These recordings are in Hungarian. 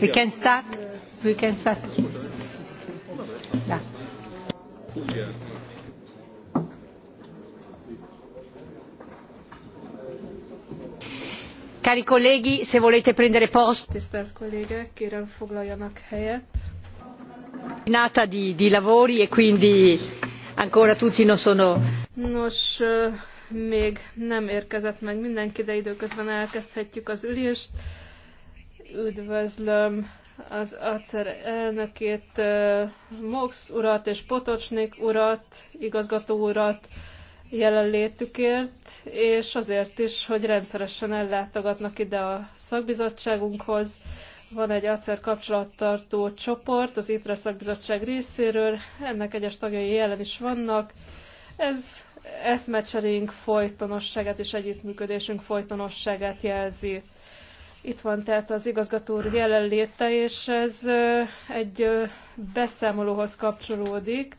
We can start. We can start. Cari colleghi, se volete prendere posto. Tisztelt kollégák, kérem foglaljanak helyet. di, di lavori e quindi ancora tutti non sono. Nos, még nem érkezett meg mindenki, de időközben elkezdhetjük az ülést. Üdvözlöm az ACER elnökét, Mox urat és Potocsnik urat, igazgató urat jelenlétükért, és azért is, hogy rendszeresen ellátogatnak ide a szakbizottságunkhoz van egy acer kapcsolattartó csoport az ITRE szakbizottság részéről, ennek egyes tagjai jelen is vannak. Ez eszmecserénk folytonosságát és együttműködésünk folytonosságát jelzi. Itt van tehát az igazgató úr jelenléte, és ez egy beszámolóhoz kapcsolódik.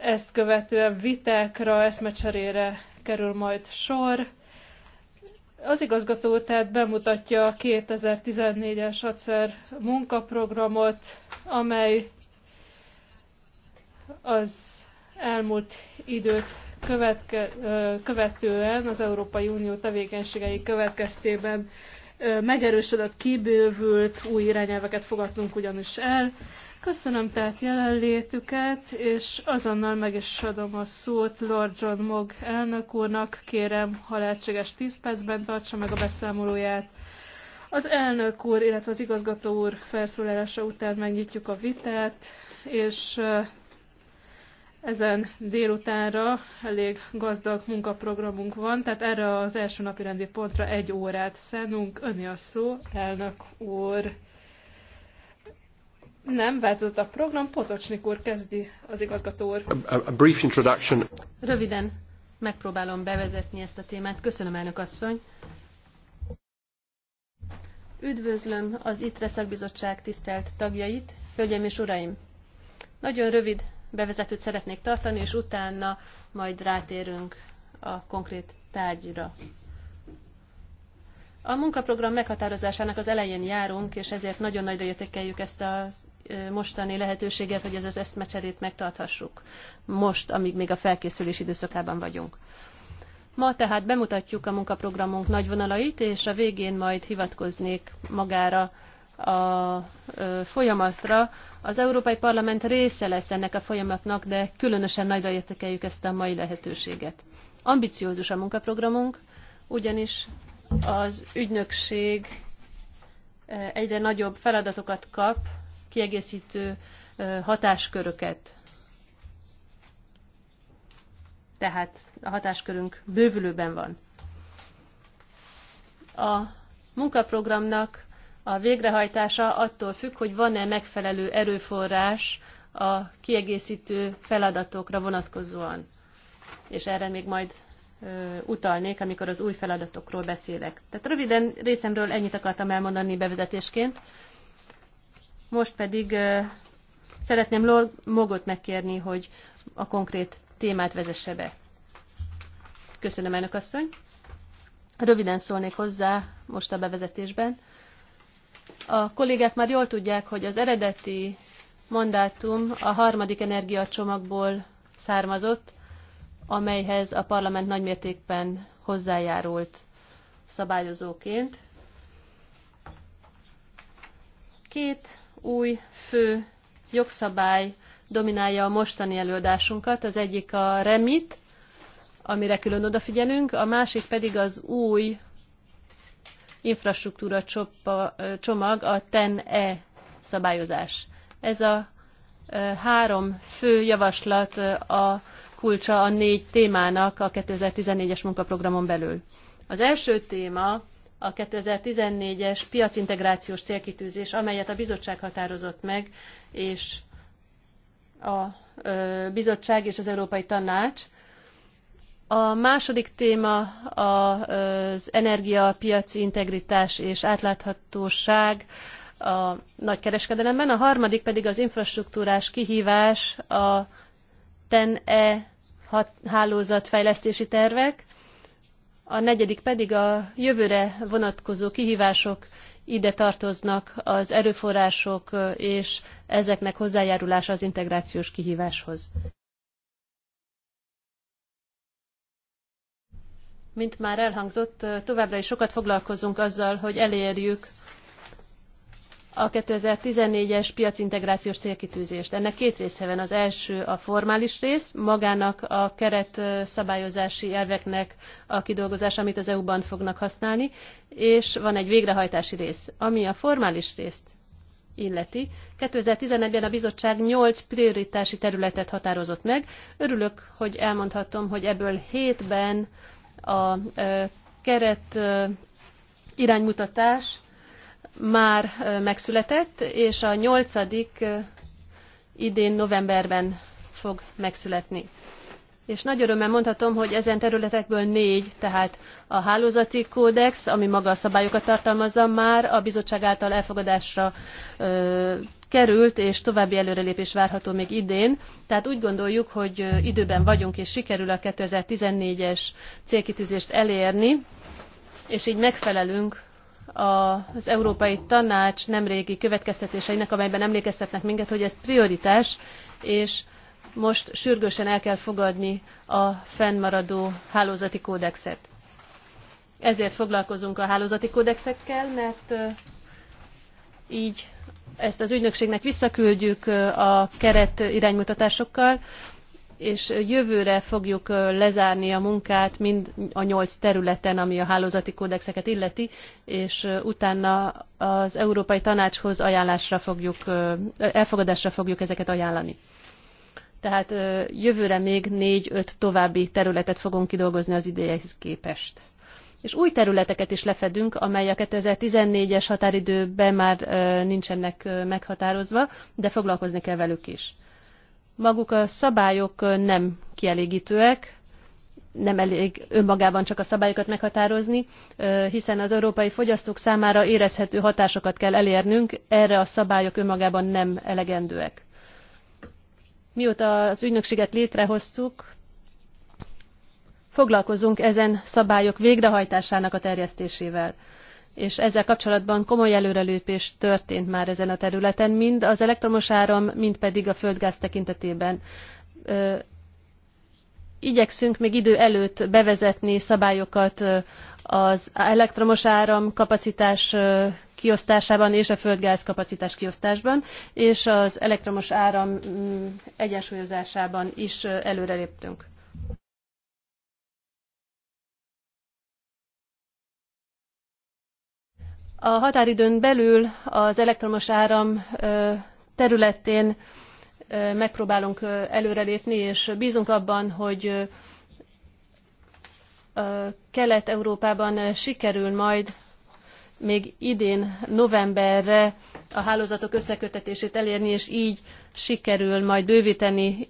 Ezt követően vitákra, eszmecserére kerül majd sor. Az igazgató úr tehát bemutatja a 2014-es acer munkaprogramot, amely az elmúlt időt követke, követően az Európai Unió tevékenységei következtében megerősödött, kibővült, új irányelveket fogadtunk ugyanis el. Köszönöm tehát jelenlétüket, és azonnal meg is adom a szót Lord John Mog elnök úrnak. Kérem, ha lehetséges 10 percben tartsa meg a beszámolóját. Az elnök úr, illetve az igazgató úr felszólalása után megnyitjuk a vitát, és ezen délutánra elég gazdag munkaprogramunk van, tehát erre az első napi rendi pontra egy órát szánunk. Öni a szó, elnök úr. Nem változott a program, Potocsnik úr kezdi az igazgató úr. A, a brief introduction. Röviden megpróbálom bevezetni ezt a témát. Köszönöm, elnök asszony. Üdvözlöm az ITRE szakbizottság tisztelt tagjait, hölgyeim és uraim! Nagyon rövid bevezetőt szeretnék tartani, és utána majd rátérünk a konkrét tárgyra. A munkaprogram meghatározásának az elején járunk, és ezért nagyon nagyra értékeljük ezt a mostani lehetőséget, hogy ez az eszmecserét megtarthassuk most, amíg még a felkészülés időszakában vagyunk. Ma tehát bemutatjuk a munkaprogramunk nagyvonalait, és a végén majd hivatkoznék magára a folyamatra. Az Európai Parlament része lesz ennek a folyamatnak, de különösen nagyra értékeljük ezt a mai lehetőséget. Ambiciózus a munkaprogramunk, ugyanis az ügynökség egyre nagyobb feladatokat kap, kiegészítő hatásköröket. Tehát a hatáskörünk bővülőben van. A munkaprogramnak a végrehajtása attól függ, hogy van-e megfelelő erőforrás a kiegészítő feladatokra vonatkozóan. És erre még majd utalnék, amikor az új feladatokról beszélek. Tehát röviden részemről ennyit akartam elmondani bevezetésként. Most pedig szeretném Mogot megkérni, hogy a konkrét témát vezesse be. Köszönöm, elnök asszony. Röviden szólnék hozzá most a bevezetésben. A kollégák már jól tudják, hogy az eredeti mandátum a harmadik energiacsomagból származott, amelyhez a parlament nagymértékben hozzájárult szabályozóként. Két új fő jogszabály dominálja a mostani előadásunkat. Az egyik a REMIT, amire külön odafigyelünk, a másik pedig az új infrastruktúra csomag a TEN-E szabályozás. Ez a három fő javaslat a kulcsa a négy témának a 2014-es munkaprogramon belül. Az első téma a 2014-es piacintegrációs célkitűzés, amelyet a bizottság határozott meg, és a bizottság és az Európai Tanács a második téma az energiapiaci integritás és átláthatóság a nagykereskedelemben, a harmadik pedig az infrastruktúrás kihívás, a TEN-E hálózatfejlesztési tervek, a negyedik pedig a jövőre vonatkozó kihívások ide tartoznak az erőforrások és ezeknek hozzájárulása az integrációs kihíváshoz. Mint már elhangzott, továbbra is sokat foglalkozunk azzal, hogy elérjük a 2014-es piacintegrációs célkitűzést. Ennek két része van. Az első a formális rész, magának a keret szabályozási elveknek a kidolgozása, amit az EU-ban fognak használni, és van egy végrehajtási rész, ami a formális részt illeti. 2011-ben a bizottság 8 prioritási területet határozott meg. Örülök, hogy elmondhatom, hogy ebből 7-ben a keret iránymutatás már megszületett, és a nyolcadik idén novemberben fog megszületni. És nagy örömmel mondhatom, hogy ezen területekből négy, tehát a hálózati kódex, ami maga a szabályokat tartalmazza, már a bizottság által elfogadásra ö, került, és további előrelépés várható még idén. Tehát úgy gondoljuk, hogy időben vagyunk, és sikerül a 2014-es célkitűzést elérni, és így megfelelünk az Európai Tanács nemrégi következtetéseinek, amelyben emlékeztetnek minket, hogy ez prioritás, és most sürgősen el kell fogadni a fennmaradó hálózati kódexet. Ezért foglalkozunk a hálózati kódexekkel, mert így ezt az ügynökségnek visszaküldjük a keret iránymutatásokkal, és jövőre fogjuk lezárni a munkát mind a nyolc területen, ami a hálózati kódexeket illeti, és utána az Európai Tanácshoz ajánlásra fogjuk, elfogadásra fogjuk ezeket ajánlani. Tehát jövőre még négy-öt további területet fogunk kidolgozni az idejéhez képest és új területeket is lefedünk, amely a 2014-es határidőben már nincsenek meghatározva, de foglalkozni kell velük is. Maguk a szabályok nem kielégítőek, nem elég önmagában csak a szabályokat meghatározni, hiszen az európai fogyasztók számára érezhető hatásokat kell elérnünk, erre a szabályok önmagában nem elegendőek. Mióta az ügynökséget létrehoztuk, foglalkozunk ezen szabályok végrehajtásának a terjesztésével. És ezzel kapcsolatban komoly előrelépés történt már ezen a területen, mind az elektromos áram, mind pedig a földgáz tekintetében. Igyekszünk még idő előtt bevezetni szabályokat az elektromos áram kapacitás kiosztásában és a földgáz kapacitás kiosztásban, és az elektromos áram mm, egyensúlyozásában is előreléptünk. A határidőn belül az elektromos áram területén megpróbálunk előrelépni, és bízunk abban, hogy Kelet-Európában sikerül majd még idén novemberre a hálózatok összekötetését elérni, és így sikerül majd bővíteni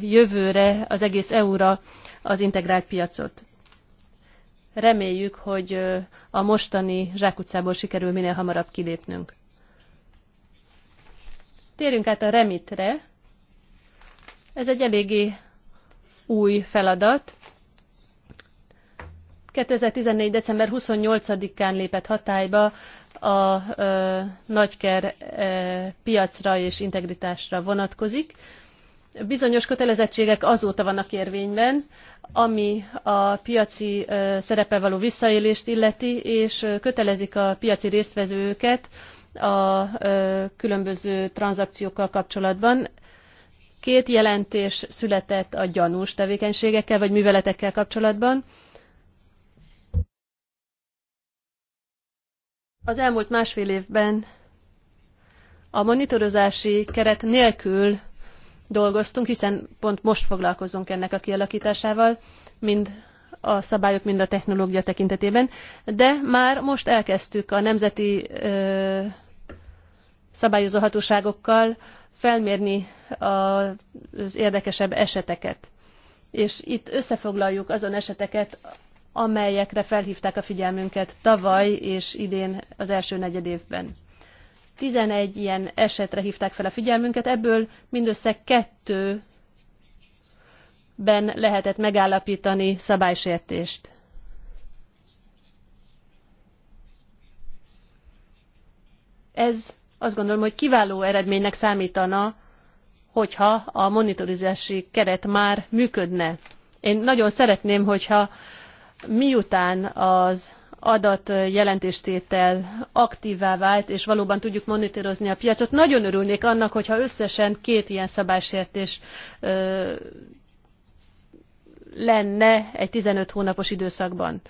jövőre az egész EU-ra az integrált piacot. Reméljük, hogy a mostani zsákutcából sikerül minél hamarabb kilépnünk. Térjünk át a remitre. Ez egy eléggé új feladat. 2014. december 28-án lépett hatályba a ö, nagyker ö, piacra és integritásra vonatkozik bizonyos kötelezettségek azóta vannak érvényben, ami a piaci szerepel való visszaélést illeti, és kötelezik a piaci résztvevőket a különböző tranzakciókkal kapcsolatban. Két jelentés született a gyanús tevékenységekkel vagy műveletekkel kapcsolatban. Az elmúlt másfél évben a monitorozási keret nélkül dolgoztunk, hiszen pont most foglalkozunk ennek a kialakításával, mind a szabályok, mind a technológia tekintetében, de már most elkezdtük a nemzeti ö, szabályozó hatóságokkal felmérni a, az érdekesebb eseteket. És itt összefoglaljuk azon eseteket, amelyekre felhívták a figyelmünket tavaly és idén az első évben. 11 ilyen esetre hívták fel a figyelmünket, ebből mindössze kettőben lehetett megállapítani szabálysértést. Ez azt gondolom, hogy kiváló eredménynek számítana, hogyha a monitorizási keret már működne. Én nagyon szeretném, hogyha miután az adatjelentéstétel aktívá vált, és valóban tudjuk monitorozni a piacot. Nagyon örülnék annak, hogyha összesen két ilyen szabálysértés ö, lenne egy 15 hónapos időszakban.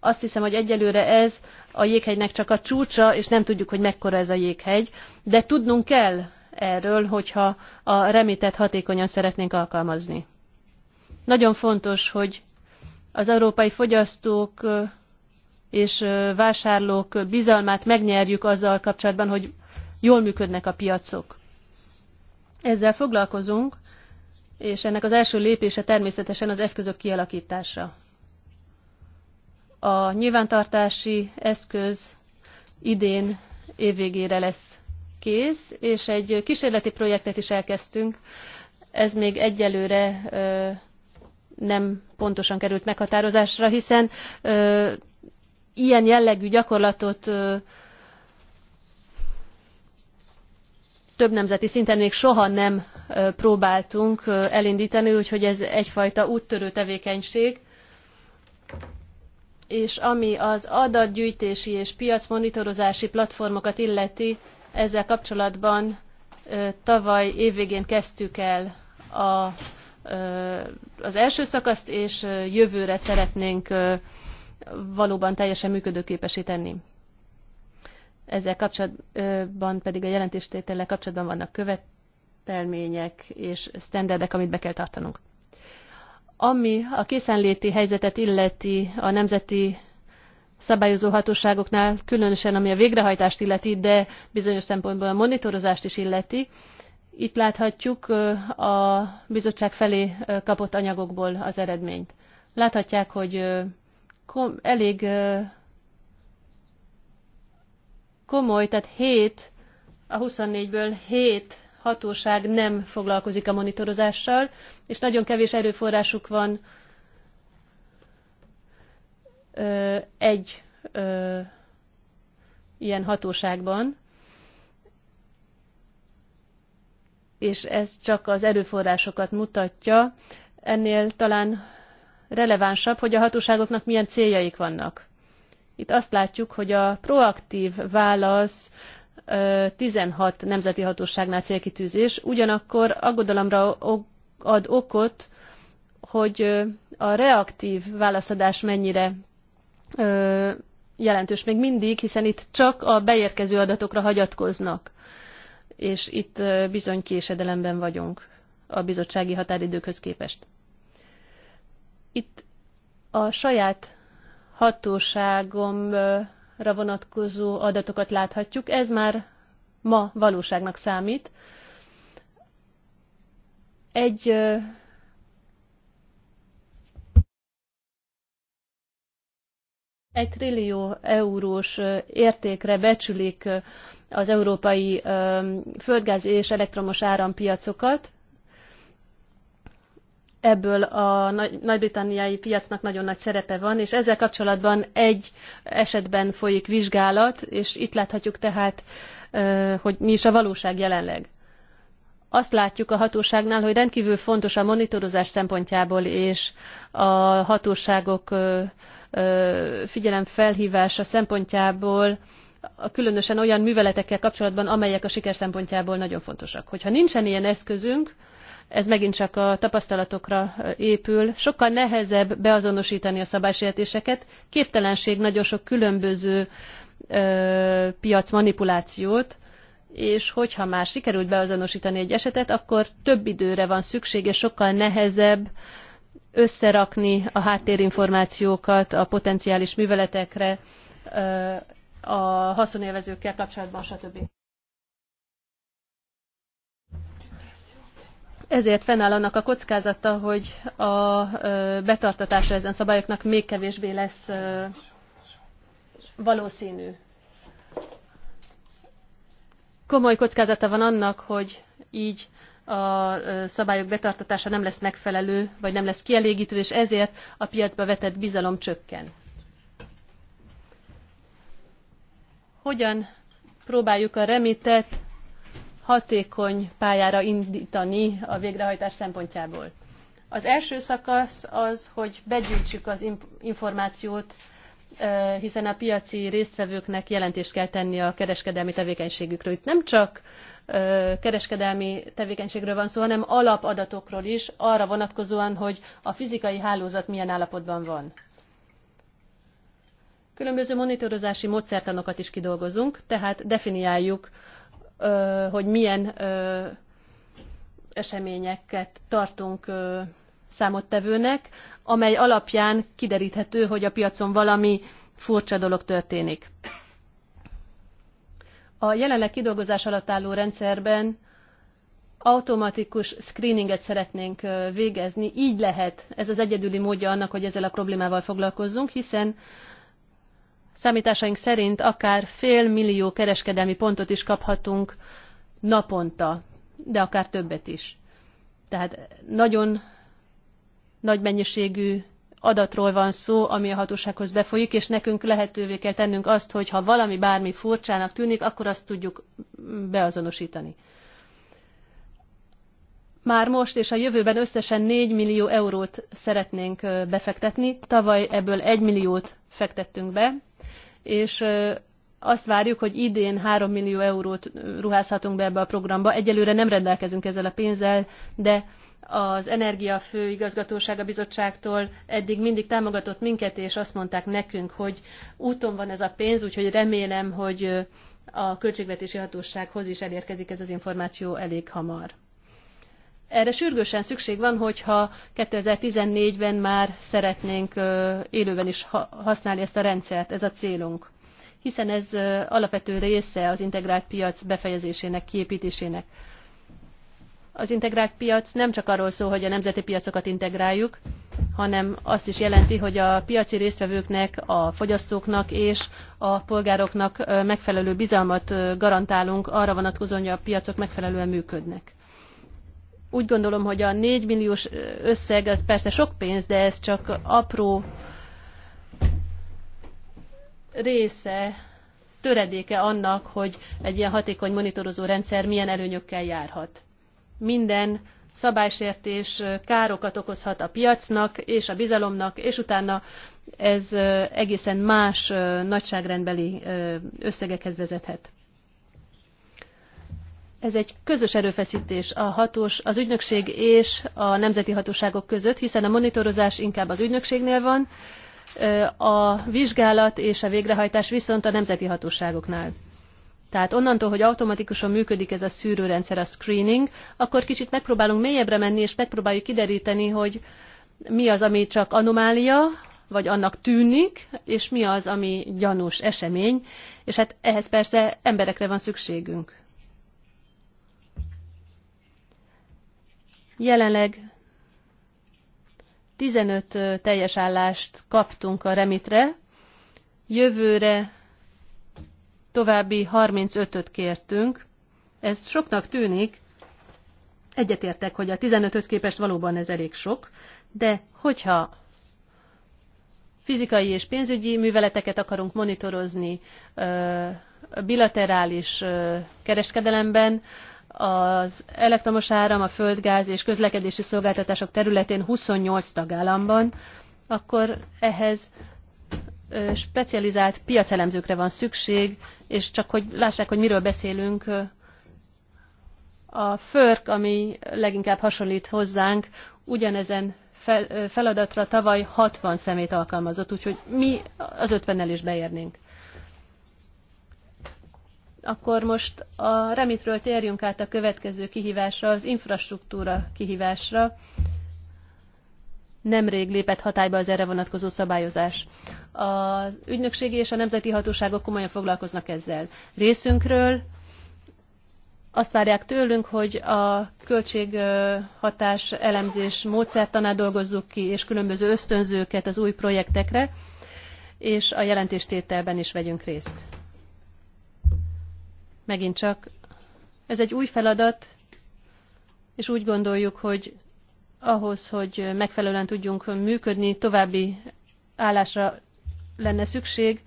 Azt hiszem, hogy egyelőre ez a jéghegynek csak a csúcsa, és nem tudjuk, hogy mekkora ez a jéghegy, de tudnunk kell erről, hogyha a remitet hatékonyan szeretnénk alkalmazni. Nagyon fontos, hogy az európai fogyasztók és vásárlók bizalmát megnyerjük azzal kapcsolatban, hogy jól működnek a piacok. Ezzel foglalkozunk, és ennek az első lépése természetesen az eszközök kialakítása. A nyilvántartási eszköz idén évvégére lesz kész, és egy kísérleti projektet is elkezdtünk. Ez még egyelőre nem pontosan került meghatározásra, hiszen ilyen jellegű gyakorlatot több nemzeti szinten még soha nem próbáltunk elindítani, úgyhogy ez egyfajta úttörő tevékenység. És ami az adatgyűjtési és piacmonitorozási platformokat illeti, ezzel kapcsolatban tavaly évvégén kezdtük el a, az első szakaszt, és jövőre szeretnénk valóban teljesen működőképesé tenni. Ezzel kapcsolatban pedig a jelentéstétellel kapcsolatban vannak követelmények és sztenderdek, amit be kell tartanunk. Ami a készenléti helyzetet illeti a nemzeti szabályozó hatóságoknál, különösen ami a végrehajtást illeti, de bizonyos szempontból a monitorozást is illeti, itt láthatjuk a bizottság felé kapott anyagokból az eredményt. Láthatják, hogy kom- elég uh, komoly, tehát 7 a 24-ből 7 hatóság nem foglalkozik a monitorozással, és nagyon kevés erőforrásuk van egy ilyen hatóságban, és ez csak az erőforrásokat mutatja. Ennél talán relevánsabb, hogy a hatóságoknak milyen céljaik vannak. Itt azt látjuk, hogy a proaktív válasz 16 nemzeti hatóságnál célkitűzés, ugyanakkor aggodalomra ad okot, hogy a reaktív válaszadás mennyire jelentős még mindig, hiszen itt csak a beérkező adatokra hagyatkoznak, és itt bizony késedelemben vagyunk a bizottsági határidőkhöz képest. Itt a saját hatóságomra vonatkozó adatokat láthatjuk. Ez már ma valóságnak számít. Egy egy trillió eurós értékre becsülik az európai földgáz és elektromos árampiacokat, ebből a nagy-britanniai piacnak nagyon nagy szerepe van, és ezzel kapcsolatban egy esetben folyik vizsgálat, és itt láthatjuk tehát, hogy mi is a valóság jelenleg. Azt látjuk a hatóságnál, hogy rendkívül fontos a monitorozás szempontjából és a hatóságok figyelem felhívása szempontjából, különösen olyan műveletekkel kapcsolatban, amelyek a siker szempontjából nagyon fontosak. Hogyha nincsen ilyen eszközünk, ez megint csak a tapasztalatokra épül, sokkal nehezebb beazonosítani a szabálysértéseket, képtelenség nagyon sok különböző ö, piac manipulációt, és hogyha már sikerült beazonosítani egy esetet, akkor több időre van szükség, és sokkal nehezebb összerakni a háttérinformációkat a potenciális műveletekre, a haszonélvezőkkel kapcsolatban, stb. Ezért fennáll annak a kockázata, hogy a betartatása ezen szabályoknak még kevésbé lesz valószínű. Komoly kockázata van annak, hogy így a szabályok betartatása nem lesz megfelelő, vagy nem lesz kielégítő, és ezért a piacba vetett bizalom csökken. Hogyan próbáljuk a remitett hatékony pályára indítani a végrehajtás szempontjából. Az első szakasz az, hogy begyűjtsük az információt, hiszen a piaci résztvevőknek jelentést kell tenni a kereskedelmi tevékenységükről. Itt nem csak kereskedelmi tevékenységről van szó, hanem alapadatokról is, arra vonatkozóan, hogy a fizikai hálózat milyen állapotban van. Különböző monitorozási módszertanokat is kidolgozunk, tehát definiáljuk hogy milyen eseményeket tartunk számottevőnek, amely alapján kideríthető, hogy a piacon valami furcsa dolog történik. A jelenleg kidolgozás alatt álló rendszerben automatikus screeninget szeretnénk végezni. Így lehet, ez az egyedüli módja annak, hogy ezzel a problémával foglalkozzunk, hiszen Számításaink szerint akár fél millió kereskedelmi pontot is kaphatunk naponta, de akár többet is. Tehát nagyon nagy mennyiségű adatról van szó, ami a hatósághoz befolyik, és nekünk lehetővé kell tennünk azt, hogy ha valami bármi furcsának tűnik, akkor azt tudjuk beazonosítani. Már most és a jövőben összesen 4 millió eurót szeretnénk befektetni, tavaly ebből 1 milliót fektettünk be, és azt várjuk, hogy idén 3 millió eurót ruházhatunk be ebbe a programba. Egyelőre nem rendelkezünk ezzel a pénzzel, de az Energia Főigazgatósága Bizottságtól eddig mindig támogatott minket, és azt mondták nekünk, hogy úton van ez a pénz, úgyhogy remélem, hogy a Költségvetési Hatósághoz is elérkezik ez az információ elég hamar erre sürgősen szükség van, hogyha 2014-ben már szeretnénk élőben is használni ezt a rendszert, ez a célunk hiszen ez alapvető része az integrált piac befejezésének, kiépítésének. Az integrált piac nem csak arról szól, hogy a nemzeti piacokat integráljuk, hanem azt is jelenti, hogy a piaci résztvevőknek, a fogyasztóknak és a polgároknak megfelelő bizalmat garantálunk arra vonatkozóan, hogy a piacok megfelelően működnek úgy gondolom, hogy a 4 milliós összeg az persze sok pénz, de ez csak apró része, töredéke annak, hogy egy ilyen hatékony monitorozó rendszer milyen előnyökkel járhat. Minden szabálysértés károkat okozhat a piacnak és a bizalomnak, és utána ez egészen más nagyságrendbeli összegekhez vezethet. Ez egy közös erőfeszítés a hatós, az ügynökség és a nemzeti hatóságok között, hiszen a monitorozás inkább az ügynökségnél van, a vizsgálat és a végrehajtás viszont a nemzeti hatóságoknál. Tehát onnantól, hogy automatikusan működik ez a szűrőrendszer, a screening, akkor kicsit megpróbálunk mélyebbre menni, és megpróbáljuk kideríteni, hogy mi az, ami csak anomália, vagy annak tűnik, és mi az, ami gyanús esemény, és hát ehhez persze emberekre van szükségünk. Jelenleg 15 teljes állást kaptunk a remitre, jövőre további 35-öt kértünk. Ez soknak tűnik, egyetértek, hogy a 15-höz képest valóban ez elég sok, de hogyha fizikai és pénzügyi műveleteket akarunk monitorozni bilaterális kereskedelemben, az elektromos áram, a földgáz és közlekedési szolgáltatások területén 28 tagállamban, akkor ehhez specializált piacelemzőkre van szükség, és csak hogy lássák, hogy miről beszélünk, a FÖRK, ami leginkább hasonlít hozzánk, ugyanezen feladatra tavaly 60 szemét alkalmazott, úgyhogy mi az 50-nel is beérnénk akkor most a remitről térjünk át a következő kihívásra, az infrastruktúra kihívásra. Nemrég lépett hatályba az erre vonatkozó szabályozás. Az ügynökségi és a nemzeti hatóságok komolyan foglalkoznak ezzel. Részünkről azt várják tőlünk, hogy a költséghatás elemzés módszertanát dolgozzuk ki, és különböző ösztönzőket az új projektekre, és a jelentéstételben is vegyünk részt. Megint csak ez egy új feladat, és úgy gondoljuk, hogy ahhoz, hogy megfelelően tudjunk működni, további állásra lenne szükség.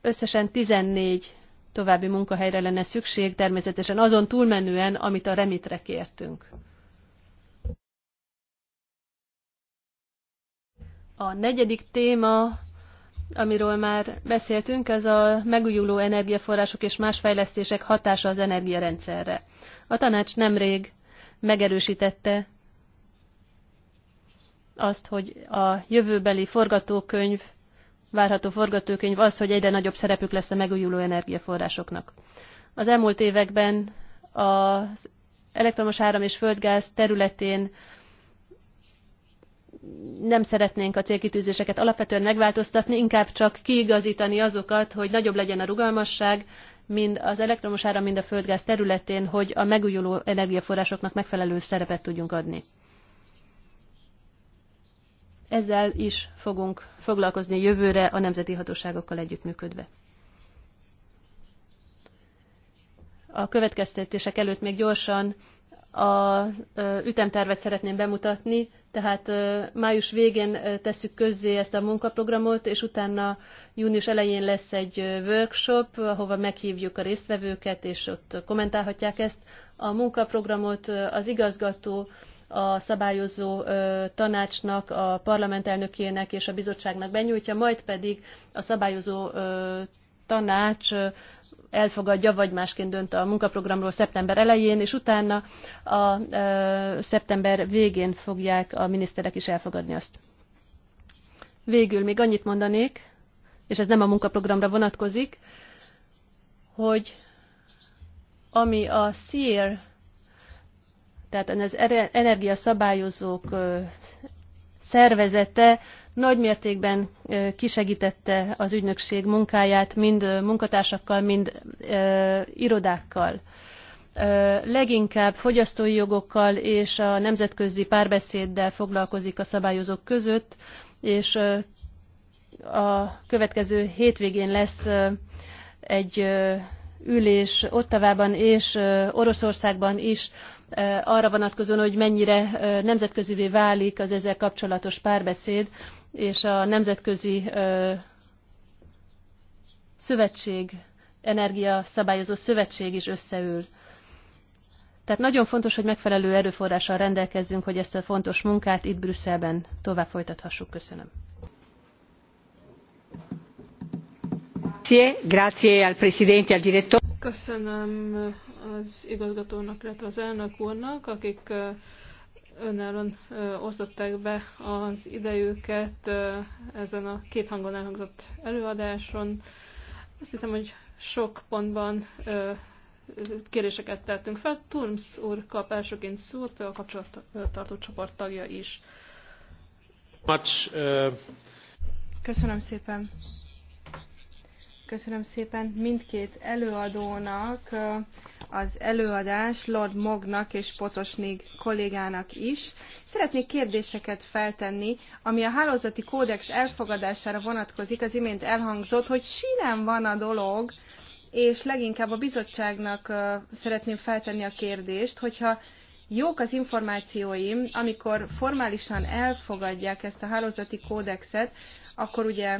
Összesen 14 további munkahelyre lenne szükség, természetesen azon túlmenően, amit a remitre kértünk. A negyedik téma amiről már beszéltünk, ez a megújuló energiaforrások és más fejlesztések hatása az energiarendszerre. A tanács nemrég megerősítette azt, hogy a jövőbeli forgatókönyv, várható forgatókönyv az, hogy egyre nagyobb szerepük lesz a megújuló energiaforrásoknak. Az elmúlt években az elektromos áram és földgáz területén nem szeretnénk a célkitűzéseket alapvetően megváltoztatni, inkább csak kiigazítani azokat, hogy nagyobb legyen a rugalmasság, mind az elektromos áram, mind a földgáz területén, hogy a megújuló energiaforrásoknak megfelelő szerepet tudjunk adni. Ezzel is fogunk foglalkozni jövőre a nemzeti hatóságokkal együttműködve. A következtetések előtt még gyorsan a ütemtervet szeretném bemutatni. Tehát május végén tesszük közzé ezt a munkaprogramot, és utána június elején lesz egy workshop, ahova meghívjuk a résztvevőket, és ott kommentálhatják ezt. A munkaprogramot az igazgató a szabályozó tanácsnak, a parlament és a bizottságnak benyújtja, majd pedig a szabályozó tanács elfogadja, vagy másként dönt a munkaprogramról szeptember elején, és utána a ö, szeptember végén fogják a miniszterek is elfogadni azt. Végül még annyit mondanék, és ez nem a munkaprogramra vonatkozik, hogy ami a SEER, tehát az energiaszabályozók szervezete nagymértékben kisegítette az ügynökség munkáját, mind munkatársakkal, mind irodákkal. Leginkább fogyasztói jogokkal és a nemzetközi párbeszéddel foglalkozik a szabályozók között, és a következő hétvégén lesz egy ülés Ottavában és Oroszországban is arra vonatkozóan, hogy mennyire nemzetközivé válik az ezzel kapcsolatos párbeszéd, és a nemzetközi szövetség, energiaszabályozó szövetség is összeül. Tehát nagyon fontos, hogy megfelelő erőforrással rendelkezzünk, hogy ezt a fontos munkát itt Brüsszelben tovább folytathassuk. Köszönöm. Grazie, grazie al Presidente, al Direttore. Köszönöm az igazgatónak, illetve az elnök úrnak, akik önállóan osztották be az idejüket ezen a két hangon elhangzott előadáson. Azt hiszem, hogy sok pontban kéréseket tettünk fel. Turms úr kap elsőként szót, a kapcsolattartó csoport tagja is. Köszönöm szépen. Köszönöm szépen mindkét előadónak, az előadás Lord Mognak és Pocosnig kollégának is. Szeretnék kérdéseket feltenni, ami a hálózati kódex elfogadására vonatkozik, az imént elhangzott, hogy sírem van a dolog, és leginkább a bizottságnak szeretném feltenni a kérdést, hogyha jók az információim, amikor formálisan elfogadják ezt a hálózati kódexet, akkor ugye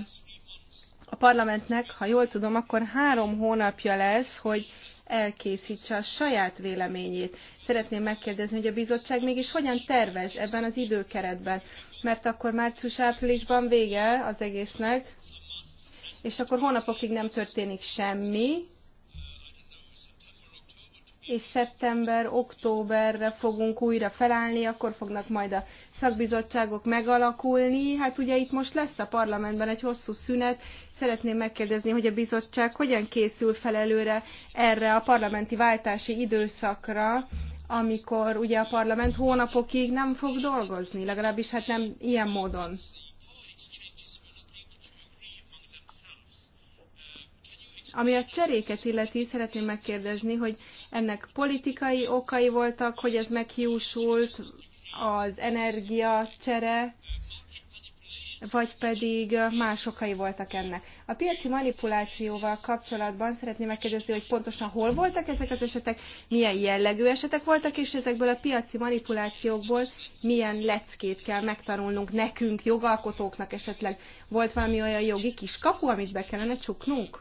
a parlamentnek, ha jól tudom, akkor három hónapja lesz, hogy elkészítse a saját véleményét. Szeretném megkérdezni, hogy a bizottság mégis hogyan tervez ebben az időkeretben, mert akkor március-áprilisban vége az egésznek, és akkor hónapokig nem történik semmi, és szeptember-októberre fogunk újra felállni, akkor fognak majd a szakbizottságok megalakulni. Hát ugye itt most lesz a parlamentben egy hosszú szünet. Szeretném megkérdezni, hogy a bizottság hogyan készül fel előre erre a parlamenti váltási időszakra, amikor ugye a parlament hónapokig nem fog dolgozni, legalábbis hát nem ilyen módon. Ami a cseréket illeti, szeretném megkérdezni, hogy ennek politikai okai voltak, hogy ez meghiúsult, az energiacsere, vagy pedig más okai voltak ennek. A piaci manipulációval kapcsolatban szeretném megkérdezni, hogy pontosan hol voltak ezek az esetek, milyen jellegű esetek voltak, és ezekből a piaci manipulációkból milyen leckét kell megtanulnunk nekünk, jogalkotóknak esetleg. Volt valami olyan jogi kiskapu, amit be kellene csuknunk?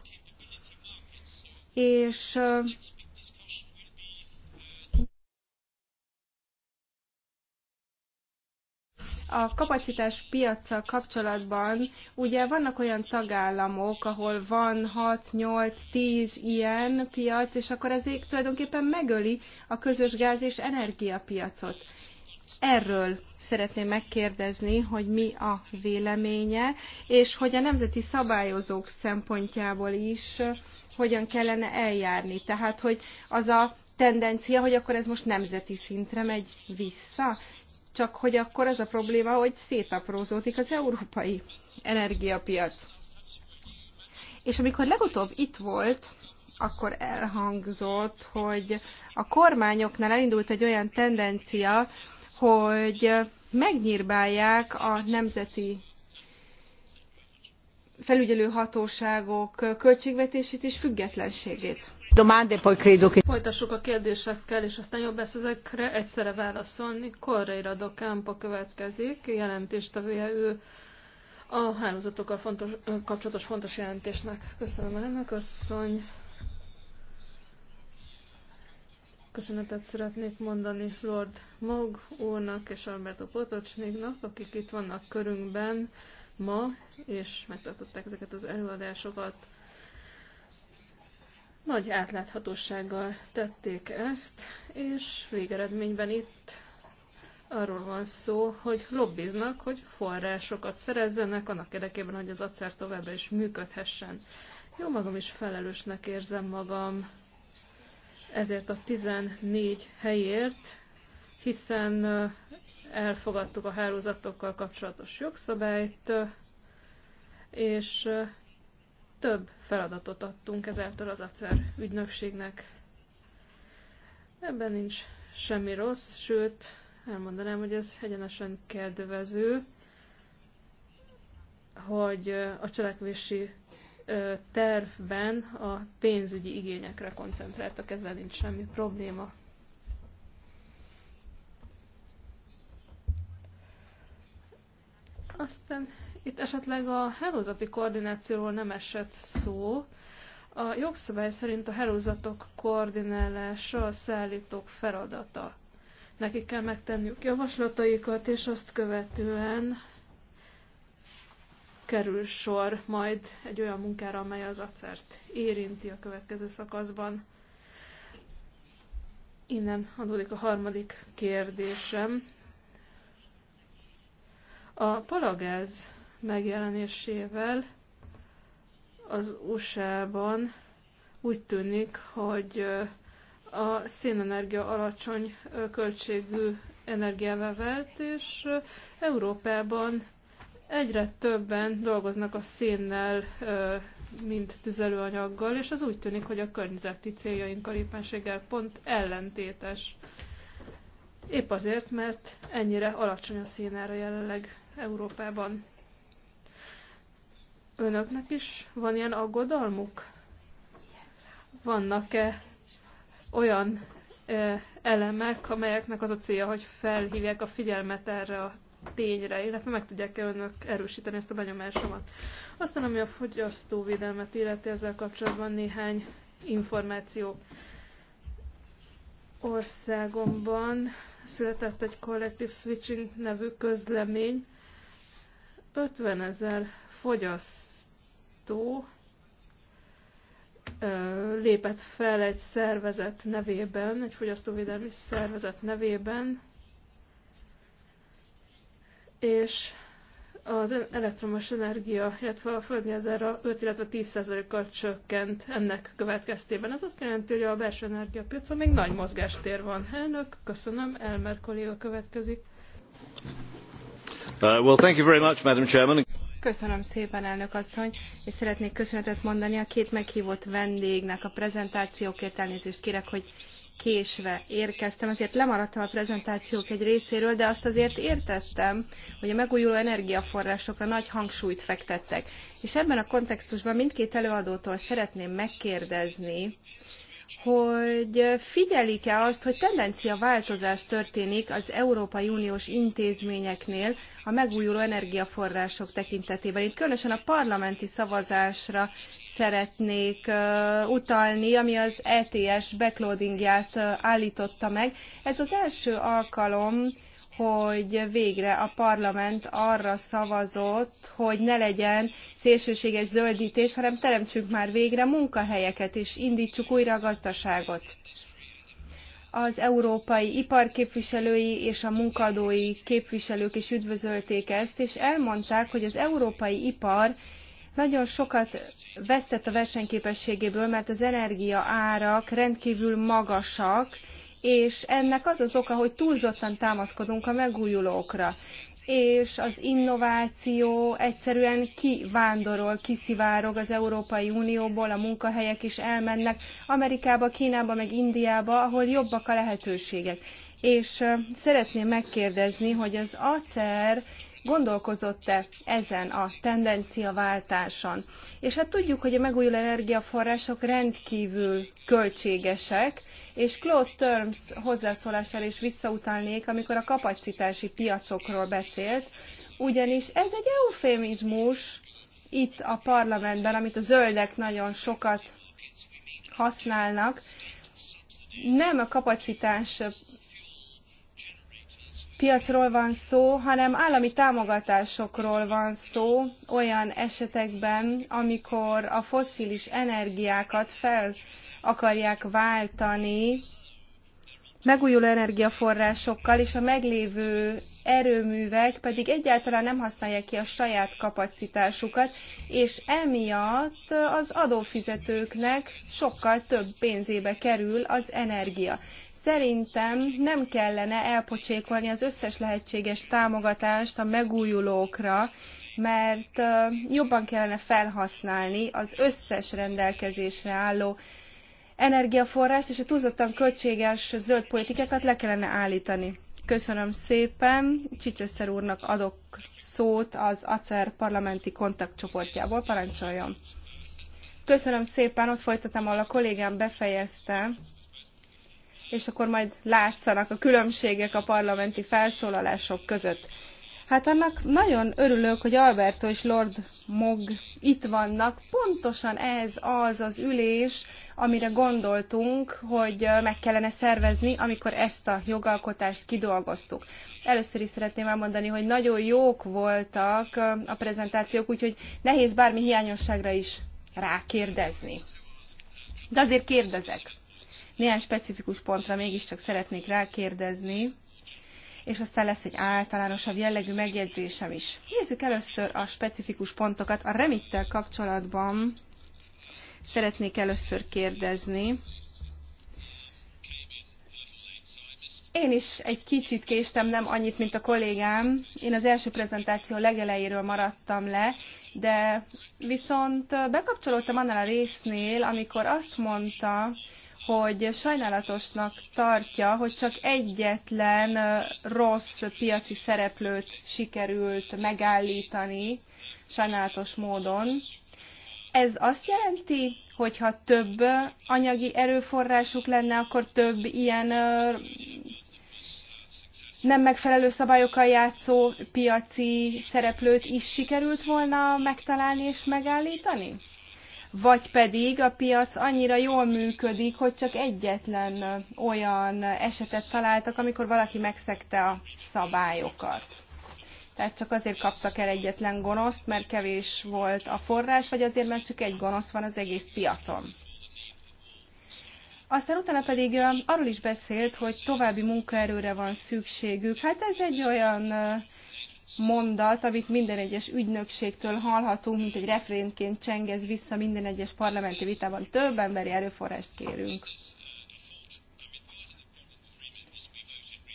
És A kapacitás piaccal kapcsolatban ugye vannak olyan tagállamok, ahol van 6, 8, 10 ilyen piac, és akkor ez tulajdonképpen megöli a közös gáz és energiapiacot. Erről szeretném megkérdezni, hogy mi a véleménye, és hogy a nemzeti szabályozók szempontjából is eh, hogyan kellene eljárni. Tehát, hogy az a tendencia, hogy akkor ez most nemzeti szintre megy vissza csak hogy akkor az a probléma, hogy szétaprózódik az európai energiapiac. És amikor legutóbb itt volt, akkor elhangzott, hogy a kormányoknál elindult egy olyan tendencia, hogy megnyírbálják a nemzeti felügyelőhatóságok hatóságok költségvetését és függetlenségét. Folytassuk a kérdésekkel, és aztán jobb lesz ezekre egyszerre válaszolni. Correira do Campo következik, jelentéstevője ő a hálózatokkal fontos, kapcsolatos fontos jelentésnek. Köszönöm elnök asszony. Köszönetet szeretnék mondani Lord Mog úrnak és Alberto Potocsnignak, akik itt vannak körünkben ma, és megtartották ezeket az előadásokat. Nagy átláthatósággal tették ezt, és végeredményben itt arról van szó, hogy lobbiznak, hogy forrásokat szerezzenek annak érdekében, hogy az acer továbbra is működhessen. Jó magam is felelősnek érzem magam ezért a 14 helyért, hiszen elfogadtuk a hálózatokkal kapcsolatos jogszabályt, és több feladatot adtunk ezáltal az acer ügynökségnek. Ebben nincs semmi rossz, sőt, elmondanám, hogy ez egyenesen kedvező, hogy a cselekvési tervben a pénzügyi igényekre koncentráltak, ezzel nincs semmi probléma. Aztán itt esetleg a hálózati koordinációról nem esett szó. A jogszabály szerint a hálózatok koordinálása a szállítók feladata. Nekik kell megtenniük javaslataikat, és azt követően kerül sor majd egy olyan munkára, amely az acert érinti a következő szakaszban. Innen adódik a harmadik kérdésem. A palagáz megjelenésével az USA-ban úgy tűnik, hogy a szénenergia alacsony költségű energiával vált, és Európában egyre többen dolgoznak a szénnel, mint tüzelőanyaggal, és az úgy tűnik, hogy a környezeti céljainkkal éppenséggel pont ellentétes. Épp azért, mert ennyire alacsony a szénára jelenleg Európában. Önöknek is van ilyen aggodalmuk? Vannak-e olyan elemek, amelyeknek az a célja, hogy felhívják a figyelmet erre a tényre, illetve meg tudják-e önök erősíteni ezt a benyomásomat. Aztán, ami a fogyasztóvédelmet illeti, ezzel kapcsolatban néhány információ. Országomban született egy Collective Switching nevű közlemény, 50 ezer fogyaszt Sajtó lépett fel egy szervezet nevében, egy fogyasztóvédelmi szervezet nevében, és az elektromos energia, illetve a földgáz 5, illetve 10%-kal csökkent ennek következtében. Ez azt jelenti, hogy a belső energia piacon még nagy mozgástér van. Elnök, köszönöm, Elmer kolléga következik. Uh, well, thank you very much, Madam Chairman. Köszönöm szépen, elnök asszony, és szeretnék köszönetet mondani a két meghívott vendégnek a prezentációkért. Elnézést kérek, hogy késve érkeztem, ezért lemaradtam a prezentációk egy részéről, de azt azért értettem, hogy a megújuló energiaforrásokra nagy hangsúlyt fektettek. És ebben a kontextusban mindkét előadótól szeretném megkérdezni, hogy figyelik-e azt, hogy tendencia változás történik az Európai Uniós intézményeknél a megújuló energiaforrások tekintetében. Itt különösen a parlamenti szavazásra szeretnék utalni, ami az ETS backloadingját állította meg. Ez az első alkalom, hogy végre a parlament arra szavazott, hogy ne legyen szélsőséges zöldítés, hanem teremtsünk már végre munkahelyeket, és indítsuk újra a gazdaságot. Az európai iparképviselői és a munkadói képviselők is üdvözölték ezt, és elmondták, hogy az európai ipar nagyon sokat vesztett a versenyképességéből, mert az energia árak rendkívül magasak, és ennek az az oka, hogy túlzottan támaszkodunk a megújulókra és az innováció egyszerűen kivándorol, kiszivárog az Európai Unióból, a munkahelyek is elmennek Amerikába, Kínába, meg Indiába, ahol jobbak a lehetőségek. És szeretném megkérdezni, hogy az acer Gondolkozott-e ezen a tendencia váltáson? És hát tudjuk, hogy a megújuló energiaforrások rendkívül költségesek, és Claude Terms hozzászólással is visszautalnék, amikor a kapacitási piacokról beszélt, ugyanis ez egy eufémizmus itt a parlamentben, amit a zöldek nagyon sokat használnak, nem a kapacitás piacról van szó, hanem állami támogatásokról van szó olyan esetekben, amikor a fosszilis energiákat fel akarják váltani megújuló energiaforrásokkal, és a meglévő erőművek pedig egyáltalán nem használják ki a saját kapacitásukat, és emiatt az adófizetőknek sokkal több pénzébe kerül az energia. Szerintem nem kellene elpocsékolni az összes lehetséges támogatást a megújulókra, mert jobban kellene felhasználni az összes rendelkezésre álló energiaforrást, és a túlzottan költséges zöld politikákat le kellene állítani. Köszönöm szépen. Csicseszter úrnak adok szót az ACER parlamenti kontaktcsoportjából. Parancsoljon! Köszönöm szépen, ott folytatom, ahol a kollégám befejezte és akkor majd látszanak a különbségek a parlamenti felszólalások között. Hát annak nagyon örülök, hogy Alberto és Lord Mog itt vannak. Pontosan ez az az ülés, amire gondoltunk, hogy meg kellene szervezni, amikor ezt a jogalkotást kidolgoztuk. Először is szeretném elmondani, hogy nagyon jók voltak a prezentációk, úgyhogy nehéz bármi hiányosságra is rákérdezni. De azért kérdezek. Néhány specifikus pontra mégiscsak szeretnék rákérdezni, és aztán lesz egy általánosabb jellegű megjegyzésem is. Nézzük először a specifikus pontokat. A remittel kapcsolatban szeretnék először kérdezni. Én is egy kicsit késtem, nem annyit, mint a kollégám. Én az első prezentáció legelejéről maradtam le, de viszont bekapcsolódtam annál a résznél, amikor azt mondta, hogy sajnálatosnak tartja, hogy csak egyetlen rossz piaci szereplőt sikerült megállítani sajnálatos módon. Ez azt jelenti, hogy ha több anyagi erőforrásuk lenne, akkor több ilyen nem megfelelő szabályokkal játszó piaci szereplőt is sikerült volna megtalálni és megállítani? vagy pedig a piac annyira jól működik, hogy csak egyetlen olyan esetet találtak, amikor valaki megszegte a szabályokat. Tehát csak azért kaptak el egyetlen gonoszt, mert kevés volt a forrás, vagy azért, mert csak egy gonosz van az egész piacon. Aztán utána pedig arról is beszélt, hogy további munkaerőre van szükségük. Hát ez egy olyan mondat, amit minden egyes ügynökségtől hallhatunk, mint egy refrénként csengez vissza minden egyes parlamenti vitában. Több emberi erőforrást kérünk.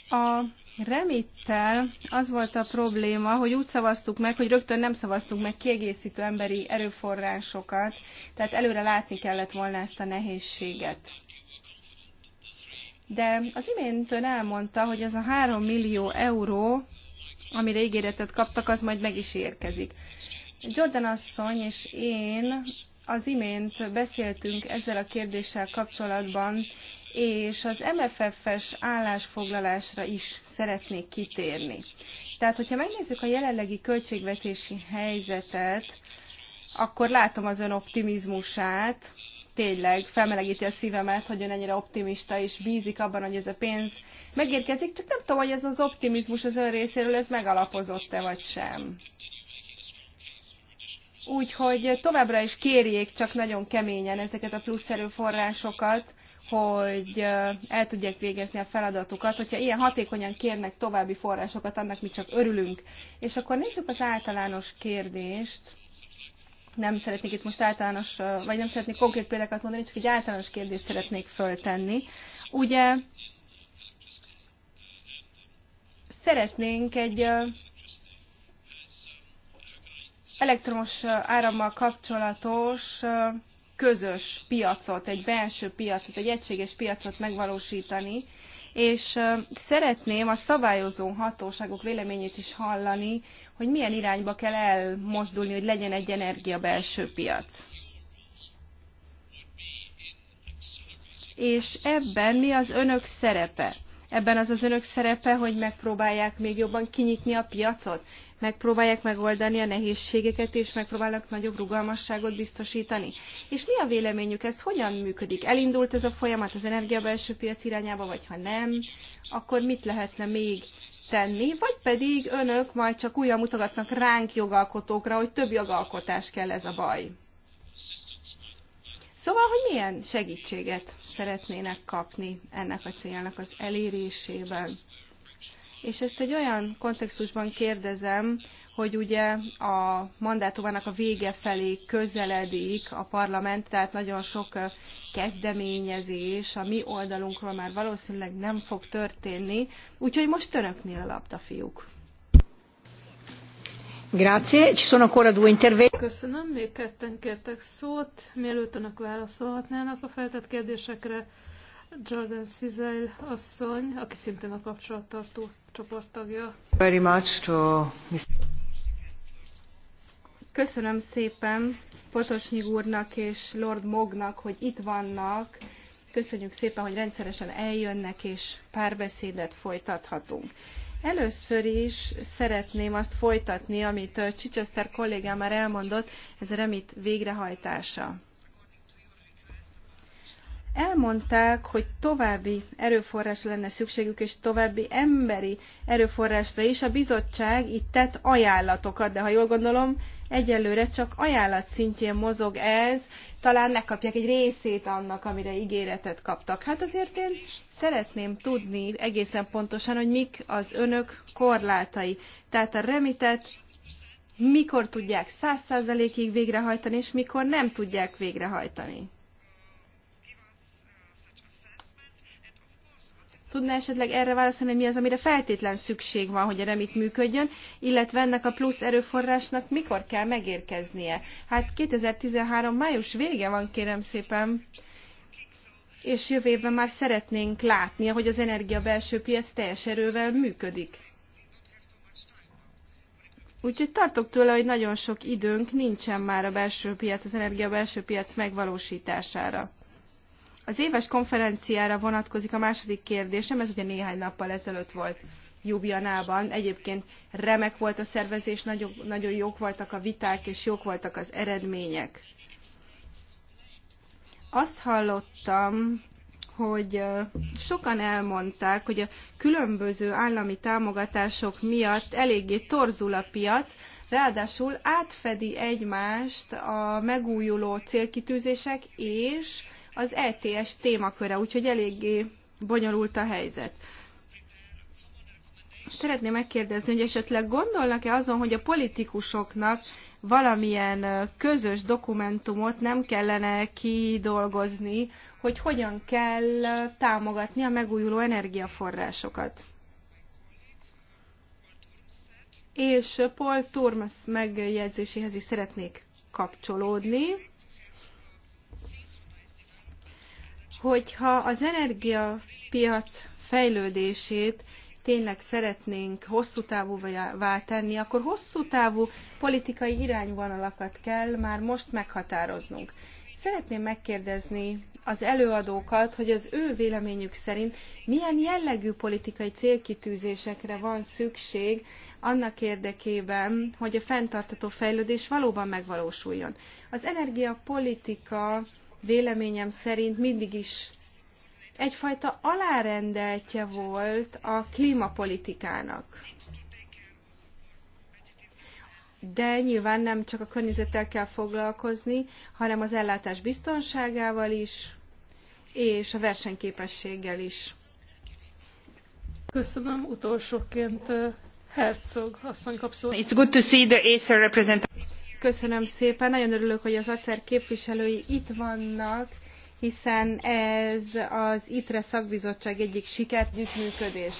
A Remittel az volt a probléma, hogy úgy szavaztuk meg, hogy rögtön nem szavaztunk meg kiegészítő emberi erőforrásokat, tehát előre látni kellett volna ezt a nehézséget. De az imént ön elmondta, hogy ez a 3 millió euró amire ígéretet kaptak, az majd meg is érkezik. Jordan asszony és én az imént beszéltünk ezzel a kérdéssel kapcsolatban, és az MFF-es állásfoglalásra is szeretnék kitérni. Tehát, hogyha megnézzük a jelenlegi költségvetési helyzetet, akkor látom az ön optimizmusát, tényleg felmelegíti a szívemet, hogy ön ennyire optimista, és bízik abban, hogy ez a pénz megérkezik, csak nem tudom, hogy ez az optimizmus az ön részéről, ez megalapozott-e vagy sem. Úgyhogy továbbra is kérjék csak nagyon keményen ezeket a plusz erőforrásokat, hogy el tudják végezni a feladatukat. Hogyha ilyen hatékonyan kérnek további forrásokat, annak mi csak örülünk. És akkor nézzük az általános kérdést nem szeretnék itt most általános, vagy nem szeretnék konkrét példákat mondani, csak egy általános kérdést szeretnék föltenni. Ugye szeretnénk egy elektromos árammal kapcsolatos közös piacot, egy belső piacot, egy egységes piacot megvalósítani, és szeretném a szabályozó hatóságok véleményét is hallani, hogy milyen irányba kell elmozdulni, hogy legyen egy energia belső piac. És ebben mi az önök szerepe? Ebben az az önök szerepe, hogy megpróbálják még jobban kinyitni a piacot, megpróbálják megoldani a nehézségeket, és megpróbálnak nagyobb rugalmasságot biztosítani. És mi a véleményük, ez hogyan működik? Elindult ez a folyamat az energiabelső piac irányába, vagy ha nem, akkor mit lehetne még tenni, vagy pedig önök majd csak újra mutogatnak ránk jogalkotókra, hogy több jogalkotás kell ez a baj. Szóval, hogy milyen segítséget szeretnének kapni ennek a célnak az elérésében. És ezt egy olyan kontextusban kérdezem, hogy ugye a mandátumának a vége felé közeledik a parlament, tehát nagyon sok kezdeményezés a mi oldalunkról már valószínűleg nem fog történni, úgyhogy most önöknél a labda, fiúk. Köszönöm, még ketten kértek szót, mielőtt önök válaszolhatnának a feltett kérdésekre. Jordan Cizel asszony, aki szintén a kapcsolattartó csoporttagja. Very Köszönöm szépen Potosnyig úrnak és Lord Mognak, hogy itt vannak. Köszönjük szépen, hogy rendszeresen eljönnek és párbeszédet folytathatunk. Először is szeretném azt folytatni, amit Csicseszter kollégám már elmondott, ez a remit végrehajtása elmondták, hogy további erőforrás lenne szükségük, és további emberi erőforrásra is. A bizottság itt tett ajánlatokat, de ha jól gondolom, egyelőre csak ajánlat szintjén mozog ez, talán megkapják egy részét annak, amire ígéretet kaptak. Hát azért én szeretném tudni egészen pontosan, hogy mik az önök korlátai. Tehát a remitet mikor tudják száz százalékig végrehajtani, és mikor nem tudják végrehajtani. Tudná esetleg erre válaszolni, hogy mi az, amire feltétlen szükség van, hogy a remit működjön, illetve ennek a plusz erőforrásnak mikor kell megérkeznie? Hát 2013 május vége van, kérem szépen és jövő évben már szeretnénk látni, hogy az energia belső piac teljes erővel működik. Úgyhogy tartok tőle, hogy nagyon sok időnk nincsen már a belső piac, az energia belső piac megvalósítására. Az éves konferenciára vonatkozik a második kérdésem, ez ugye néhány nappal ezelőtt volt Jubianában. Egyébként remek volt a szervezés, nagyon, nagyon jók voltak a viták, és jók voltak az eredmények. Azt hallottam, hogy sokan elmondták, hogy a különböző állami támogatások miatt eléggé torzul a piac, ráadásul átfedi egymást a megújuló célkitűzések és az ETS témaköre, úgyhogy eléggé bonyolult a helyzet. Szeretném megkérdezni, hogy esetleg gondolnak-e azon, hogy a politikusoknak valamilyen közös dokumentumot nem kellene kidolgozni, hogy hogyan kell támogatni a megújuló energiaforrásokat. És Paul Turmes megjegyzéséhez is szeretnék kapcsolódni. hogyha az energiapiac fejlődését tényleg szeretnénk hosszú távú tenni, akkor hosszú távú politikai irányvonalakat kell már most meghatároznunk. Szeretném megkérdezni az előadókat, hogy az ő véleményük szerint milyen jellegű politikai célkitűzésekre van szükség annak érdekében, hogy a fenntartató fejlődés valóban megvalósuljon. Az energiapolitika politika véleményem szerint mindig is egyfajta alárendeltje volt a klímapolitikának. De nyilván nem csak a környezettel kell foglalkozni, hanem az ellátás biztonságával is, és a versenyképességgel is. Köszönöm. Utolsóként Herzog asszony kapszó. It's good to see the ACER representative. Köszönöm szépen, nagyon örülök, hogy az ACER képviselői itt vannak, hiszen ez az ITRE szakbizottság egyik működés.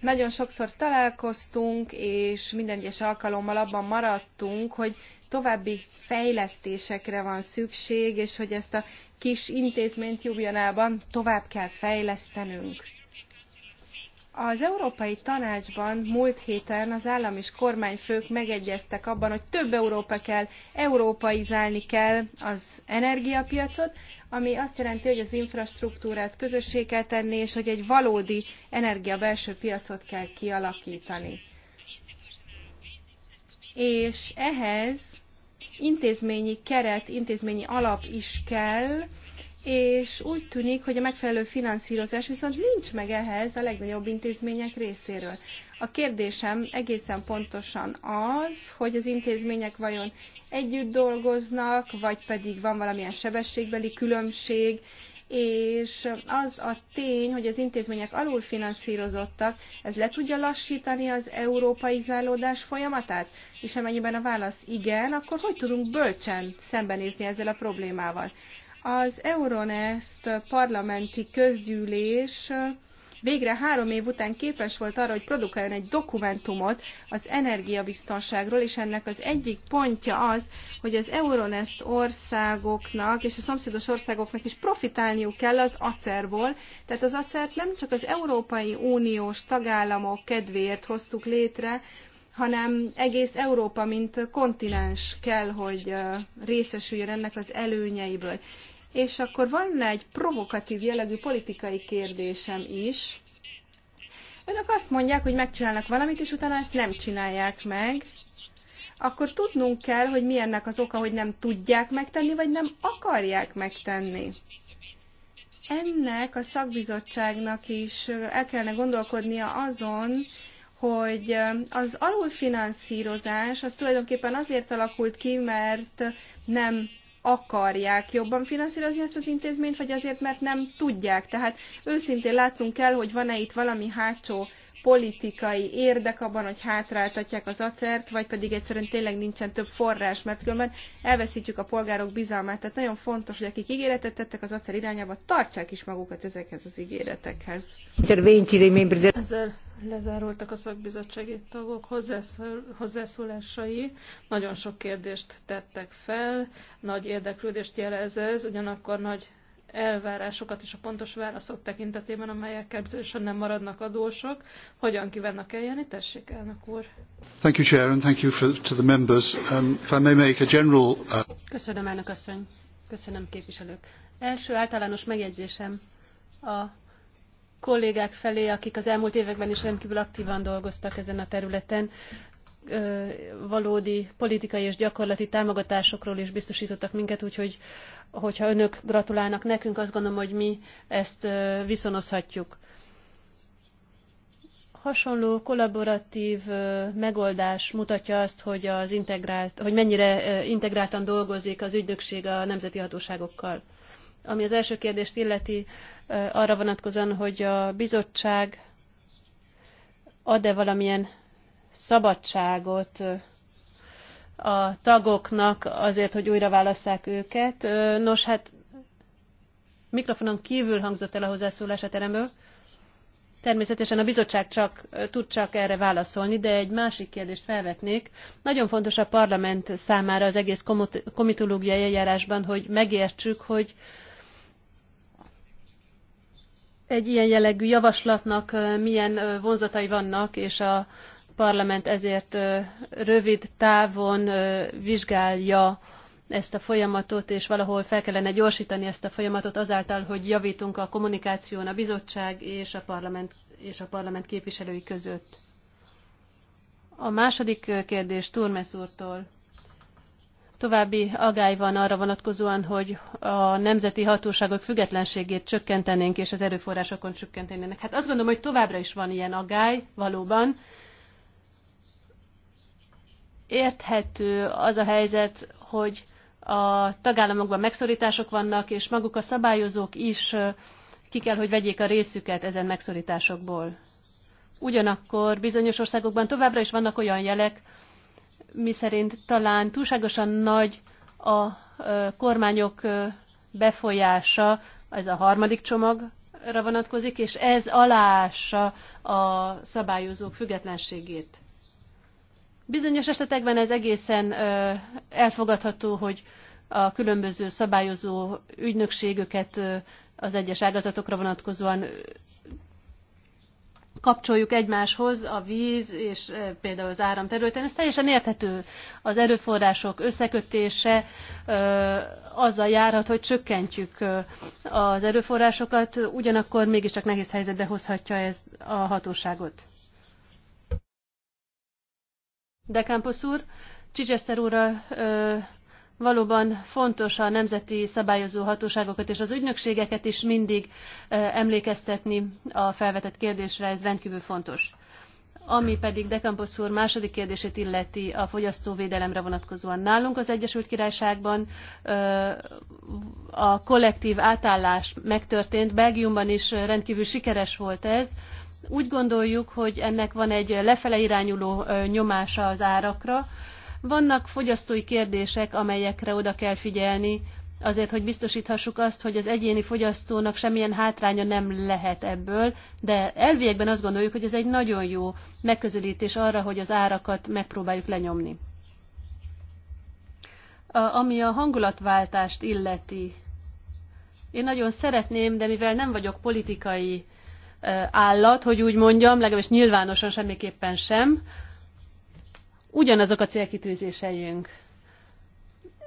Nagyon sokszor találkoztunk, és minden egyes alkalommal abban maradtunk, hogy további fejlesztésekre van szükség, és hogy ezt a kis intézményt Jubjanában tovább kell fejlesztenünk az Európai Tanácsban múlt héten az állam és kormányfők megegyeztek abban, hogy több Európa kell, európaizálni kell az energiapiacot, ami azt jelenti, hogy az infrastruktúrát közössé kell tenni, és hogy egy valódi energiabelső piacot kell kialakítani. És ehhez intézményi keret, intézményi alap is kell, és úgy tűnik, hogy a megfelelő finanszírozás viszont nincs meg ehhez a legnagyobb intézmények részéről. A kérdésem egészen pontosan az, hogy az intézmények vajon együtt dolgoznak, vagy pedig van valamilyen sebességbeli különbség, és az a tény, hogy az intézmények alul finanszírozottak, ez le tudja lassítani az európai zállódás folyamatát? És amennyiben a válasz igen, akkor hogy tudunk bölcsen szembenézni ezzel a problémával? Az Euronest parlamenti közgyűlés végre három év után képes volt arra, hogy produkáljon egy dokumentumot az energiabiztonságról, és ennek az egyik pontja az, hogy az Euronest országoknak és a szomszédos országoknak is profitálniuk kell az acerból. Tehát az acert nem csak az Európai Uniós tagállamok kedvéért hoztuk létre, hanem egész Európa, mint kontinens kell, hogy részesüljön ennek az előnyeiből. És akkor van egy provokatív jellegű politikai kérdésem is. Önök azt mondják, hogy megcsinálnak valamit, és utána ezt nem csinálják meg akkor tudnunk kell, hogy mi ennek az oka, hogy nem tudják megtenni, vagy nem akarják megtenni. Ennek a szakbizottságnak is el kellene gondolkodnia azon, hogy az alulfinanszírozás az tulajdonképpen azért alakult ki, mert nem akarják jobban finanszírozni ezt az intézményt, vagy azért, mert nem tudják. Tehát őszintén látnunk kell, hogy van-e itt valami hátsó politikai érdek abban, hogy hátráltatják az acert, vagy pedig egyszerűen tényleg nincsen több forrás, mert különben elveszítjük a polgárok bizalmát. Tehát nagyon fontos, hogy akik ígéretet tettek az acer irányába, tartsák is magukat ezekhez az ígéretekhez. Ezzel lezárultak a szakbizottsági tagok hozzászól, hozzászólásai. Nagyon sok kérdést tettek fel, nagy érdeklődést jelez ez, ugyanakkor nagy elvárásokat és a pontos válaszok tekintetében, amelyek bizonyosan nem maradnak adósok. Hogyan kívánnak eljönni? Tessék, elnök úr. Thank you, Chair, and thank you for, to the members. Um, if I may make a general... Uh... Köszönöm, elnök asszony. Köszönöm, képviselők. Első általános megjegyzésem a kollégák felé, akik az elmúlt években is rendkvül aktívan dolgoztak ezen a területen, valódi politikai és gyakorlati támogatásokról is biztosítottak minket, úgyhogy hogyha önök gratulálnak nekünk, azt gondolom, hogy mi ezt viszonozhatjuk. Hasonló kollaboratív megoldás mutatja azt, hogy, az integrált, hogy mennyire integráltan dolgozik az ügynökség a nemzeti hatóságokkal. Ami az első kérdést illeti, arra vonatkozóan, hogy a bizottság ad-e valamilyen szabadságot a tagoknak azért, hogy újra válasszák őket. Nos, hát mikrofonon kívül hangzott el a hozzászólás a teremből. Természetesen a bizottság csak, tud csak erre válaszolni, de egy másik kérdést felvetnék. Nagyon fontos a parlament számára az egész komitológiai eljárásban, hogy megértsük, hogy egy ilyen jellegű javaslatnak milyen vonzatai vannak, és a parlament ezért rövid távon vizsgálja ezt a folyamatot, és valahol fel kellene gyorsítani ezt a folyamatot azáltal, hogy javítunk a kommunikáción a bizottság és a parlament, és a parlament képviselői között. A második kérdés Turmes úrtól. További agály van arra vonatkozóan, hogy a nemzeti hatóságok függetlenségét csökkentenénk, és az erőforrásokon csökkentenének. Hát azt gondolom, hogy továbbra is van ilyen agály, valóban. Érthető az a helyzet, hogy a tagállamokban megszorítások vannak, és maguk a szabályozók is ki kell, hogy vegyék a részüket ezen megszorításokból. Ugyanakkor bizonyos országokban továbbra is vannak olyan jelek, miszerint talán túlságosan nagy a kormányok befolyása, ez a harmadik csomagra vonatkozik, és ez aláássa a szabályozók függetlenségét. Bizonyos esetekben ez egészen elfogadható, hogy a különböző szabályozó ügynökségöket az egyes ágazatokra vonatkozóan kapcsoljuk egymáshoz a víz és e, például az áram területen. Ez teljesen érthető. Az erőforrások összekötése e, azzal járhat, hogy csökkentjük e, az erőforrásokat, ugyanakkor mégiscsak nehéz helyzetbe hozhatja ez a hatóságot. De Campos úr, Csicseszter úrral valóban fontos a nemzeti szabályozó hatóságokat és az ügynökségeket is mindig emlékeztetni a felvetett kérdésre, ez rendkívül fontos. Ami pedig Dekampos úr második kérdését illeti a fogyasztóvédelemre vonatkozóan nálunk az Egyesült Királyságban a kollektív átállás megtörtént, Belgiumban is rendkívül sikeres volt ez. Úgy gondoljuk, hogy ennek van egy lefele irányuló nyomása az árakra, vannak fogyasztói kérdések, amelyekre oda kell figyelni, azért, hogy biztosíthassuk azt, hogy az egyéni fogyasztónak semmilyen hátránya nem lehet ebből, de elviekben azt gondoljuk, hogy ez egy nagyon jó megközelítés arra, hogy az árakat megpróbáljuk lenyomni. A, ami a hangulatváltást illeti, én nagyon szeretném, de mivel nem vagyok politikai állat, hogy úgy mondjam, legalábbis nyilvánosan semmiképpen sem, ugyanazok a célkitűzéseink.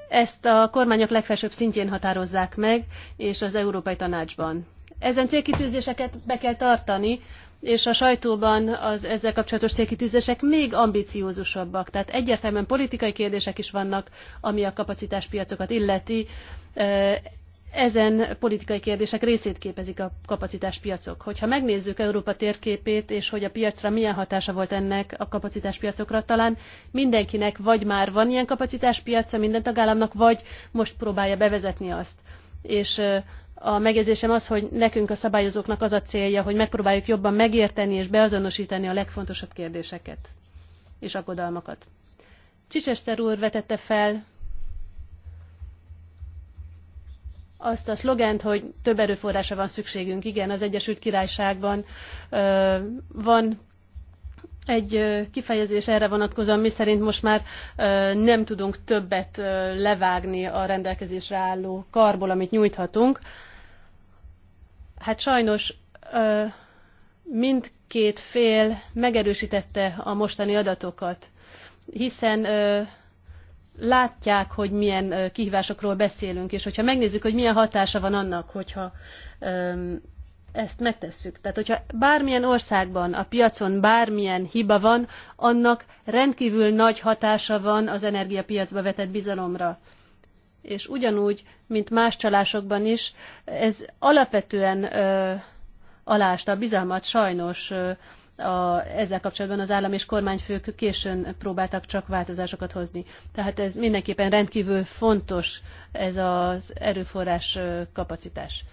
Ezt a kormányok legfelsőbb szintjén határozzák meg, és az Európai Tanácsban. Ezen célkitűzéseket be kell tartani, és a sajtóban az ezzel kapcsolatos célkitűzések még ambiciózusabbak. Tehát egyértelműen politikai kérdések is vannak, ami a kapacitáspiacokat illeti ezen politikai kérdések részét képezik a kapacitáspiacok. Hogyha megnézzük Európa térképét, és hogy a piacra milyen hatása volt ennek a kapacitáspiacokra, talán mindenkinek vagy már van ilyen kapacitáspiaca minden tagállamnak, vagy most próbálja bevezetni azt. És a megjegyzésem az, hogy nekünk a szabályozóknak az a célja, hogy megpróbáljuk jobban megérteni és beazonosítani a legfontosabb kérdéseket és aggodalmakat. Csicseszter úr vetette fel azt a szlogent, hogy több erőforrásra van szükségünk. Igen, az Egyesült Királyságban van egy kifejezés erre vonatkozóan, mi szerint most már nem tudunk többet levágni a rendelkezésre álló karból, amit nyújthatunk. Hát sajnos mindkét fél megerősítette a mostani adatokat, hiszen látják, hogy milyen kihívásokról beszélünk, és hogyha megnézzük, hogy milyen hatása van annak, hogyha ezt megtesszük. Tehát, hogyha bármilyen országban, a piacon bármilyen hiba van, annak rendkívül nagy hatása van az energiapiacba vetett bizalomra. És ugyanúgy, mint más csalásokban is, ez alapvetően ö, alásta a bizalmat sajnos. Ö, a, ezzel kapcsolatban az állam és kormányfők későn próbáltak csak változásokat hozni. Tehát ez mindenképpen rendkívül fontos, ez az erőforrás kapacitás.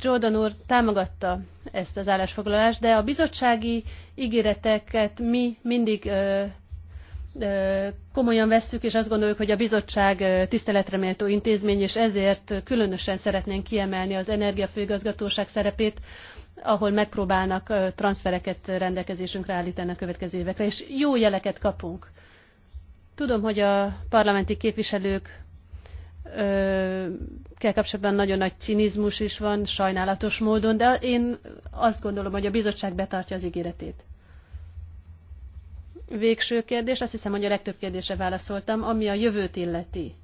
Jordan úr támogatta ezt az állásfoglalást, de a bizottsági ígéreteket mi mindig komolyan vesszük, és azt gondoljuk, hogy a bizottság tiszteletre méltó intézmény, és ezért különösen szeretnénk kiemelni az energiafőigazgatóság szerepét, ahol megpróbálnak transfereket rendelkezésünkre állítani a következő évekre, és jó jeleket kapunk. Tudom, hogy a parlamenti képviselők kell kapcsolatban nagyon nagy cinizmus is van, sajnálatos módon, de én azt gondolom, hogy a bizottság betartja az ígéretét. Végső kérdés, azt hiszem, hogy a legtöbb kérdése válaszoltam, ami a jövőt illeti.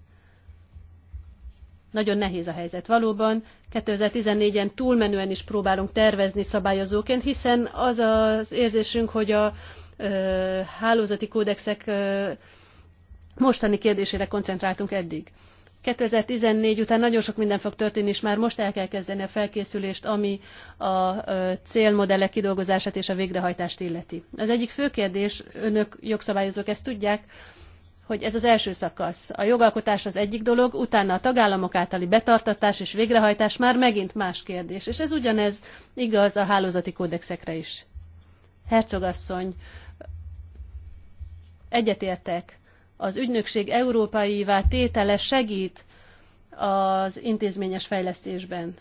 Nagyon nehéz a helyzet. Valóban 2014-en túlmenően is próbálunk tervezni szabályozóként, hiszen az az érzésünk, hogy a ö, hálózati kódexek ö, mostani kérdésére koncentráltunk eddig. 2014 után nagyon sok minden fog történni, és már most el kell kezdeni a felkészülést, ami a célmodellek kidolgozását és a végrehajtást illeti. Az egyik fő kérdés, önök jogszabályozók ezt tudják, hogy ez az első szakasz. A jogalkotás az egyik dolog, utána a tagállamok általi betartatás és végrehajtás már megint más kérdés. És ez ugyanez igaz a hálózati kódexekre is. Hercogasszony, egyetértek, az ügynökség európai tétele segít az intézményes fejlesztésben.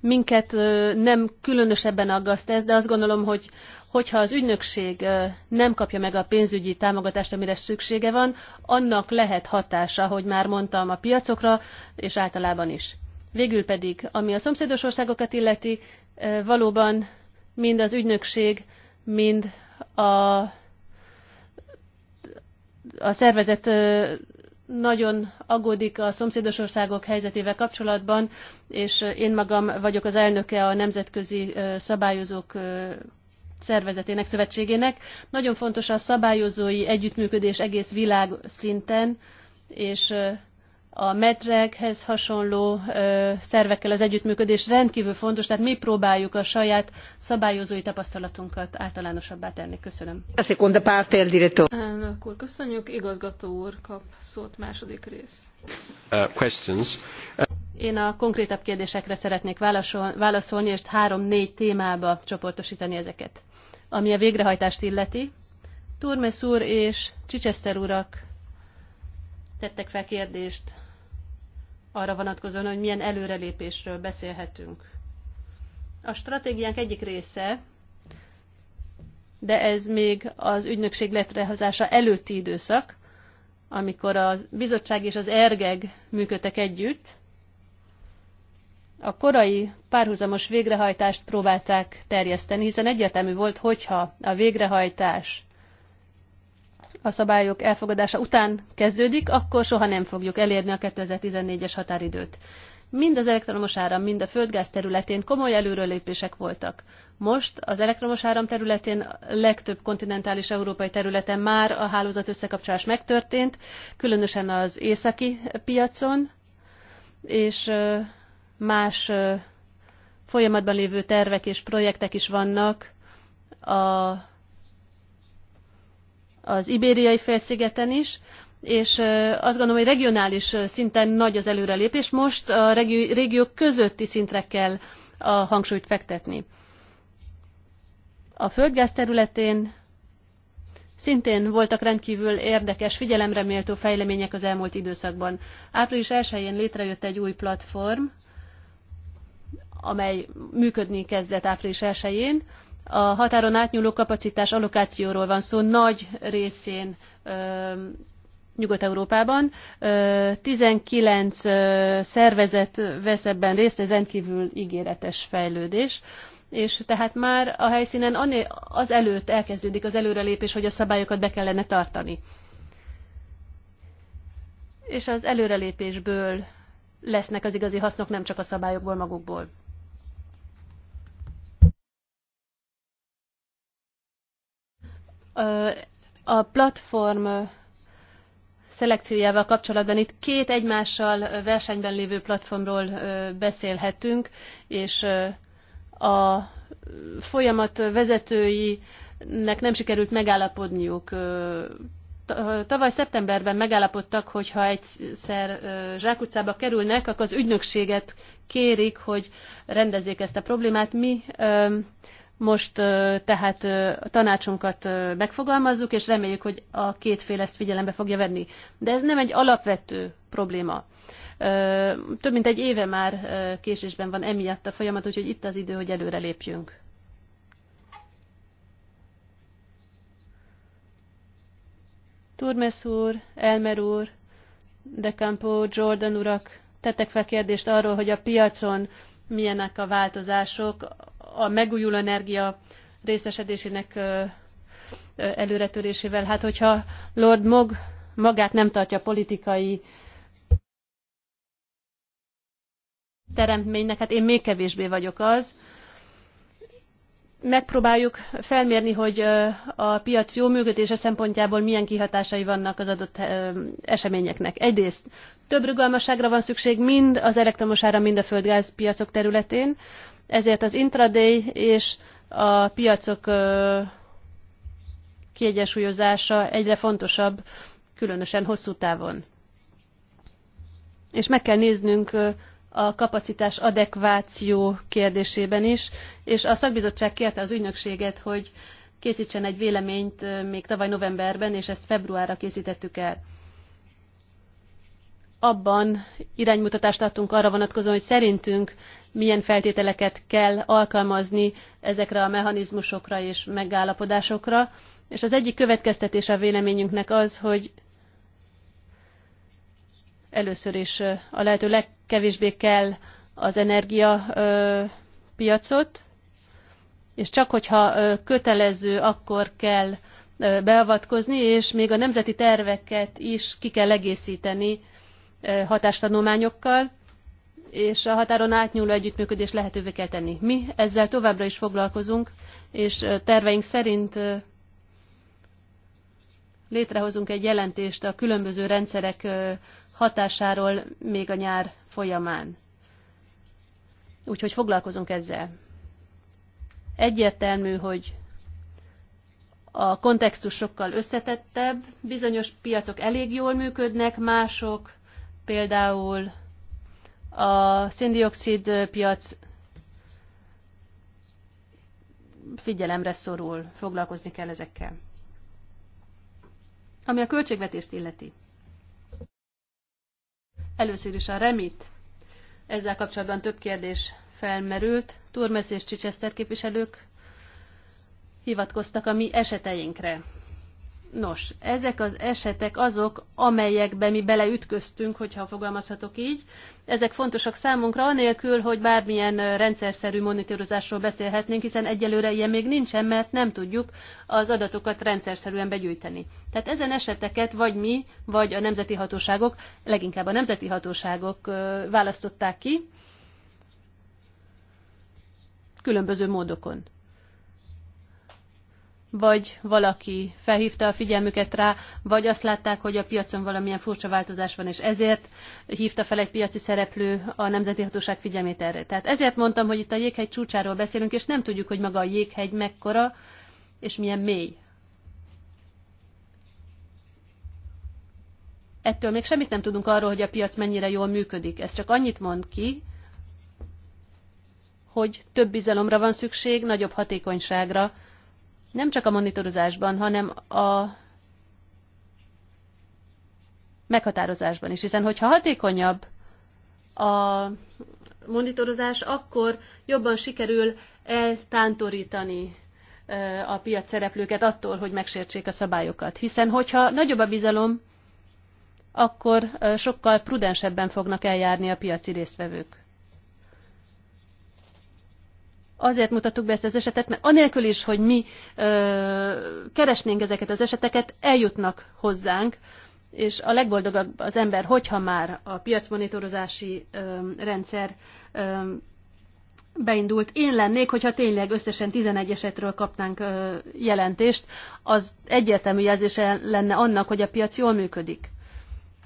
Minket nem különösebben aggaszt ez, de azt gondolom, hogy hogyha az ügynökség nem kapja meg a pénzügyi támogatást, amire szüksége van, annak lehet hatása, hogy már mondtam, a piacokra, és általában is. Végül pedig, ami a szomszédos országokat illeti, valóban mind az ügynökség, mind a, a szervezet nagyon aggódik a szomszédos országok helyzetével kapcsolatban, és én magam vagyok az elnöke a Nemzetközi Szabályozók szervezetének, szövetségének. Nagyon fontos a szabályozói együttműködés egész világ szinten, és a metrekhez hasonló szervekkel az együttműködés rendkívül fontos, tehát mi próbáljuk a saját szabályozói tapasztalatunkat általánosabbá tenni. Köszönöm. Elnök köszönjük. Igazgató úr kap szót második rész. Uh, uh, Én a konkrétabb kérdésekre szeretnék válaszolni, és három-négy témába csoportosítani ezeket ami a végrehajtást illeti. Turmes úr és Csicseszter urak tettek fel kérdést arra vonatkozóan, hogy milyen előrelépésről beszélhetünk. A stratégiánk egyik része, de ez még az ügynökség letrehozása előtti időszak, amikor a bizottság és az ERGEG működtek együtt, a korai párhuzamos végrehajtást próbálták terjeszteni, hiszen egyetemű volt, hogyha a végrehajtás a szabályok elfogadása után kezdődik, akkor soha nem fogjuk elérni a 2014-es határidőt. Mind az elektromos áram, mind a földgáz területén komoly előrelépések voltak. Most az elektromos áram területén legtöbb kontinentális európai területen már a hálózat összekapcsolás megtörtént, különösen az északi piacon, és más folyamatban lévő tervek és projektek is vannak a, az ibériai félszigeten is, és azt gondolom, hogy regionális szinten nagy az előrelépés. Most a régiók közötti szintre kell a hangsúlyt fektetni. A földgáz területén szintén voltak rendkívül érdekes, figyelemreméltó fejlemények az elmúlt időszakban. Április 1-én létrejött egy új platform, amely működni kezdett április 1-én. A határon átnyúló kapacitás allokációról van szó nagy részén Nyugat-Európában. 19 szervezet vesz ebben részt, ez rendkívül ígéretes fejlődés és tehát már a helyszínen az előtt elkezdődik az előrelépés, hogy a szabályokat be kellene tartani. És az előrelépésből lesznek az igazi hasznok, nem csak a szabályokból magukból. A platform szelekciójával kapcsolatban itt két egymással versenyben lévő platformról beszélhetünk, és a folyamat vezetőinek nem sikerült megállapodniuk. Tavaly szeptemberben megállapodtak, hogy ha egyszer zsákutcába kerülnek, akkor az ügynökséget kérik, hogy rendezzék ezt a problémát. Mi most tehát a tanácsunkat megfogalmazzuk, és reméljük, hogy a két fél ezt figyelembe fogja venni. De ez nem egy alapvető probléma. Több mint egy éve már késésben van emiatt a folyamat, úgyhogy itt az idő, hogy előre lépjünk. Turmes úr, Elmer úr, De Campo, Jordan urak tettek fel kérdést arról, hogy a piacon milyenek a változások, a megújuló energia részesedésének előretörésével. Hát hogyha Lord Mog magát nem tartja politikai teremtménynek, hát én még kevésbé vagyok az. Megpróbáljuk felmérni, hogy a piac jó működése szempontjából milyen kihatásai vannak az adott eseményeknek. Egyrészt több rugalmasságra van szükség mind az elektromos ára, mind a földgáz piacok területén ezért az intraday és a piacok kiegyensúlyozása egyre fontosabb, különösen hosszú távon. És meg kell néznünk a kapacitás adekváció kérdésében is, és a szakbizottság kérte az ügynökséget, hogy készítsen egy véleményt még tavaly novemberben, és ezt februárra készítettük el abban iránymutatást adtunk arra vonatkozóan, hogy szerintünk milyen feltételeket kell alkalmazni ezekre a mechanizmusokra és megállapodásokra. És az egyik következtetése a véleményünknek az, hogy először is a lehető legkevésbé kell az energiapiacot, és csak hogyha kötelező, akkor kell beavatkozni, és még a nemzeti terveket is ki kell egészíteni, hatástanulmányokkal, és a határon átnyúló együttműködés lehetővé kell tenni. Mi ezzel továbbra is foglalkozunk, és terveink szerint létrehozunk egy jelentést a különböző rendszerek hatásáról még a nyár folyamán. Úgyhogy foglalkozunk ezzel. Egyértelmű, hogy a kontextus sokkal összetettebb, bizonyos piacok elég jól működnek, mások például a széndiokszid piac figyelemre szorul, foglalkozni kell ezekkel. Ami a költségvetést illeti. Először is a remit. Ezzel kapcsolatban több kérdés felmerült. Turmes és Csicseszter képviselők hivatkoztak a mi eseteinkre. Nos, ezek az esetek azok, amelyekbe mi beleütköztünk, hogyha fogalmazhatok így. Ezek fontosak számunkra, anélkül, hogy bármilyen rendszerszerű monitorozásról beszélhetnénk, hiszen egyelőre ilyen még nincsen, mert nem tudjuk az adatokat rendszerszerűen begyűjteni. Tehát ezen eseteket vagy mi, vagy a nemzeti hatóságok, leginkább a nemzeti hatóságok választották ki, különböző módokon vagy valaki felhívta a figyelmüket rá, vagy azt látták, hogy a piacon valamilyen furcsa változás van, és ezért hívta fel egy piaci szereplő a Nemzeti Hatóság figyelmét erre. Tehát ezért mondtam, hogy itt a jéghegy csúcsáról beszélünk, és nem tudjuk, hogy maga a jéghegy mekkora, és milyen mély. Ettől még semmit nem tudunk arról, hogy a piac mennyire jól működik. Ez csak annyit mond ki, hogy több bizalomra van szükség, nagyobb hatékonyságra, nem csak a monitorozásban, hanem a meghatározásban is, hiszen hogyha hatékonyabb a monitorozás, akkor jobban sikerül eltántorítani a piac szereplőket attól, hogy megsértsék a szabályokat. Hiszen hogyha nagyobb a bizalom, akkor sokkal prudensebben fognak eljárni a piaci résztvevők. Azért mutattuk be ezt az esetet, mert anélkül is, hogy mi ö, keresnénk ezeket az eseteket, eljutnak hozzánk, és a legboldogabb az ember, hogyha már a piacmonitorozási ö, rendszer ö, beindult. Én lennék, hogyha tényleg összesen 11 esetről kapnánk ö, jelentést, az egyértelmű jelzése lenne annak, hogy a piac jól működik.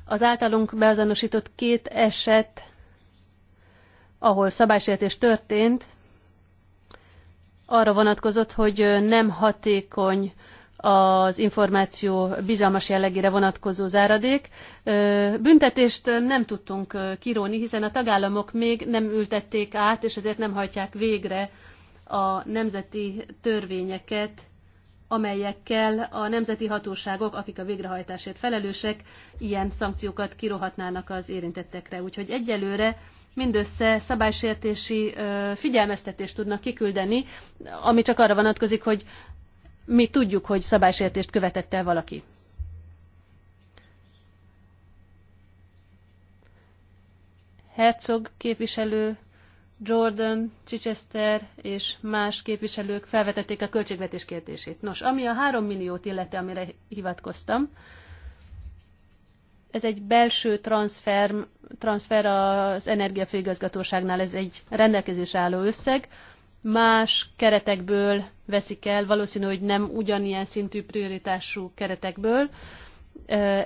Az általunk beazonosított két eset, ahol szabálysértés történt, arra vonatkozott, hogy nem hatékony az információ bizalmas jellegére vonatkozó záradék. Büntetést nem tudtunk kiróni, hiszen a tagállamok még nem ültették át, és ezért nem hajtják végre a nemzeti törvényeket, amelyekkel a nemzeti hatóságok, akik a végrehajtásért felelősek, ilyen szankciókat kirohatnának az érintettekre. Úgyhogy egyelőre mindössze szabálysértési figyelmeztetést tudnak kiküldeni, ami csak arra vonatkozik, hogy mi tudjuk, hogy szabálysértést követett el valaki. Herzog képviselő, Jordan, Chichester és más képviselők felvetették a költségvetés kérdését. Nos, ami a 3 milliót illeti, amire hivatkoztam, ez egy belső transfer, transfer az energiafőigazgatóságnál, ez egy rendelkezés álló összeg. Más keretekből veszik el, valószínű, hogy nem ugyanilyen szintű prioritású keretekből.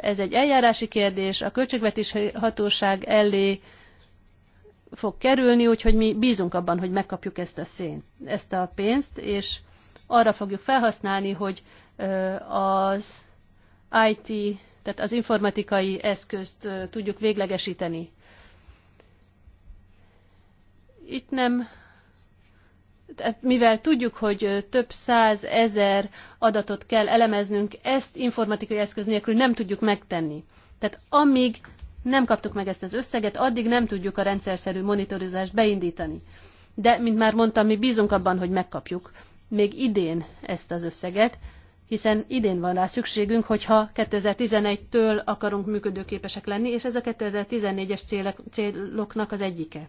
Ez egy eljárási kérdés, a költségvetési hatóság elé fog kerülni, úgyhogy mi bízunk abban, hogy megkapjuk ezt a, szén, ezt a pénzt, és arra fogjuk felhasználni, hogy az IT tehát az informatikai eszközt tudjuk véglegesíteni. Itt nem, tehát mivel tudjuk, hogy több száz ezer adatot kell elemeznünk, ezt informatikai eszköz nélkül nem tudjuk megtenni. Tehát amíg nem kaptuk meg ezt az összeget, addig nem tudjuk a rendszerszerű monitorozást beindítani. De, mint már mondtam, mi bízunk abban, hogy megkapjuk még idén ezt az összeget, hiszen idén van rá szükségünk, hogyha 2011-től akarunk működőképesek lenni, és ez a 2014-es céloknak az egyike.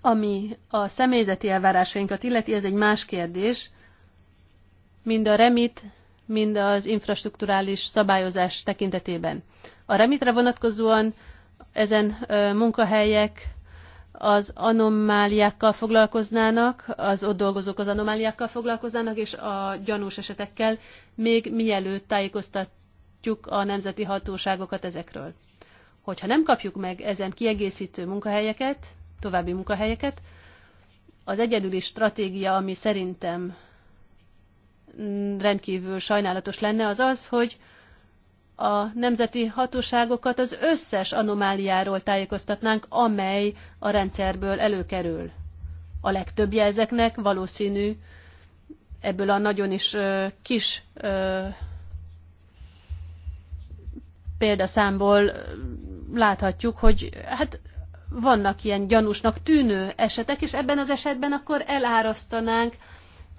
Ami a személyzeti elvárásainkat illeti, ez egy más kérdés, mind a remit, mind az infrastruktúrális szabályozás tekintetében. A remitre vonatkozóan ezen munkahelyek az anomáliákkal foglalkoznának, az ott dolgozók az anomáliákkal foglalkoznának, és a gyanús esetekkel még mielőtt tájékoztatjuk a nemzeti hatóságokat ezekről. Hogyha nem kapjuk meg ezen kiegészítő munkahelyeket, további munkahelyeket, az egyedüli stratégia, ami szerintem rendkívül sajnálatos lenne, az az, hogy a nemzeti hatóságokat az összes anomáliáról tájékoztatnánk, amely a rendszerből előkerül. A legtöbbje ezeknek valószínű ebből a nagyon is kis példaszámból láthatjuk, hogy hát vannak ilyen gyanúsnak tűnő esetek, és ebben az esetben akkor elárasztanánk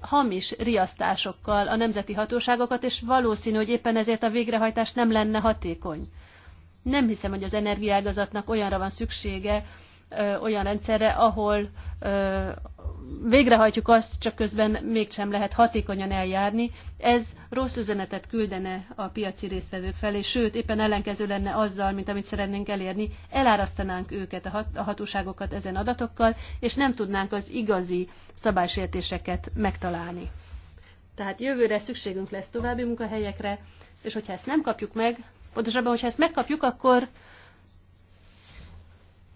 hamis riasztásokkal a nemzeti hatóságokat, és valószínű, hogy éppen ezért a végrehajtás nem lenne hatékony. Nem hiszem, hogy az energiágazatnak olyanra van szüksége, ö, olyan rendszerre, ahol ö, végrehajtjuk azt, csak közben mégsem lehet hatékonyan eljárni. Ez rossz üzenetet küldene a piaci résztvevők felé, sőt, éppen ellenkező lenne azzal, mint amit szeretnénk elérni, elárasztanánk őket, a, hatóságokat ezen adatokkal, és nem tudnánk az igazi szabálysértéseket megtalálni. Tehát jövőre szükségünk lesz további munkahelyekre, és hogyha ezt nem kapjuk meg, pontosabban, hogyha ezt megkapjuk, akkor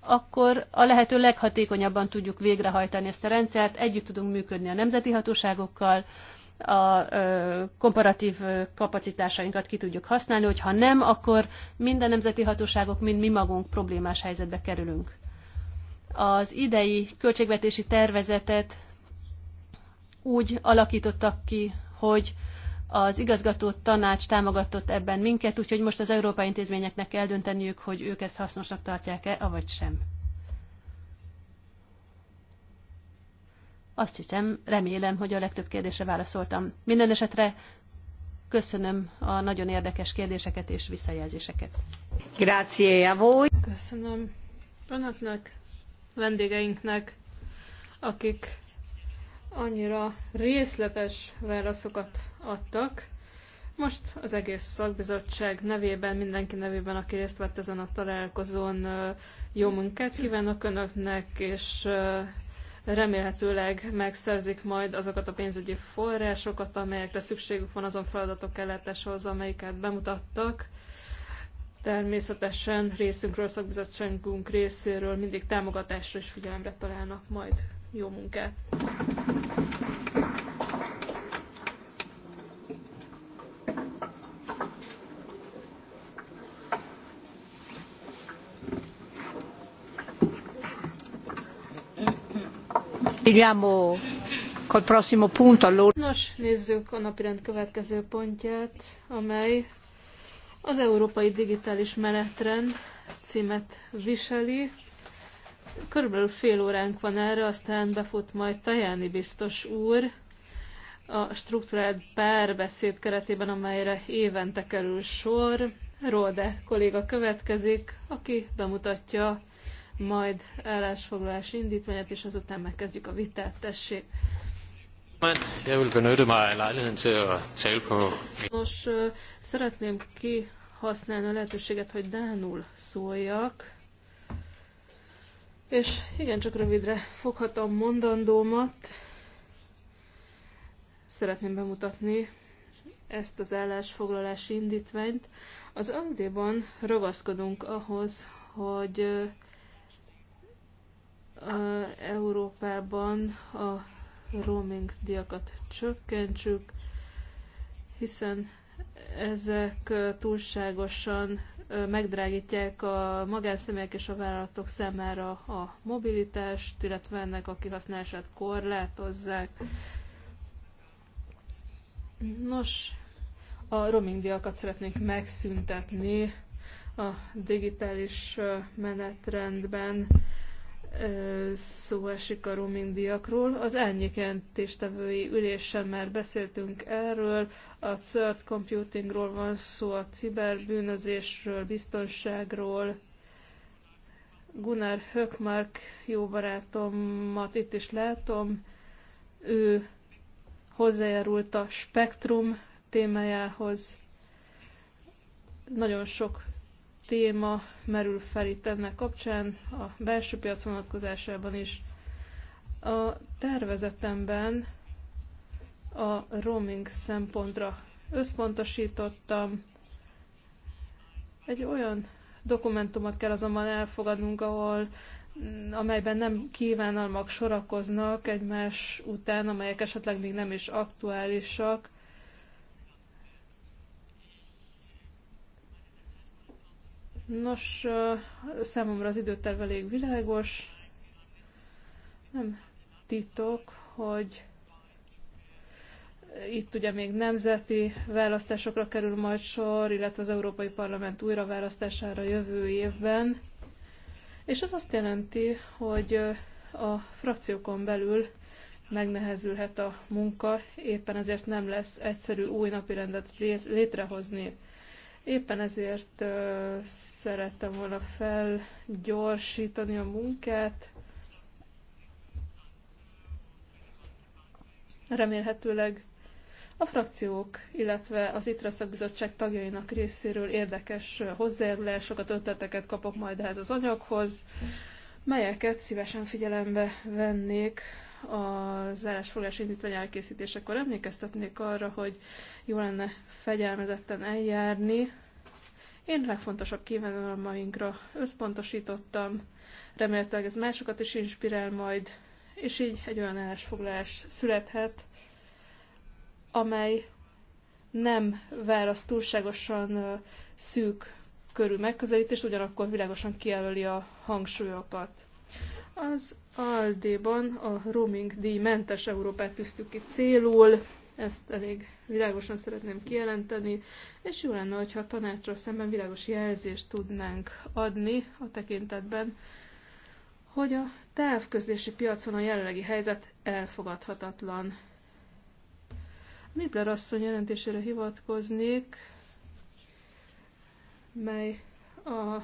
akkor a lehető leghatékonyabban tudjuk végrehajtani ezt a rendszert, együtt tudunk működni a nemzeti hatóságokkal, a komparatív kapacitásainkat ki tudjuk használni, hogyha nem, akkor mind a nemzeti hatóságok, mind mi magunk problémás helyzetbe kerülünk. Az idei költségvetési tervezetet úgy alakítottak ki, hogy az igazgató tanács támogatott ebben minket, úgyhogy most az európai intézményeknek kell dönteniük, hogy ők ezt hasznosnak tartják-e, avagy sem. Azt hiszem, remélem, hogy a legtöbb kérdésre válaszoltam. Minden esetre köszönöm a nagyon érdekes kérdéseket és visszajelzéseket. Grazie a voi. Köszönöm önöknek, vendégeinknek, akik annyira részletes válaszokat adtak. Most az egész szakbizottság nevében, mindenki nevében, aki részt vett ezen a találkozón, jó munkát kívánok Önöknek, és remélhetőleg megszerzik majd azokat a pénzügyi forrásokat, amelyekre szükségük van azon feladatok ellátáshoz, amelyiket bemutattak. Természetesen részünkről, szakbizottságunk részéről mindig támogatásra és figyelemre találnak majd. Jó munkát! Continuiamo col prossimo punto. Nos, nézzük a napirend következő pontját, amely az Európai Digitális Menetrend címet viseli. Körülbelül fél óránk van erre, aztán befut majd Tajáni biztos úr a struktúrált párbeszéd keretében, amelyre évente kerül sor. Róde kolléga következik, aki bemutatja majd állásfoglalás indítványát, és azután megkezdjük a vitát. Tessék! Nos, szeretném kihasználni a lehetőséget, hogy Dánul szóljak. És igen, csak rövidre foghatom mondandómat. Szeretném bemutatni ezt az állásfoglalási indítványt. Az angdéban ragaszkodunk ahhoz, hogy Európában a roaming diakat csökkentsük, hiszen ezek túlságosan megdrágítják a magánszemélyek és a vállalatok számára a mobilitást, illetve ennek a kihasználását korlátozzák. Nos, a roaming diakat szeretnénk megszüntetni a digitális menetrendben szó esik a roamingdiakról. Az elnyékentéstevői ülésen már beszéltünk erről, a third computingról van szó, a ciberbűnözésről, biztonságról. Gunnar Höckmark jó barátomat itt is látom, ő hozzájárult a spektrum témájához. Nagyon sok téma merül fel itt ennek kapcsán, a belső piac vonatkozásában is. A tervezetemben a roaming szempontra összpontosítottam. Egy olyan dokumentumot kell azonban elfogadnunk, ahol mm, amelyben nem kívánalmak sorakoznak egymás után, amelyek esetleg még nem is aktuálisak, Nos, számomra az időterv elég világos. Nem titok, hogy itt ugye még nemzeti választásokra kerül majd sor, illetve az Európai Parlament újraválasztására jövő évben. És ez azt jelenti, hogy a frakciókon belül megnehezülhet a munka, éppen ezért nem lesz egyszerű új napirendet létrehozni. Éppen ezért szerettem volna felgyorsítani a munkát. Remélhetőleg a frakciók, illetve az ITRA szakbizottság tagjainak részéről érdekes hozzájárulásokat, ötleteket kapok majd ehhez az anyaghoz, melyeket szívesen figyelembe vennék a állásfoglalás indítvány elkészítésekor emlékeztetnék arra, hogy jó lenne fegyelmezetten eljárni. Én legfontosabb kívánalmainkra összpontosítottam, remélhetőleg ez másokat is inspirál majd, és így egy olyan állásfoglalás születhet, amely nem választ túlságosan szűk körül megközelítést, ugyanakkor világosan kijelöli a hangsúlyokat. Az Aldéban a roaming mentes Európát tűztük ki célul, ezt elég világosan szeretném kijelenteni, és jó lenne, hogyha a tanácsra szemben világos jelzést tudnánk adni a tekintetben, hogy a távközlési piacon a jelenlegi helyzet elfogadhatatlan. Nibler asszony jelentésére hivatkoznék, mely a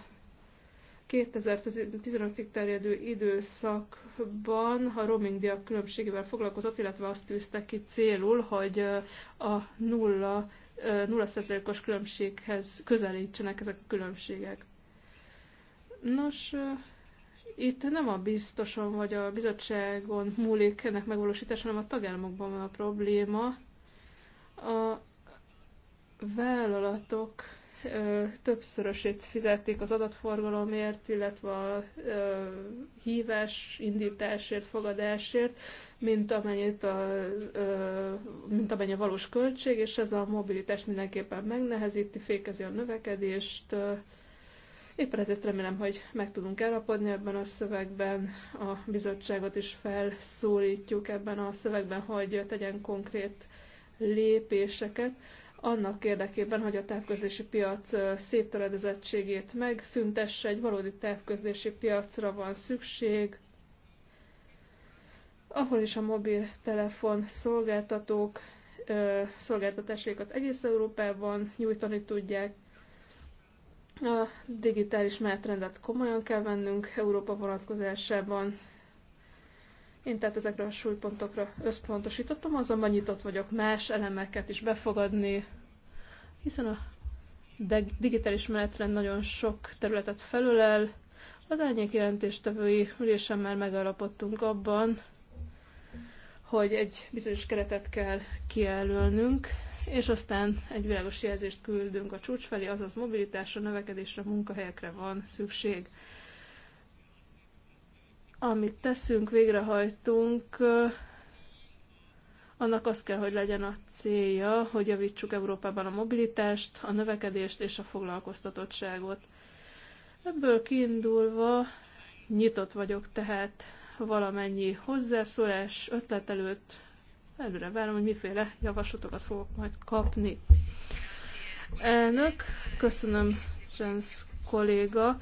2015-ig terjedő időszakban a roaming díjak különbségével foglalkozott, illetve azt tűzte ki célul, hogy a nulla, nulla százalékos különbséghez közelítsenek ezek a különbségek. Nos, itt nem a biztosan vagy a bizottságon múlik ennek megvalósítása, hanem a tagállamokban van a probléma. A vállalatok többszörösét fizették az adatforgalomért, illetve a ö, hívás indításért, fogadásért, mint amennyit a, ö, mint amennyi a valós költség, és ez a mobilitás mindenképpen megnehezíti, fékezi a növekedést. Éppen ezért remélem, hogy meg tudunk elapodni ebben a szövegben, a bizottságot is felszólítjuk ebben a szövegben, hogy tegyen konkrét lépéseket annak érdekében, hogy a távközlési piac széttöredezettségét megszüntesse, egy valódi távközlési piacra van szükség, ahol is a mobiltelefon szolgáltatók szolgáltatásaikat egész Európában nyújtani tudják. A digitális menetrendet komolyan kell vennünk Európa vonatkozásában, én tehát ezekre a súlypontokra összpontosítottam, azonban nyitott vagyok más elemeket is befogadni, hiszen a digitális menetrend nagyon sok területet felölel. Az árnyék jelentéstevői ülésen már megállapodtunk abban, hogy egy bizonyos keretet kell kijelölnünk, és aztán egy világos jelzést küldünk a csúcs felé, azaz mobilitásra, növekedésre, munkahelyekre van szükség amit teszünk, végrehajtunk, annak az kell, hogy legyen a célja, hogy javítsuk Európában a mobilitást, a növekedést és a foglalkoztatottságot. Ebből kiindulva nyitott vagyok tehát valamennyi hozzászólás ötlet előtt. Előre várom, hogy miféle javaslatokat fogok majd kapni. Elnök, köszönöm, Jens kolléga.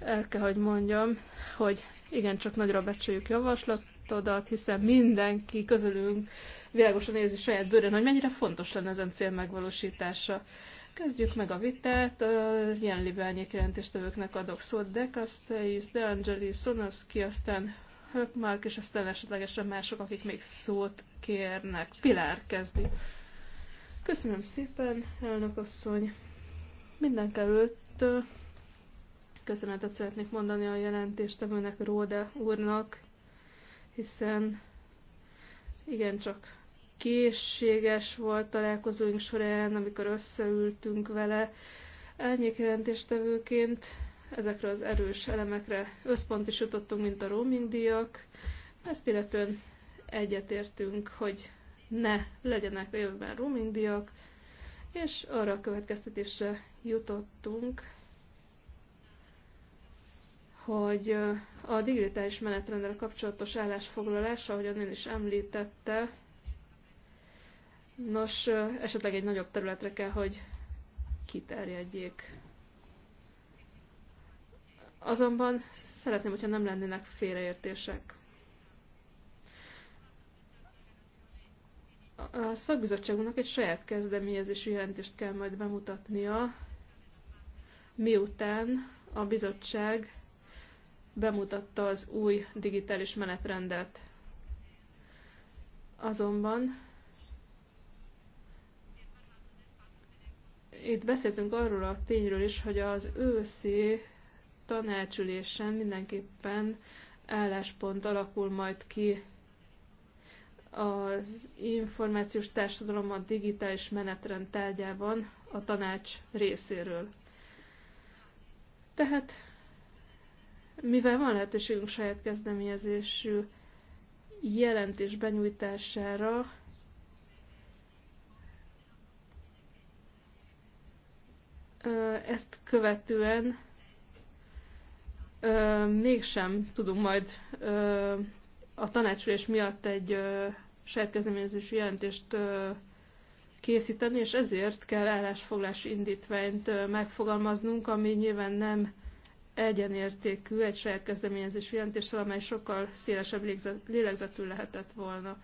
El kell, hogy mondjam, hogy igen, csak nagyra becsüljük javaslatodat, hiszen mindenki közülünk világosan érzi saját bőrön, hogy mennyire fontos lenne ezen cél megvalósítása. Kezdjük meg a vitát. Ilyen libányék jelentéstevőknek adok szót. De Castellis, De Angelis, Sonovski, aztán Hökmark, és aztán esetlegesen mások, akik még szót kérnek. Pilár kezdi. Köszönöm szépen, elnök asszony. Mindenkelőtt Köszönetet szeretnék mondani a jelentéstevőnek, Róde úrnak, hiszen igencsak készséges volt találkozóink során, amikor összeültünk vele. Elnyék jelentéstevőként ezekre az erős elemekre összpontosítottunk, mint a roaming díjak. Ezt illetően egyetértünk, hogy ne legyenek jövőben roaming díjak, és arra a következtetésre jutottunk, hogy a digitális menetrendre kapcsolatos állásfoglalás, ahogyan ön is említette, nos, esetleg egy nagyobb területre kell, hogy kiterjedjék. Azonban szeretném, hogyha nem lennének félreértések. A szakbizottságunknak egy saját kezdeményezési jelentést kell majd bemutatnia, miután a bizottság bemutatta az új digitális menetrendet. Azonban itt beszéltünk arról a tényről is, hogy az őszi tanácsülésen mindenképpen álláspont alakul majd ki az információs társadalom a digitális menetrend tárgyában a tanács részéről. Tehát mivel van lehetőségünk saját kezdeményezésű jelentés benyújtására, ezt követően mégsem tudunk majd a tanácsülés miatt egy saját kezdeményezésű jelentést készíteni, és ezért kell állásfoglási indítványt megfogalmaznunk, ami nyilván nem egyenértékű egy saját kezdeményezésű jelentéssel, amely sokkal szélesebb lélegzetű lehetett volna.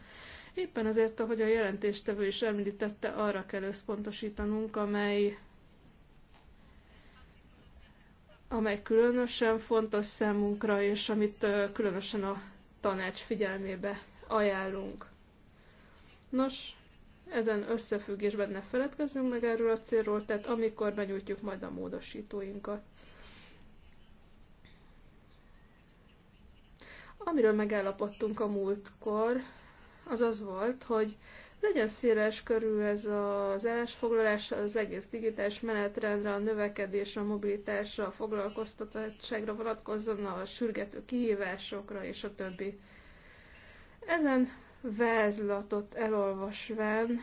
Éppen azért, ahogy a jelentéstevő is említette, arra kell összpontosítanunk, amely amely különösen fontos számunkra, és amit különösen a tanács figyelmébe ajánlunk. Nos, ezen összefüggésben ne feledkezzünk meg erről a célról, tehát amikor benyújtjuk majd a módosítóinkat. Amiről megállapodtunk a múltkor, az az volt, hogy legyen széles körül ez az állásfoglalás, az egész digitális menetrendre, a növekedésre, a mobilitásra, a foglalkoztatottságra vonatkozzon, a sürgető kihívásokra és a többi. Ezen vázlatot elolvasván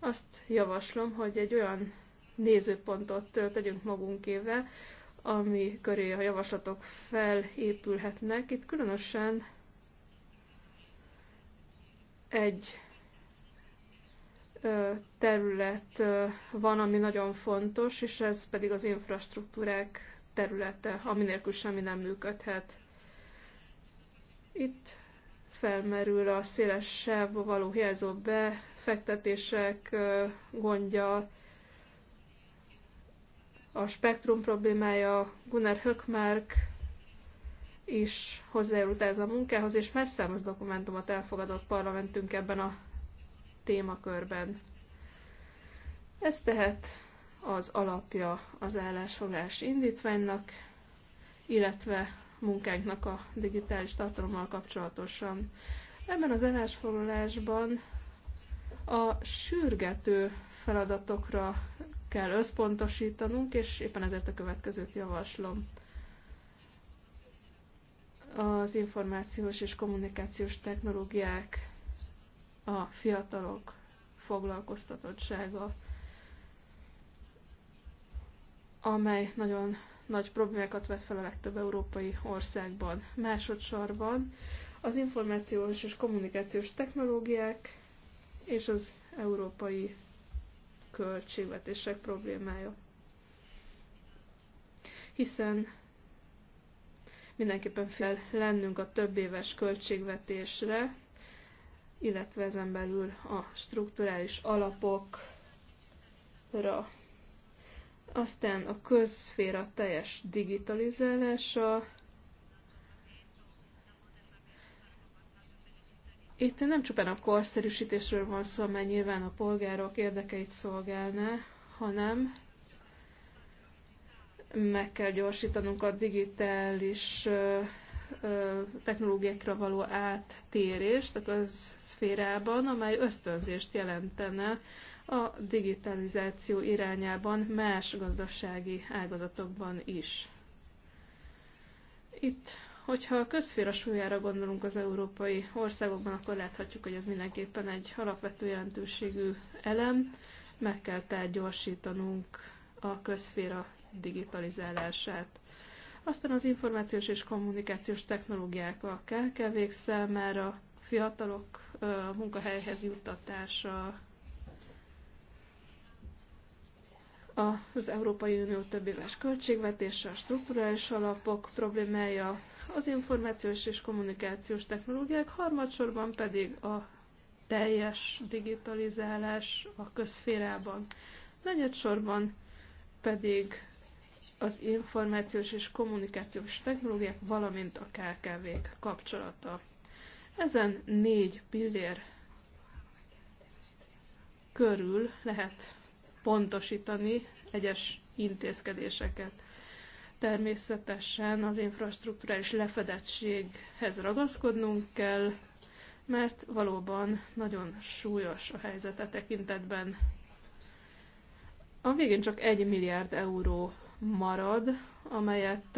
azt javaslom, hogy egy olyan nézőpontot tegyünk magunkével, ami köré a javaslatok felépülhetnek. Itt különösen egy terület van, ami nagyon fontos, és ez pedig az infrastruktúrák területe, aminélkül semmi nem működhet. Itt felmerül a széles sávba való hiányzó befektetések gondja, a spektrum problémája, Gunnar Höckmark is hozzájárult ez a munkához, és már számos dokumentumot elfogadott parlamentünk ebben a témakörben. Ez tehát az alapja az állásfoglalás indítványnak, illetve munkánknak a digitális tartalommal kapcsolatosan. Ebben az állásfoglalásban a sürgető feladatokra kell összpontosítanunk, és éppen ezért a következőt javaslom. Az információs és kommunikációs technológiák, a fiatalok foglalkoztatottsága, amely nagyon nagy problémákat vet fel a legtöbb európai országban. Másodszorban az információs és kommunikációs technológiák és az európai költségvetések problémája. Hiszen mindenképpen fel lennünk a több éves költségvetésre, illetve ezen belül a strukturális alapokra. Aztán a közszféra teljes digitalizálása, Itt nem csupán a korszerűsítésről van szó, mert nyilván a polgárok érdekeit szolgálná, hanem meg kell gyorsítanunk a digitális technológiákra való áttérést a közszférában, amely ösztönzést jelentene a digitalizáció irányában más gazdasági ágazatokban is. Itt Hogyha a közféra súlyára gondolunk az európai országokban, akkor láthatjuk, hogy ez mindenképpen egy alapvető jelentőségű elem. Meg kell tehát gyorsítanunk a közféra digitalizálását. Aztán az információs és kommunikációs technológiák a KKV-k számára, fiatalok munkahelyhez juttatása, az Európai Unió több éves költségvetése, a strukturális alapok problémája, az információs és kommunikációs technológiák, harmadsorban pedig a teljes digitalizálás a közférában. Negyedsorban pedig az információs és kommunikációs technológiák, valamint a KKV-k kapcsolata. Ezen négy pillér körül lehet pontosítani egyes intézkedéseket. Természetesen az infrastruktúrális lefedettséghez ragaszkodnunk kell, mert valóban nagyon súlyos a helyzete tekintetben. A végén csak 1 milliárd euró marad, amelyet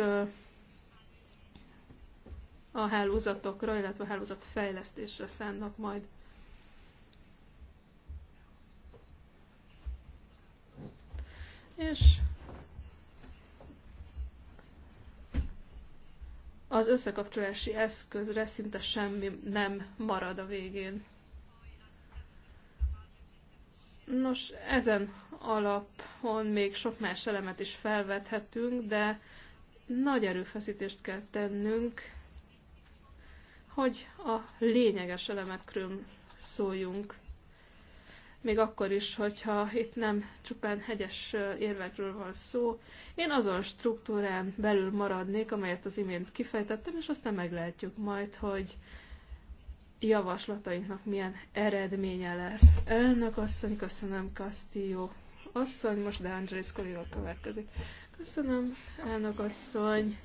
a hálózatokra, illetve a hálózat fejlesztésre szánnak majd. És az összekapcsolási eszközre szinte semmi nem marad a végén. Nos, ezen alapon még sok más elemet is felvethetünk, de nagy erőfeszítést kell tennünk, hogy a lényeges elemekről szóljunk még akkor is, hogyha itt nem csupán hegyes érvekről van szó. Én azon struktúrán belül maradnék, amelyet az imént kifejtettem, és aztán meglehetjük majd, hogy javaslatainknak milyen eredménye lesz. Önök asszony, köszönöm, Castillo asszony, most De Andrész kolléga következik. Köszönöm, elnök asszony.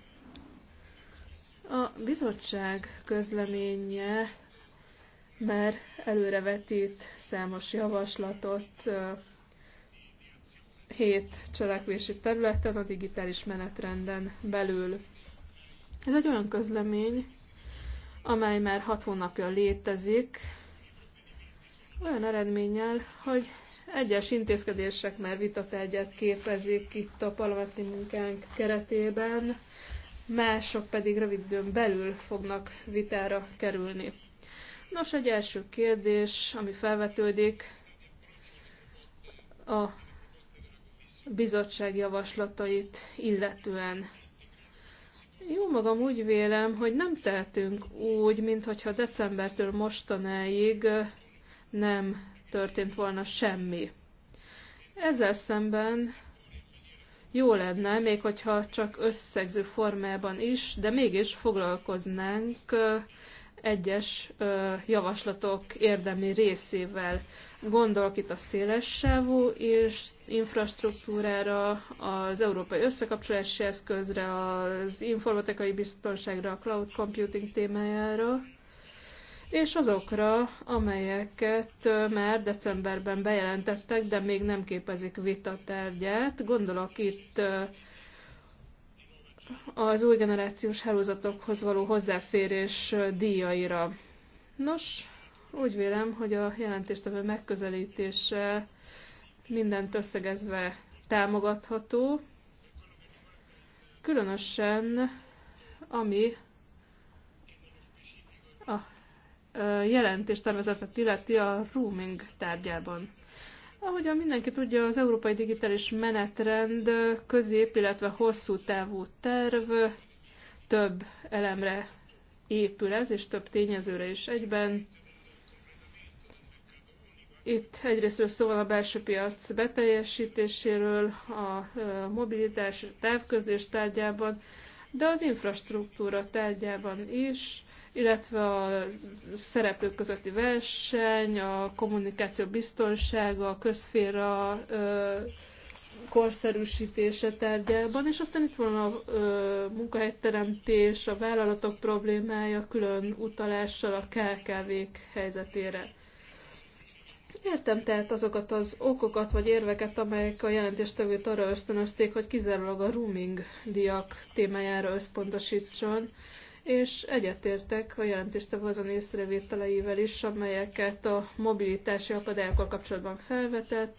A bizottság közleménye már előrevetít számos javaslatot hét cselekvési területen a digitális menetrenden belül. Ez egy olyan közlemény, amely már hat hónapja létezik, olyan eredménnyel, hogy egyes intézkedések már vitategyet képezik itt a parlamenti munkánk keretében, mások pedig rövid időn belül fognak vitára kerülni. Nos, egy első kérdés, ami felvetődik, a bizottság javaslatait illetően. Jó magam úgy vélem, hogy nem tehetünk úgy, mintha decembertől mostanáig nem történt volna semmi. Ezzel szemben jó lenne, még hogyha csak összegző formában is, de mégis foglalkoznánk egyes javaslatok érdemi részével. Gondolok itt a széles sávú és infrastruktúrára, az európai összekapcsolási eszközre, az informatikai biztonságra, a cloud computing témájára, és azokra, amelyeket már decemberben bejelentettek, de még nem képezik vita tárgyát. Gondolok itt az új generációs hálózatokhoz való hozzáférés díjaira. Nos, úgy vélem, hogy a jelentéstevő megközelítése mindent összegezve támogatható, különösen ami a jelentéstervezetet illeti a roaming tárgyában. Ahogyan mindenki tudja, az Európai Digitális Menetrend közép, illetve hosszú távú terv több elemre épül ez, és több tényezőre is egyben. Itt egyrészt szó van a belső piac beteljesítéséről, a mobilitás távközlés tárgyában, de az infrastruktúra tárgyában is, illetve a szereplők közötti verseny, a kommunikáció biztonsága, a közféra ö, korszerűsítése tárgyában, és aztán itt van a ö, munkahelyteremtés, a vállalatok problémája, külön utalással a KKV-k helyzetére. Értem tehát azokat az okokat vagy érveket, amelyek a jelentéstevőt arra ösztönözték, hogy kizárólag a rooming diak témájára összpontosítson, és egyetértek a jelentéstevő azon észrevételeivel is, amelyeket a mobilitási akadályokkal kapcsolatban felvetett.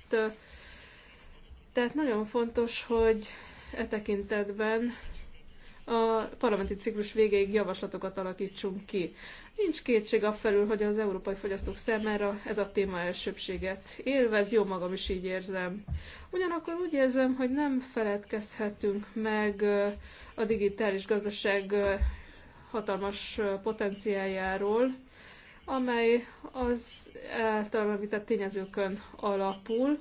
Tehát nagyon fontos, hogy e tekintetben a parlamenti ciklus végéig javaslatokat alakítsunk ki. Nincs kétség a felül, hogy az európai fogyasztók számára ez a téma elsőbséget élvez, jó magam is így érzem. Ugyanakkor úgy érzem, hogy nem feledkezhetünk meg a digitális gazdaság hatalmas potenciáljáról, amely az általam tényezőkön alapul,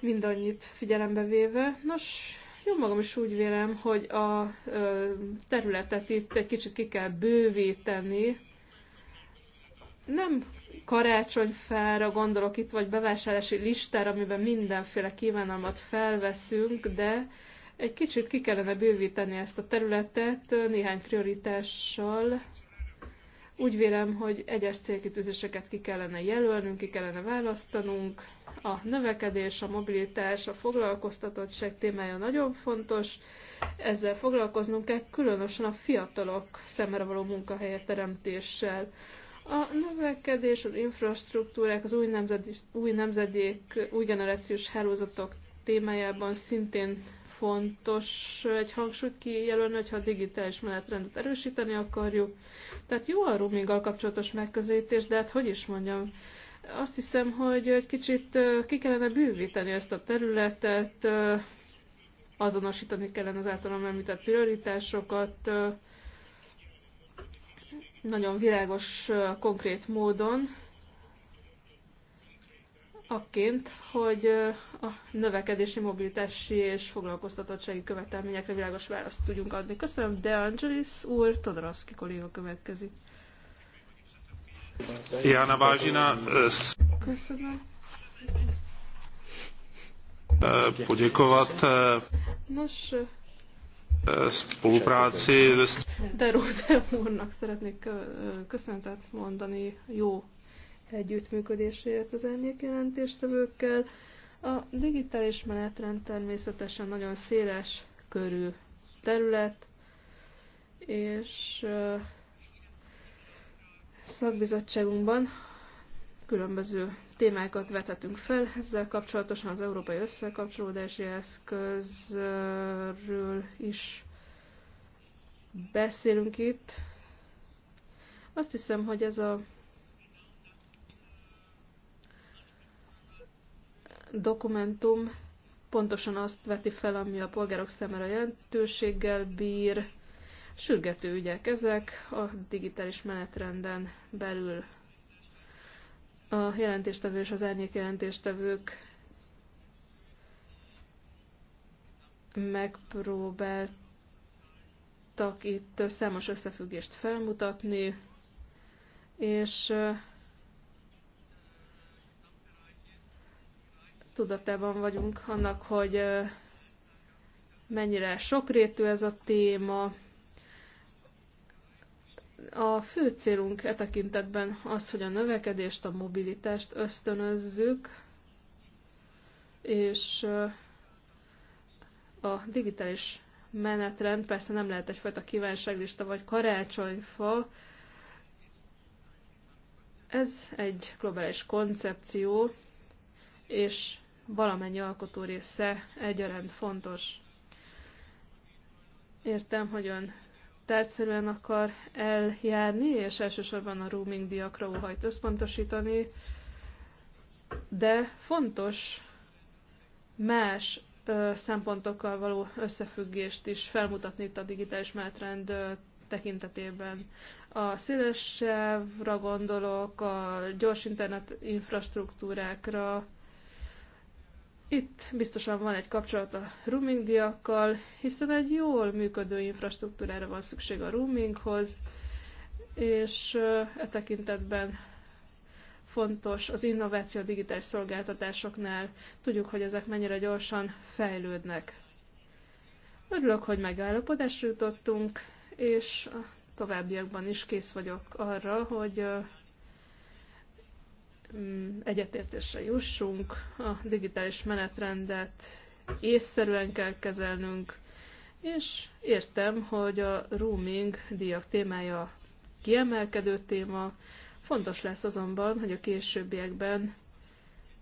mindannyit figyelembe véve. Nos, jó magam is úgy vélem, hogy a területet itt egy kicsit ki kell bővíteni. Nem karácsonyfára gondolok itt, vagy bevásárlási listára, amiben mindenféle kívánalmat felveszünk, de egy kicsit ki kellene bővíteni ezt a területet néhány prioritással. Úgy vélem, hogy egyes célkitűzéseket ki kellene jelölnünk, ki kellene választanunk. A növekedés, a mobilitás, a foglalkoztatottság témája nagyon fontos. Ezzel foglalkoznunk kell különösen a fiatalok szemre való munkahelyet teremtéssel. A növekedés, az infrastruktúrák, az új, nemzedi, új nemzedék, új generációs hálózatok témájában szintén fontos egy hangsúlyt kijelölni, hogyha a digitális menetrendet erősíteni akarjuk. Tehát jó a roaminggal kapcsolatos megközelítés, de hát hogy is mondjam, azt hiszem, hogy egy kicsit ki kellene bővíteni ezt a területet, azonosítani kellene az általam említett prioritásokat, nagyon világos, konkrét módon, akként, hogy a növekedési, mobilitási és foglalkoztatottsági követelményekre világos választ tudjunk adni. Köszönöm, De Angelis úr, Todorovszki kolléga következik. Jana Vážina. Köszönöm. Poděkovat. Nos, spolupráci. De Róder úrnak szeretnék köszönetet mondani jó együttműködéséért az árnyék jelentéstevőkkel. A digitális menetrend természetesen nagyon széles körű terület, és szakbizottságunkban különböző témákat vethetünk fel. Ezzel kapcsolatosan az európai összekapcsolódási eszközről is beszélünk itt. Azt hiszem, hogy ez a dokumentum pontosan azt veti fel, ami a polgárok számára jelentőséggel bír. Sürgető ügyek ezek a digitális menetrenden belül. A jelentéstevő és az árnyék jelentéstevők megpróbáltak itt számos összefüggést felmutatni, és tudatában vagyunk annak, hogy mennyire sokrétű ez a téma. A fő célunk e tekintetben az, hogy a növekedést, a mobilitást ösztönözzük, és a digitális menetrend persze nem lehet egyfajta kívánságlista vagy karácsonyfa. Ez egy globális koncepció, és valamennyi alkotó része egyaránt fontos. Értem, hogy ön tetszerűen akar eljárni, és elsősorban a roaming diakra óhajt összpontosítani, de fontos más ö, szempontokkal való összefüggést is felmutatni itt a digitális menetrend tekintetében. A szélesebbre gondolok, a gyors internet infrastruktúrákra, itt biztosan van egy kapcsolat a diakkal, hiszen egy jól működő infrastruktúrára van szükség a roaminghoz, és e tekintetben fontos az innováció a digitális szolgáltatásoknál. Tudjuk, hogy ezek mennyire gyorsan fejlődnek. Örülök, hogy megállapodásra jutottunk, és a továbbiakban is kész vagyok arra, hogy Mm, egyetértésre jussunk, a digitális menetrendet észszerűen kell kezelnünk, és értem, hogy a roaming díjak témája kiemelkedő téma, fontos lesz azonban, hogy a későbbiekben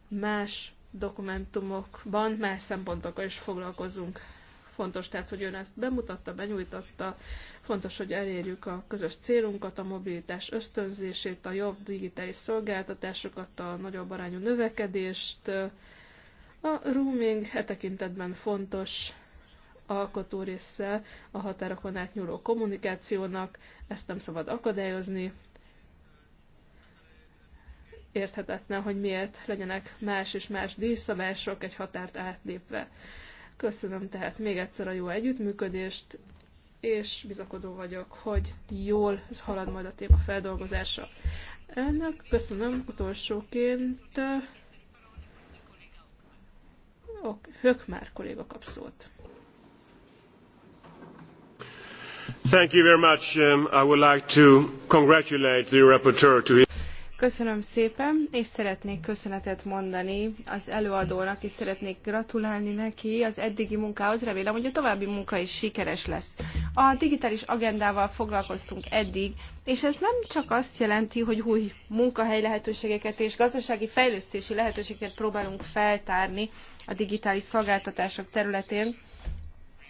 más dokumentumokban más szempontokkal is foglalkozunk. Fontos tehát, hogy ön ezt bemutatta, benyújtotta. Fontos, hogy elérjük a közös célunkat, a mobilitás ösztönzését, a jobb digitális szolgáltatásokat, a nagyobb arányú növekedést. A roaming e tekintetben fontos alkotó része a határokon átnyúló kommunikációnak, ezt nem szabad akadályozni, érthetetlen, hogy miért legyenek más és más díjszabások egy határt átlépve. Köszönöm tehát még egyszer a jó együttműködést, és bizakodó vagyok, hogy jól halad majd a téma feldolgozása. Ennek köszönöm utolsóként. Ok, Hök már kolléga kap szót. Thank you very much. Um, I would like to congratulate the rapporteur to his Köszönöm szépen, és szeretnék köszönetet mondani az előadónak, és szeretnék gratulálni neki az eddigi munkához. Remélem, hogy a további munka is sikeres lesz. A digitális agendával foglalkoztunk eddig, és ez nem csak azt jelenti, hogy új munkahely lehetőségeket és gazdasági fejlesztési lehetőségeket próbálunk feltárni a digitális szolgáltatások területén,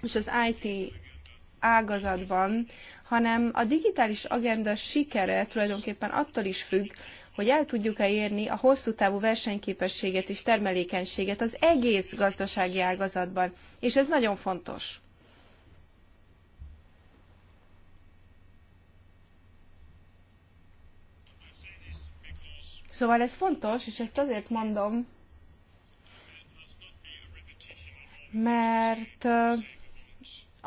és az IT ágazatban hanem a digitális agenda sikere tulajdonképpen attól is függ, hogy el tudjuk-e érni a hosszú távú versenyképességet és termelékenységet az egész gazdasági ágazatban. És ez nagyon fontos. Szóval ez fontos, és ezt azért mondom, mert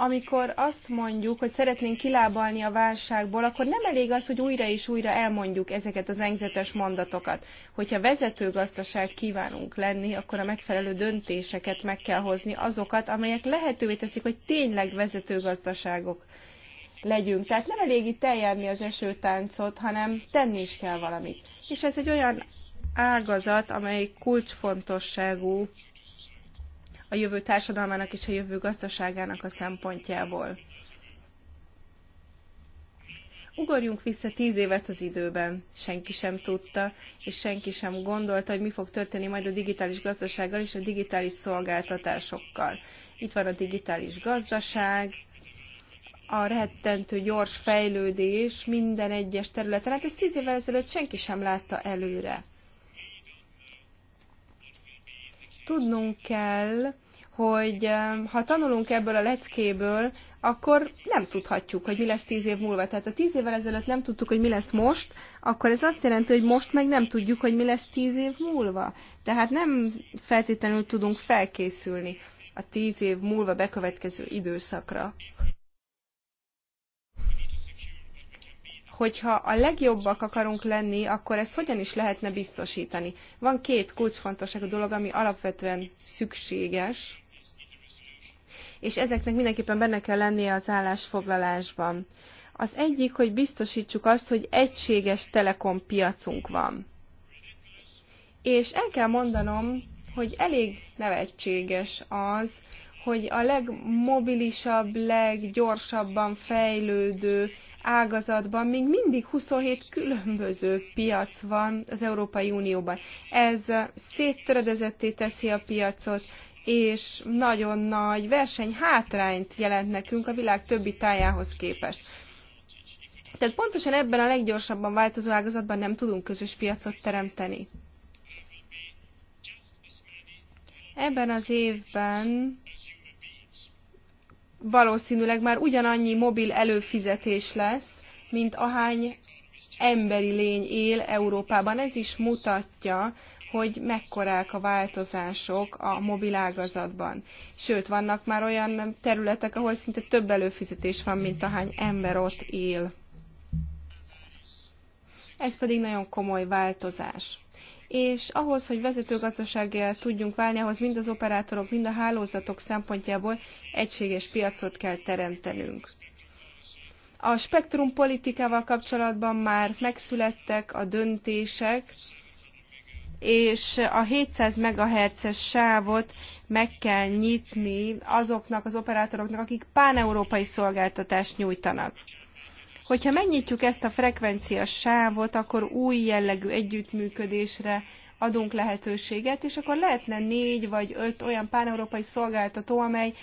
amikor azt mondjuk, hogy szeretnénk kilábalni a válságból, akkor nem elég az, hogy újra és újra elmondjuk ezeket az engzetes mondatokat. Hogyha vezető gazdaság kívánunk lenni, akkor a megfelelő döntéseket meg kell hozni, azokat, amelyek lehetővé teszik, hogy tényleg vezető gazdaságok legyünk. Tehát nem elég itt eljárni az esőtáncot, hanem tenni is kell valamit. És ez egy olyan ágazat, amely kulcsfontosságú a jövő társadalmának és a jövő gazdaságának a szempontjából. Ugorjunk vissza tíz évet az időben. Senki sem tudta, és senki sem gondolta, hogy mi fog történni majd a digitális gazdasággal és a digitális szolgáltatásokkal. Itt van a digitális gazdaság, a rettentő gyors fejlődés minden egyes területen. Hát ezt tíz évvel ezelőtt senki sem látta előre. Tudnunk kell, hogy ha tanulunk ebből a leckéből, akkor nem tudhatjuk, hogy mi lesz tíz év múlva. Tehát a tíz évvel ezelőtt nem tudtuk, hogy mi lesz most, akkor ez azt jelenti, hogy most meg nem tudjuk, hogy mi lesz tíz év múlva. Tehát nem feltétlenül tudunk felkészülni a tíz év múlva bekövetkező időszakra. hogyha a legjobbak akarunk lenni, akkor ezt hogyan is lehetne biztosítani? Van két kulcsfontosságú dolog, ami alapvetően szükséges, és ezeknek mindenképpen benne kell lennie az állásfoglalásban. Az egyik, hogy biztosítsuk azt, hogy egységes telekom piacunk van. És el kell mondanom, hogy elég nevetséges az, hogy a legmobilisabb, leggyorsabban fejlődő ágazatban még mindig 27 különböző piac van az Európai Unióban. Ez széttöredezetté teszi a piacot, és nagyon nagy versenyhátrányt jelent nekünk a világ többi tájához képest. Tehát pontosan ebben a leggyorsabban változó ágazatban nem tudunk közös piacot teremteni. Ebben az évben valószínűleg már ugyanannyi mobil előfizetés lesz, mint ahány emberi lény él Európában. Ez is mutatja, hogy mekkorák a változások a mobilágazatban. Sőt, vannak már olyan területek, ahol szinte több előfizetés van, mint ahány ember ott él. Ez pedig nagyon komoly változás és ahhoz, hogy vezetőgazdasággal tudjunk válni, ahhoz mind az operátorok, mind a hálózatok szempontjából egységes piacot kell teremtenünk. A spektrum politikával kapcsolatban már megszülettek a döntések, és a 700 MHz-es sávot meg kell nyitni azoknak az operátoroknak, akik páneurópai szolgáltatást nyújtanak. Hogyha megnyitjuk ezt a frekvencia sávot, akkor új jellegű együttműködésre adunk lehetőséget, és akkor lehetne négy vagy öt olyan pán-európai szolgáltató, amely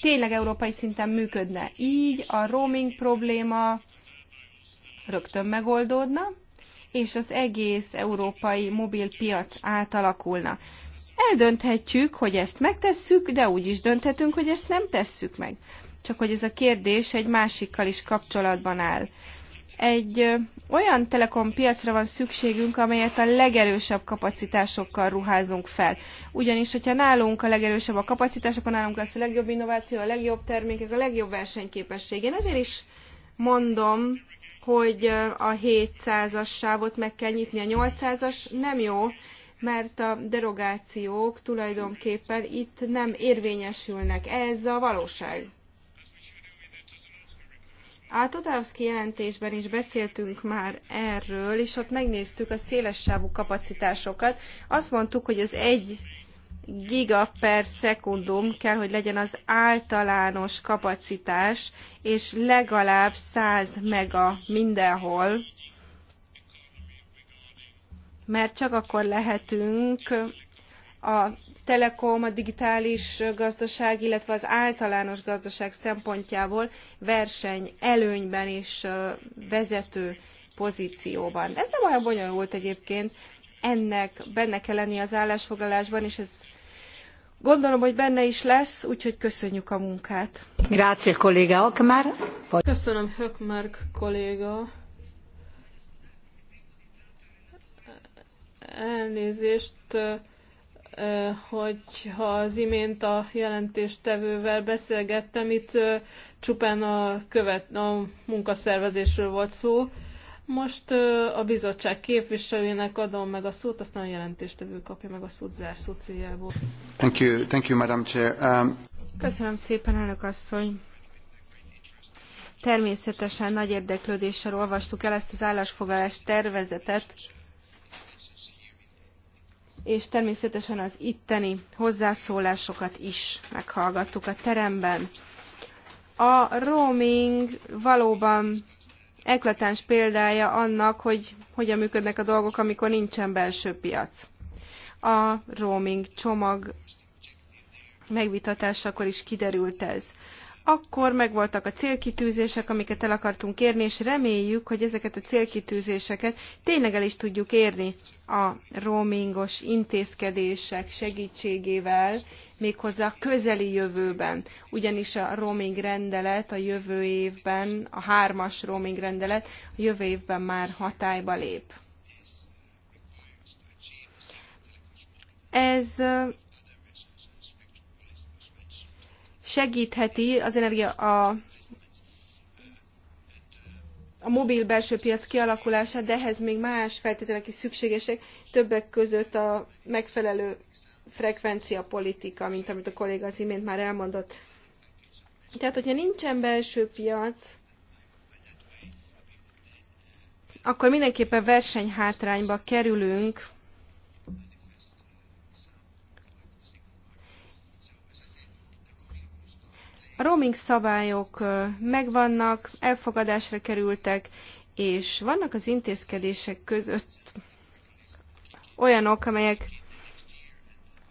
tényleg európai szinten működne. Így a roaming probléma rögtön megoldódna, és az egész európai mobilpiac átalakulna. Eldönthetjük, hogy ezt megtesszük, de úgy is dönthetünk, hogy ezt nem tesszük meg csak hogy ez a kérdés egy másikkal is kapcsolatban áll. Egy olyan telekom piacra van szükségünk, amelyet a legerősebb kapacitásokkal ruházunk fel. Ugyanis, hogyha nálunk a legerősebb a kapacitás, akkor nálunk lesz a legjobb innováció, a legjobb termékek, a legjobb versenyképesség. Én ezért is mondom, hogy a 700-as sávot meg kell nyitni, a 800-as nem jó, mert a derogációk tulajdonképpen itt nem érvényesülnek. Ez a valóság. A Totalovszki jelentésben is beszéltünk már erről, és ott megnéztük a széles sávú kapacitásokat. Azt mondtuk, hogy az egy giga per szekundum kell, hogy legyen az általános kapacitás, és legalább 100 mega mindenhol, mert csak akkor lehetünk a telekom, a digitális gazdaság, illetve az általános gazdaság szempontjából verseny előnyben és vezető pozícióban. Ez nem olyan bonyolult egyébként, ennek benne kell lenni az állásfoglalásban, és ez gondolom, hogy benne is lesz, úgyhogy köszönjük a munkát. Grazie, kolléga Akmár. Köszönöm, Hökmark kolléga. Elnézést, hogyha az imént a jelentéstevővel beszélgettem, itt csupán a, követ, a munkaszervezésről volt szó. Most a bizottság képviselőjének adom meg a szót, aztán a jelentéstevő kapja meg a szót zárszó céljából. Thank you, thank you, Madam Chair. Um... Köszönöm szépen, elnök asszony. Természetesen nagy érdeklődéssel olvastuk el ezt az állásfoglalás tervezetet, és természetesen az itteni hozzászólásokat is meghallgattuk a teremben. A roaming valóban eklatáns példája annak, hogy hogyan működnek a dolgok, amikor nincsen belső piac. A roaming csomag megvitatásakor is kiderült ez. Akkor megvoltak a célkitűzések, amiket el akartunk érni, és reméljük, hogy ezeket a célkitűzéseket tényleg el is tudjuk érni a roamingos intézkedések segítségével, méghozzá a közeli jövőben. Ugyanis a roaming rendelet a jövő évben, a hármas roaming rendelet a jövő évben már hatályba lép. Ez segítheti az energia a a mobil belső piac kialakulását, de ehhez még más feltételek is szükségesek, többek között a megfelelő frekvencia politika, mint amit a kolléga az imént már elmondott. Tehát, hogyha nincsen belső piac, akkor mindenképpen versenyhátrányba kerülünk, A roaming szabályok megvannak, elfogadásra kerültek, és vannak az intézkedések között olyanok, amelyek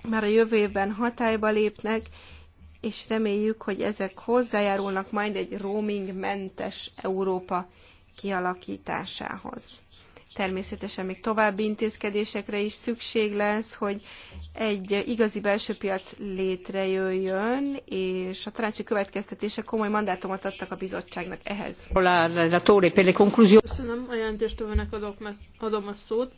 már a jövő évben hatályba lépnek, és reméljük, hogy ezek hozzájárulnak majd egy roamingmentes Európa kialakításához. Természetesen még további intézkedésekre is szükség lesz, hogy egy igazi belső piac létrejöjjön, és a tanácsi következtetése komoly mandátumot adtak a bizottságnak ehhez. Köszönöm, a jelentéstövőnek adom a szót.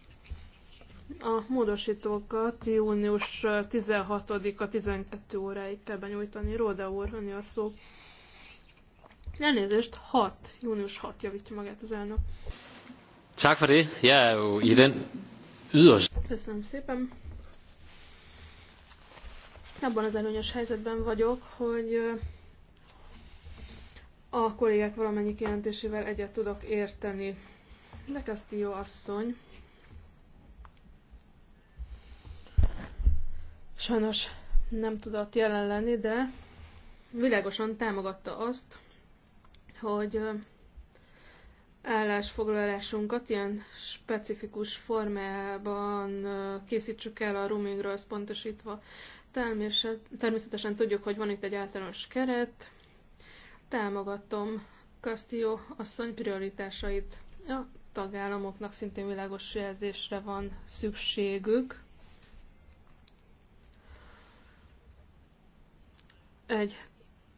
A módosítókat június 16-a 12 óráig kell benyújtani. Róda úr, a szó. Elnézést, 6, június 6 javítja magát az elnök. Tak for det. Jeg er jo i den yderst... Köszönöm szépen. Abban az előnyös helyzetben vagyok, hogy a kollégák valamennyi kijelentésével egyet tudok érteni. De Castillo asszony. Sajnos nem tudott jelen lenni, de világosan támogatta azt, hogy állásfoglalásunkat ilyen specifikus formában készítsük el a roamingról pontosítva. Természetesen tudjuk, hogy van itt egy általános keret. Támogatom Castillo asszony prioritásait. A tagállamoknak szintén világos jelzésre van szükségük. Egy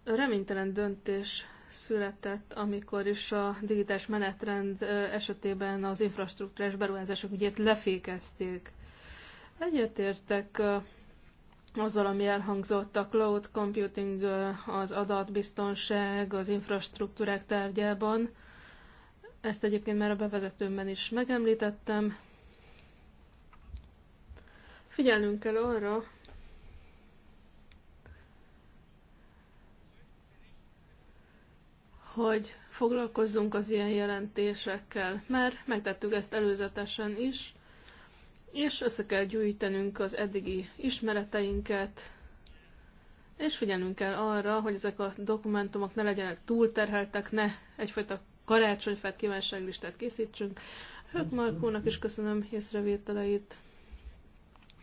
reménytelen döntés született, amikor is a digitális menetrend esetében az infrastruktúrás beruházások ügyét lefékezték. Egyetértek azzal, ami elhangzott a cloud computing, az adatbiztonság, az infrastruktúrák tárgyában. Ezt egyébként már a bevezetőmben is megemlítettem. Figyelnünk kell arra, hogy foglalkozzunk az ilyen jelentésekkel, mert megtettük ezt előzetesen is, és össze kell gyűjtenünk az eddigi ismereteinket, és figyelnünk kell arra, hogy ezek a dokumentumok ne legyenek túlterheltek, ne egyfajta karácsonyfát kívánságlistát készítsünk. Hök hát, Markónak is köszönöm észrevételeit.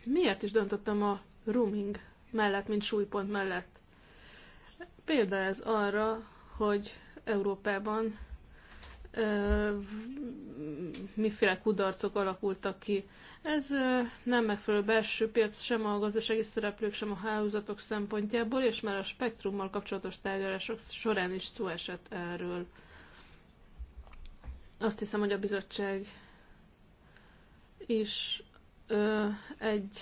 Miért is döntöttem a roaming mellett, mint súlypont mellett? Példa ez arra, hogy Európában ö, miféle kudarcok alakultak ki. Ez ö, nem megfelelő belső piac sem a gazdasági szereplők, sem a hálózatok szempontjából, és már a spektrummal kapcsolatos tárgyalások során is szó esett erről. Azt hiszem, hogy a bizottság is egy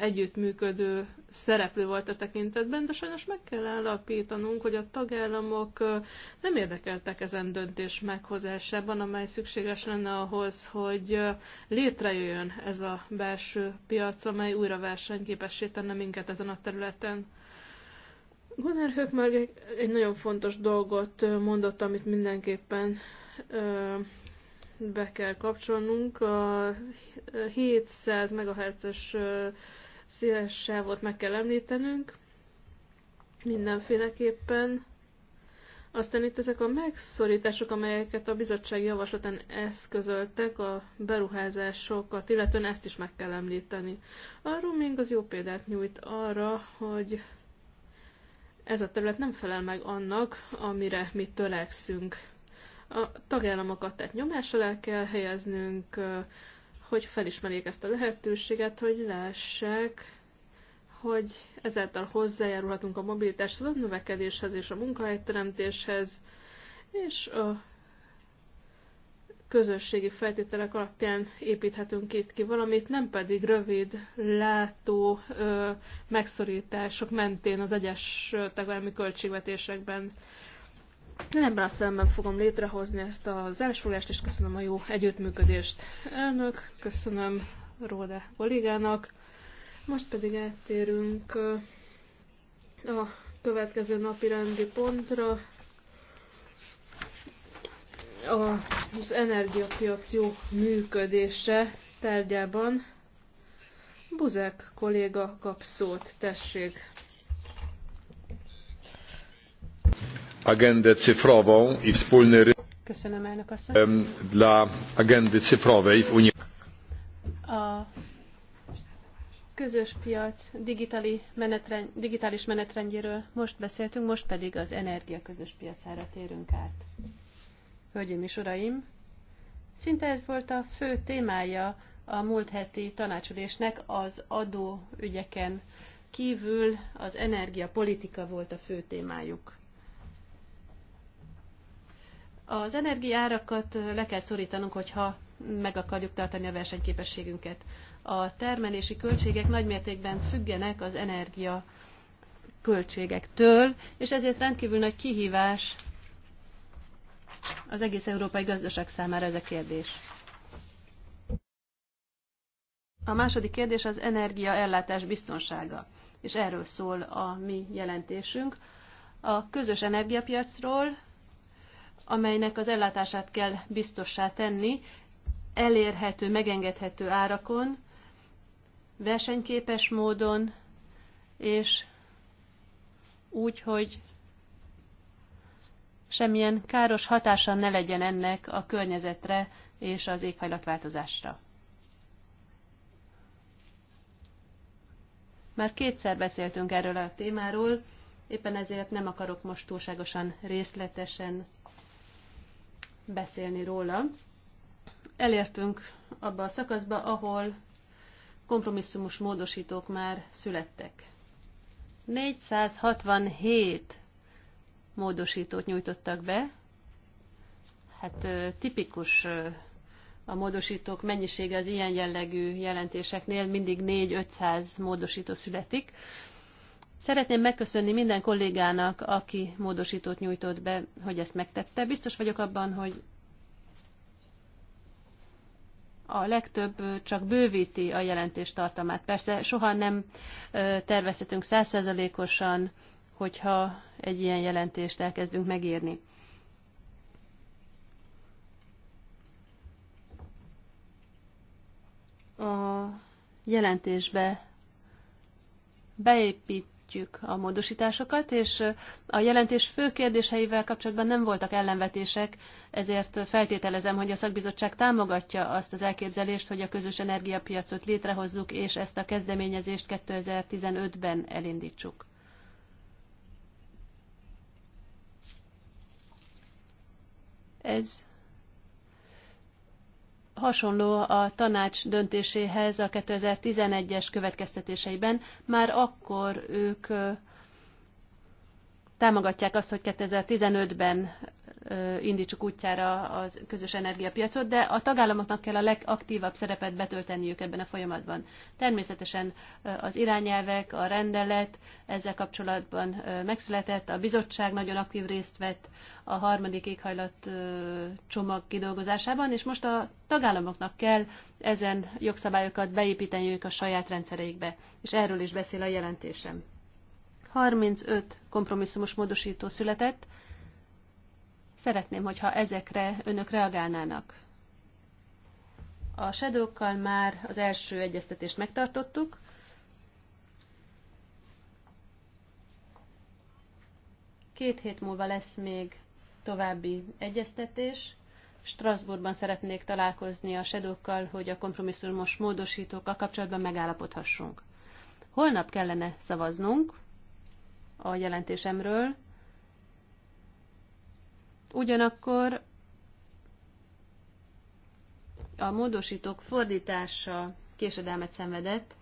együttműködő szereplő volt a tekintetben, de sajnos meg kell állapítanunk, hogy a tagállamok nem érdekeltek ezen döntés meghozásában, amely szükséges lenne ahhoz, hogy létrejöjjön ez a belső piac, amely újra versenyképessé tenne minket ezen a területen. Gunnar már egy nagyon fontos dolgot mondott, amit mindenképpen be kell kapcsolnunk. A 700 MHz-es széles sávot meg kell említenünk mindenféleképpen. Aztán itt ezek a megszorítások, amelyeket a bizottság javaslatán eszközöltek, a beruházásokat, illetően ezt is meg kell említeni. A roaming az jó példát nyújt arra, hogy ez a terület nem felel meg annak, amire mi törekszünk. A tagállamokat tehát nyomás alá kell helyeznünk, hogy felismerjék ezt a lehetőséget, hogy lássák, hogy ezáltal hozzájárulhatunk a mobilitáshoz, a növekedéshez és a munkahelyteremtéshez, és a közösségi feltételek alapján építhetünk itt ki valamit, nem pedig rövid, látó ö, megszorítások mentén az egyes tagállami költségvetésekben. Ebben a szemben fogom létrehozni ezt az elsőfogást, és köszönöm a jó együttműködést. Elnök, köszönöm Róde kollégának. Most pedig áttérünk a következő napi rendi pontra. Az energiapiac jó működése tárgyában Buzek kolléga kap szót, tessék. agendę cyfrową i wspólny rynek dla agendy cyfrowej w Unii. A közös piac digitális menetrendjéről most beszéltünk, most pedig az energia közös piacára térünk át. Hölgyeim és uraim, szinte ez volt a fő témája a múlt heti tanácsülésnek, az adóügyeken kívül az energiapolitika volt a fő témájuk. Az energiárakat le kell szorítanunk, hogyha meg akarjuk tartani a versenyképességünket. A termelési költségek nagymértékben függenek az energia költségektől, és ezért rendkívül nagy kihívás az egész európai gazdaság számára ez a kérdés. A második kérdés az energiaellátás biztonsága, és erről szól a mi jelentésünk. A közös energiapiacról, amelynek az ellátását kell biztossá tenni, elérhető, megengedhető árakon, versenyképes módon, és úgy, hogy semmilyen káros hatása ne legyen ennek a környezetre és az éghajlatváltozásra. Már kétszer beszéltünk erről a témáról, éppen ezért nem akarok most túlságosan részletesen beszélni róla. Elértünk abba a szakaszba, ahol kompromisszumos módosítók már születtek. 467 módosítót nyújtottak be. Hát tipikus a módosítók mennyisége az ilyen jellegű jelentéseknél, mindig 4-500 módosító születik. Szeretném megköszönni minden kollégának, aki módosítót nyújtott be, hogy ezt megtette. Biztos vagyok abban, hogy a legtöbb csak bővíti a jelentés tartalmát. Persze soha nem tervezhetünk százszerzalékosan, hogyha egy ilyen jelentést elkezdünk megírni. A jelentésbe beépít megkezdjük a módosításokat, és a jelentés fő kérdéseivel kapcsolatban nem voltak ellenvetések, ezért feltételezem, hogy a szakbizottság támogatja azt az elképzelést, hogy a közös energiapiacot létrehozzuk, és ezt a kezdeményezést 2015-ben elindítsuk. Ez hasonló a tanács döntéséhez a 2011-es következtetéseiben. Már akkor ők támogatják azt, hogy 2015-ben indítsuk útjára a közös energiapiacot, de a tagállamoknak kell a legaktívabb szerepet betölteniük ebben a folyamatban. Természetesen az irányelvek, a rendelet ezzel kapcsolatban megszületett, a bizottság nagyon aktív részt vett a harmadik éghajlat csomag kidolgozásában, és most a tagállamoknak kell ezen jogszabályokat beépíteniük a saját rendszereikbe, és erről is beszél a jelentésem. 35 kompromisszumos módosító született, Szeretném, hogyha ezekre önök reagálnának. A sedókkal már az első egyeztetést megtartottuk. Két hét múlva lesz még további egyeztetés. Strasbourgban szeretnék találkozni a sedókkal, hogy a kompromisszumos módosítókkal kapcsolatban megállapodhassunk. Holnap kellene szavaznunk a jelentésemről, Ugyanakkor a módosítók fordítása késedelmet szenvedett,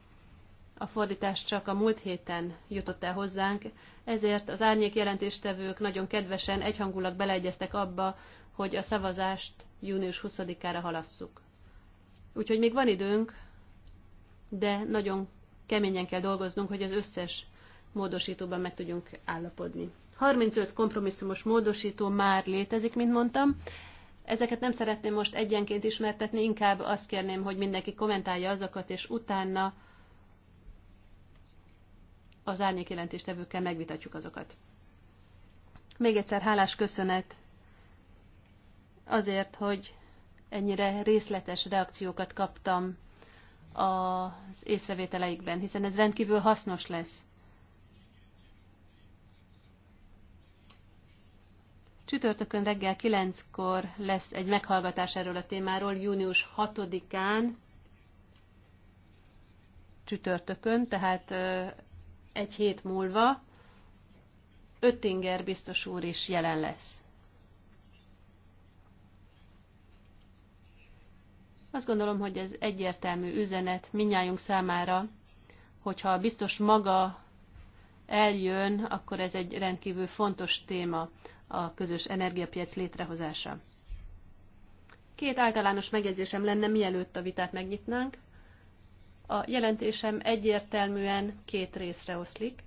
a fordítás csak a múlt héten jutott el hozzánk, ezért az árnyék jelentéstevők nagyon kedvesen egyhangulag beleegyeztek abba, hogy a szavazást június 20-ára halasszuk. Úgyhogy még van időnk, de nagyon keményen kell dolgoznunk, hogy az összes módosítóban meg tudjunk állapodni. 35 kompromisszumos módosító már létezik, mint mondtam. Ezeket nem szeretném most egyenként ismertetni, inkább azt kérném, hogy mindenki kommentálja azokat, és utána az árnyék jelentéstevőkkel megvitatjuk azokat. Még egyszer hálás köszönet azért, hogy ennyire részletes reakciókat kaptam az észrevételeikben, hiszen ez rendkívül hasznos lesz Csütörtökön reggel 9-kor lesz egy meghallgatás erről a témáról, június 6-án, csütörtökön, tehát egy hét múlva, Öttinger biztos úr is jelen lesz. Azt gondolom, hogy ez egyértelmű üzenet minnyájunk számára, hogyha biztos maga eljön, akkor ez egy rendkívül fontos téma a közös energiapiac létrehozása. Két általános megjegyzésem lenne, mielőtt a vitát megnyitnánk. A jelentésem egyértelműen két részre oszlik.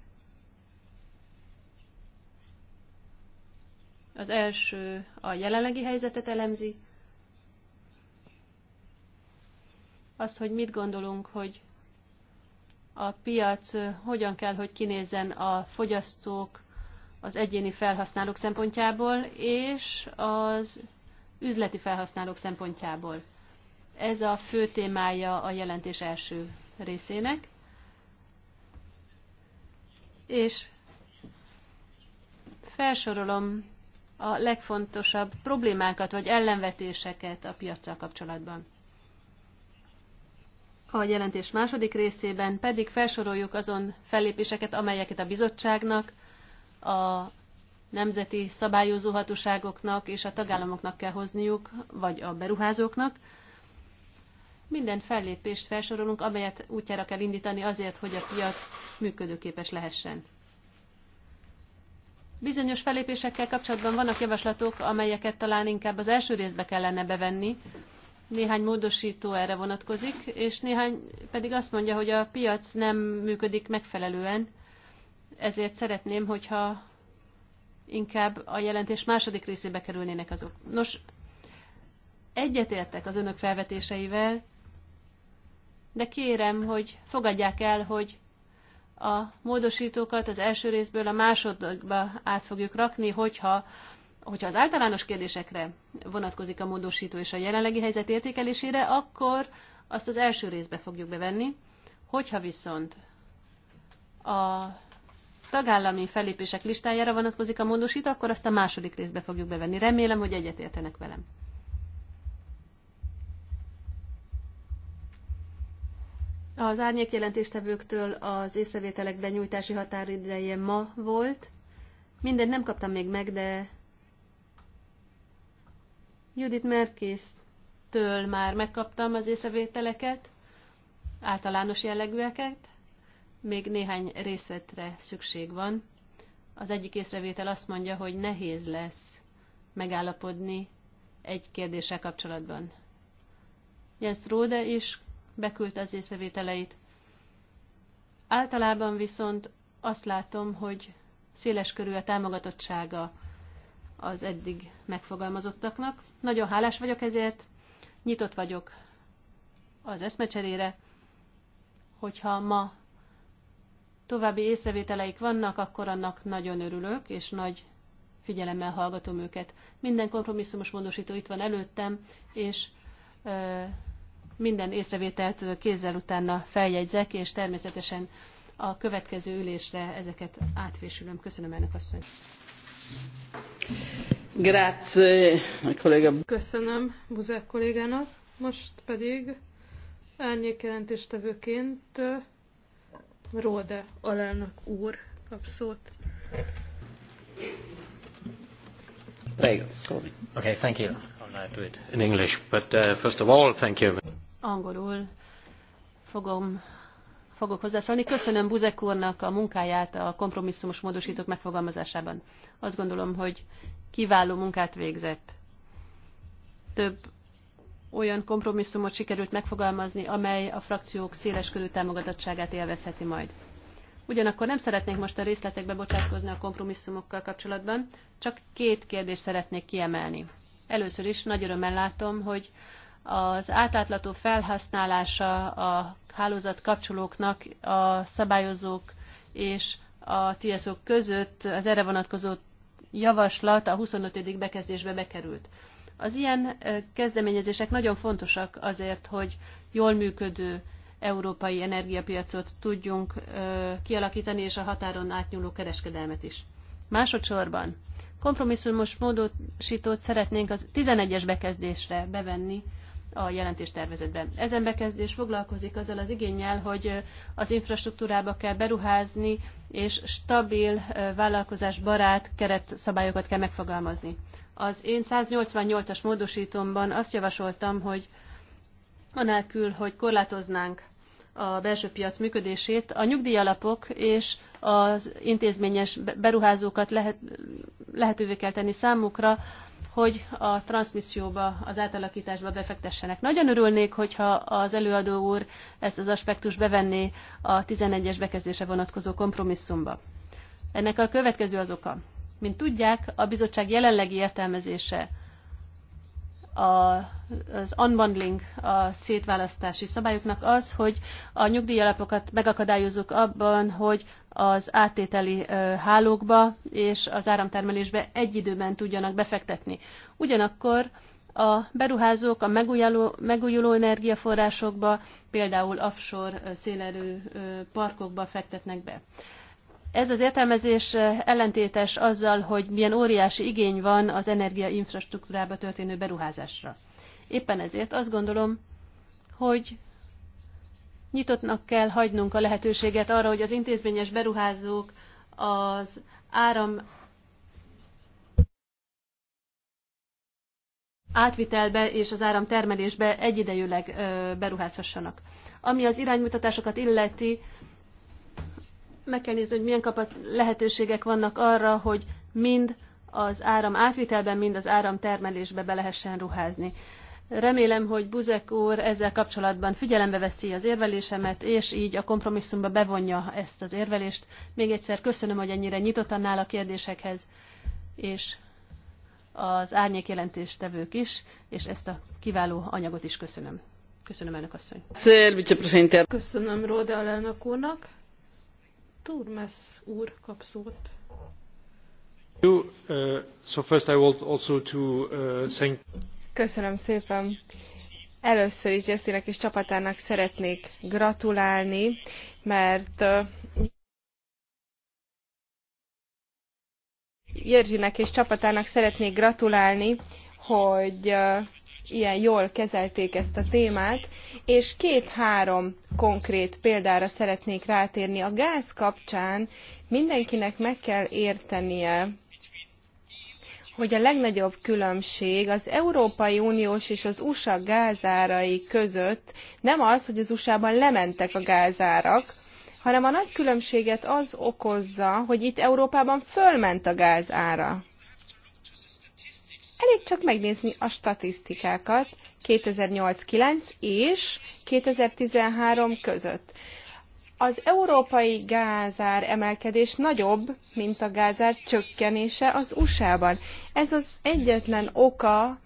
Az első a jelenlegi helyzetet elemzi, az, hogy mit gondolunk, hogy a piac hogyan kell, hogy kinézzen a fogyasztók az egyéni felhasználók szempontjából és az üzleti felhasználók szempontjából. Ez a fő témája a jelentés első részének. És felsorolom a legfontosabb problémákat vagy ellenvetéseket a piaccal kapcsolatban. A jelentés második részében pedig felsoroljuk azon fellépéseket, amelyeket a bizottságnak, a nemzeti szabályozó hatóságoknak és a tagállamoknak kell hozniuk, vagy a beruházóknak. Minden fellépést felsorolunk, amelyet útjára kell indítani azért, hogy a piac működőképes lehessen. Bizonyos fellépésekkel kapcsolatban vannak javaslatok, amelyeket talán inkább az első részbe kellene bevenni. Néhány módosító erre vonatkozik, és néhány pedig azt mondja, hogy a piac nem működik megfelelően, ezért szeretném, hogyha inkább a jelentés második részébe kerülnének azok. Nos, egyetértek az önök felvetéseivel, de kérem, hogy fogadják el, hogy a módosítókat az első részből a másodikba át fogjuk rakni, hogyha, hogyha az általános kérdésekre vonatkozik a módosító és a jelenlegi helyzet értékelésére, akkor azt az első részbe fogjuk bevenni, hogyha viszont a tagállami felépések listájára vonatkozik a módosító, akkor azt a második részbe fogjuk bevenni. Remélem, hogy egyetértenek velem. Az árnyékjelentéstevőktől az észrevételek benyújtási határideje ma volt. Mindent nem kaptam még meg, de Judit től már megkaptam az észrevételeket, általános jellegűeket, még néhány részletre szükség van. Az egyik észrevétel azt mondja, hogy nehéz lesz megállapodni egy kérdéssel kapcsolatban. Jens Rode is beküldte az észrevételeit. Általában viszont azt látom, hogy széles körül a támogatottsága az eddig megfogalmazottaknak. Nagyon hálás vagyok ezért, nyitott vagyok az eszmecserére, hogyha ma további észrevételeik vannak, akkor annak nagyon örülök, és nagy figyelemmel hallgatom őket. Minden kompromisszumos módosító itt van előttem, és ö, minden észrevételt kézzel utána feljegyzek, és természetesen a következő ülésre ezeket átvésülöm. Köszönöm elnök asszony. Grazie, kolléga. Köszönöm Buzek kollégának. Most pedig jelentéstevőként Róde alelnök úr kap szót. Okay, thank you. I'll now do it in English. But uh, first of all, thank you. Angolul fogom fogok hozzászólni. Köszönöm Buzek úrnak a munkáját a kompromisszumos módosítók megfogalmazásában. Azt gondolom, hogy kiváló munkát végzett. Több olyan kompromisszumot sikerült megfogalmazni, amely a frakciók széles körű támogatottságát élvezheti majd. Ugyanakkor nem szeretnék most a részletekbe bocsátkozni a kompromisszumokkal kapcsolatban, csak két kérdést szeretnék kiemelni. Először is nagy örömmel látom, hogy az átlátható felhasználása a hálózat kapcsolóknak a szabályozók és a TSO között az erre vonatkozó javaslat a 25. bekezdésbe bekerült. Az ilyen kezdeményezések nagyon fontosak azért, hogy jól működő európai energiapiacot tudjunk kialakítani, és a határon átnyúló kereskedelmet is. Másodszorban kompromisszumos módosítót szeretnénk az 11-es bekezdésre bevenni, a jelentéstervezetben. Ezen bekezdés foglalkozik azzal az igényel, hogy az infrastruktúrába kell beruházni, és stabil, vállalkozás keret keretszabályokat kell megfogalmazni. Az én 188-as módosítomban azt javasoltam, hogy anélkül, hogy korlátoznánk a belső piac működését, a nyugdíjalapok és az intézményes beruházókat lehet, lehetővé kell tenni számukra, hogy a transmisszióba, az átalakításba befektessenek. Nagyon örülnék, hogyha az előadó úr ezt az aspektust bevenné a 11-es bekezdése vonatkozó kompromisszumba. Ennek a következő az oka. Mint tudják, a bizottság jelenlegi értelmezése az unbundling, a szétválasztási szabályoknak az, hogy a nyugdíjalapokat megakadályozzuk abban, hogy az áttételi hálókba és az áramtermelésbe egy időben tudjanak befektetni. Ugyanakkor a beruházók a megújuló, megújuló energiaforrásokba, például offshore szélerő parkokba fektetnek be. Ez az értelmezés eh, ellentétes azzal, hogy milyen óriási igény van az energiainfrastruktúrába történő beruházásra. Éppen ezért azt gondolom, hogy nyitottnak kell hagynunk a lehetőséget arra, hogy az intézményes beruházók az áram átvitelbe és az áramtermelésbe egyidejűleg eh, beruházhassanak. Ami az iránymutatásokat illeti, meg kell nézni, hogy milyen kapat lehetőségek vannak arra, hogy mind az áram átvitelben, mind az termelésbe be lehessen ruházni. Remélem, hogy Buzek úr ezzel kapcsolatban figyelembe veszi az érvelésemet, és így a kompromisszumba bevonja ezt az érvelést. Még egyszer köszönöm, hogy ennyire nyitottan áll a kérdésekhez, és az árnyék jelentéstevők is, és ezt a kiváló anyagot is köszönöm. Köszönöm, elnök asszony. Köszönöm Róda elnök úrnak. Turmes úr kap szót. Köszönöm szépen. Először is Jesszinek és csapatának szeretnék gratulálni, mert uh, Jerzsinek és csapatának szeretnék gratulálni, hogy uh, ilyen jól kezelték ezt a témát, és két-három konkrét példára szeretnék rátérni. A gáz kapcsán mindenkinek meg kell értenie, hogy a legnagyobb különbség az Európai Uniós és az USA gázárai között nem az, hogy az USA-ban lementek a gázárak, hanem a nagy különbséget az okozza, hogy itt Európában fölment a gázára. Elég csak megnézni a statisztikákat 2008-9 és 2013 között. Az európai gázár emelkedés nagyobb, mint a gázár csökkenése az USA-ban. Ez az egyetlen oka,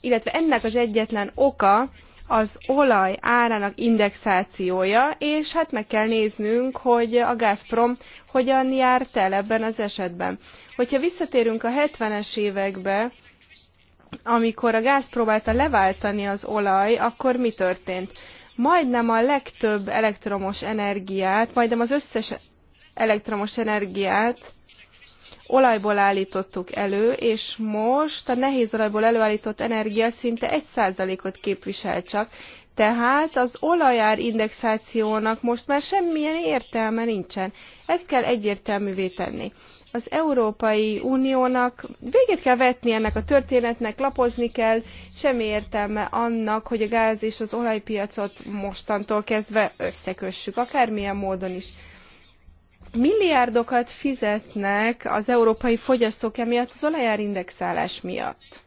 illetve ennek az egyetlen oka, az olaj árának indexációja, és hát meg kell néznünk, hogy a Gazprom hogyan járt el ebben az esetben. Hogyha visszatérünk a 70-es évekbe, amikor a gáz próbálta leváltani az olaj, akkor mi történt? Majdnem a legtöbb elektromos energiát, majdnem az összes elektromos energiát olajból állítottuk elő, és most a nehéz olajból előállított energia szinte 1%-ot képvisel csak, tehát az olajár indexációnak most már semmilyen értelme nincsen. Ezt kell egyértelművé tenni. Az Európai Uniónak véget kell vetni ennek a történetnek, lapozni kell, semmi értelme annak, hogy a gáz és az olajpiacot mostantól kezdve összekössük, akármilyen módon is milliárdokat fizetnek az európai fogyasztók emiatt az olajár indexálás miatt.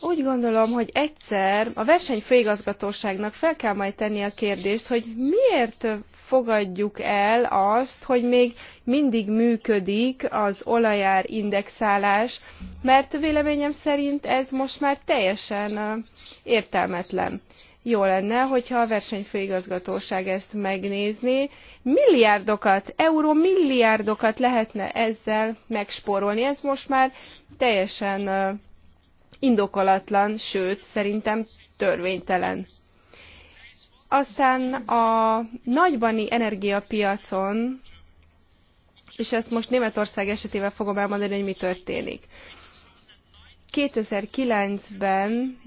Úgy gondolom, hogy egyszer a versenyfőigazgatóságnak fel kell majd tenni a kérdést, hogy miért fogadjuk el azt, hogy még mindig működik az olajár indexálás, mert véleményem szerint ez most már teljesen értelmetlen. Jó lenne, hogyha a versenyfőigazgatóság ezt megnézni, Milliárdokat, euró milliárdokat lehetne ezzel megspórolni. Ez most már teljesen indokolatlan, sőt, szerintem törvénytelen. Aztán a nagybani energiapiacon, és ezt most Németország esetében fogom elmondani, hogy mi történik. 2009-ben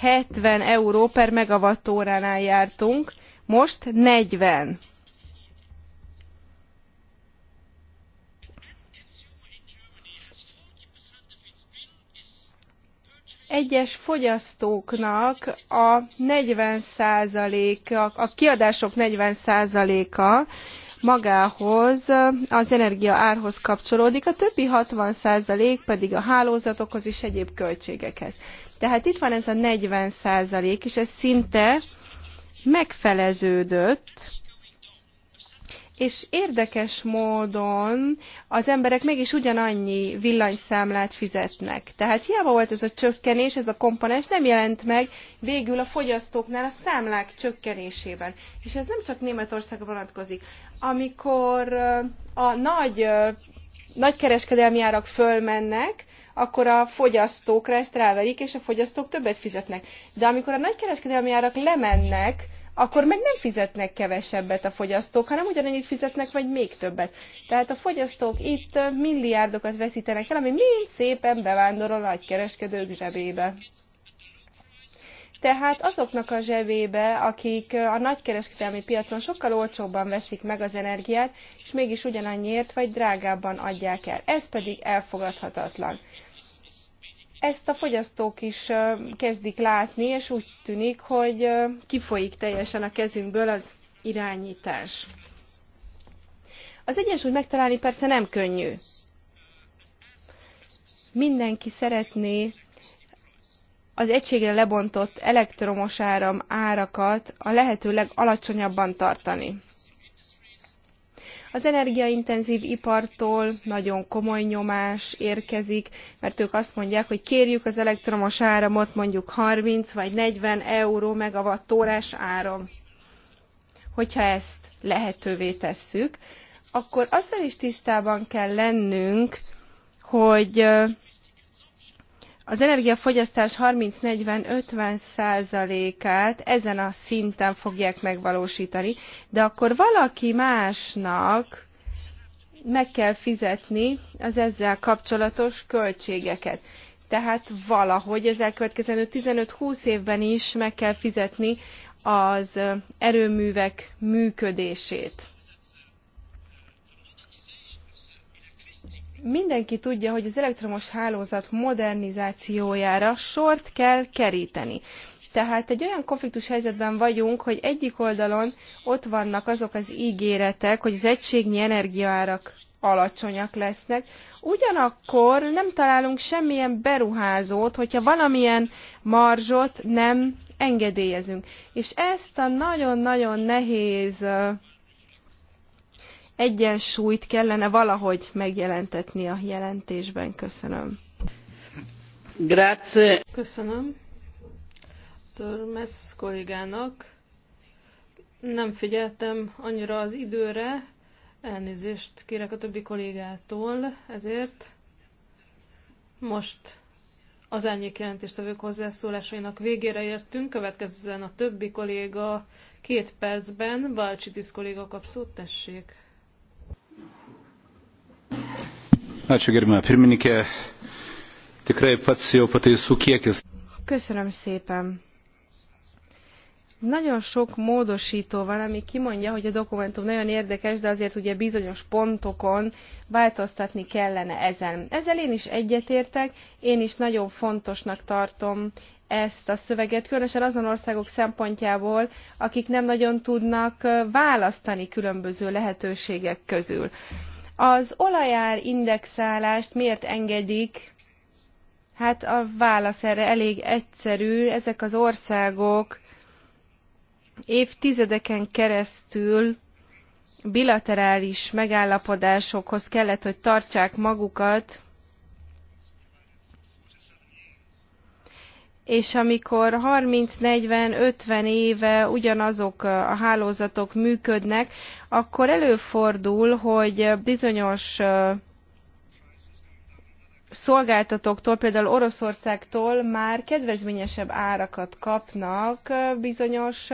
70 euró per megawattóránál jártunk, most 40. egyes fogyasztóknak a 40 a, a kiadások 40%-a magához, az energia árhoz kapcsolódik, a többi 60% pedig a hálózatokhoz és egyéb költségekhez. Tehát itt van ez a 40%, és ez szinte megfeleződött és érdekes módon az emberek mégis ugyanannyi villanyszámlát fizetnek. Tehát hiába volt ez a csökkenés, ez a komponens nem jelent meg végül a fogyasztóknál a számlák csökkenésében. És ez nem csak Németországra vonatkozik. Amikor a nagy, nagy kereskedelmi árak fölmennek, akkor a fogyasztókra ezt ráverik, és a fogyasztók többet fizetnek. De amikor a nagykereskedelmi árak lemennek, akkor meg nem fizetnek kevesebbet a fogyasztók, hanem ugyanannyit fizetnek, vagy még többet. Tehát a fogyasztók itt milliárdokat veszítenek el, ami mind szépen bevándorol a nagykereskedők zsebébe. Tehát azoknak a zsebébe, akik a nagykereskedelmi piacon sokkal olcsóbban veszik meg az energiát, és mégis ugyanannyiért vagy drágábban adják el. Ez pedig elfogadhatatlan. Ezt a fogyasztók is kezdik látni, és úgy tűnik, hogy kifolyik teljesen a kezünkből az irányítás. Az egyensúly megtalálni persze nem könnyű. Mindenki szeretné az egységre lebontott elektromos áram árakat a lehető legalacsonyabban tartani. Az energiaintenzív ipartól nagyon komoly nyomás érkezik, mert ők azt mondják, hogy kérjük az elektromos áramot mondjuk 30 vagy 40 euró megawattórás áram. Hogyha ezt lehetővé tesszük, akkor azzal is tisztában kell lennünk, hogy az energiafogyasztás 30-40-50 százalékát ezen a szinten fogják megvalósítani, de akkor valaki másnak meg kell fizetni az ezzel kapcsolatos költségeket. Tehát valahogy az elkövetkező 15-20 évben is meg kell fizetni az erőművek működését. Mindenki tudja, hogy az elektromos hálózat modernizációjára sort kell keríteni. Tehát egy olyan konfliktus helyzetben vagyunk, hogy egyik oldalon ott vannak azok az ígéretek, hogy az egységnyi energiaárak alacsonyak lesznek. Ugyanakkor nem találunk semmilyen beruházót, hogyha valamilyen marzsot nem engedélyezünk. És ezt a nagyon-nagyon nehéz egyensúlyt kellene valahogy megjelentetni a jelentésben. Köszönöm. Grazie. Köszönöm. Törmesz kollégának. Nem figyeltem annyira az időre, elnézést kérek a többi kollégától, ezért most az elnyék jelentéstevők hozzászólásainak végére értünk, következzen a többi kolléga két percben, Balcsitis kolléga kap szót, tessék. Ačiū gerbime pirmininkė. Tikrai pats jau pataisų kiekis. Köszönöm szépen. Nagyon sok módosító van, ami kimondja, hogy a dokumentum nagyon érdekes, de azért ugye bizonyos pontokon változtatni kellene ezen. Ezzel én is egyetértek, én is nagyon fontosnak tartom ezt a szöveget, különösen azon országok szempontjából, akik nem nagyon tudnak választani különböző lehetőségek közül. Az olajár indexálást miért engedik? Hát a válasz erre elég egyszerű. Ezek az országok évtizedeken keresztül bilaterális megállapodásokhoz kellett, hogy tartsák magukat, és amikor 30-40-50 éve ugyanazok a hálózatok működnek, akkor előfordul, hogy bizonyos szolgáltatóktól, például Oroszországtól már kedvezményesebb árakat kapnak bizonyos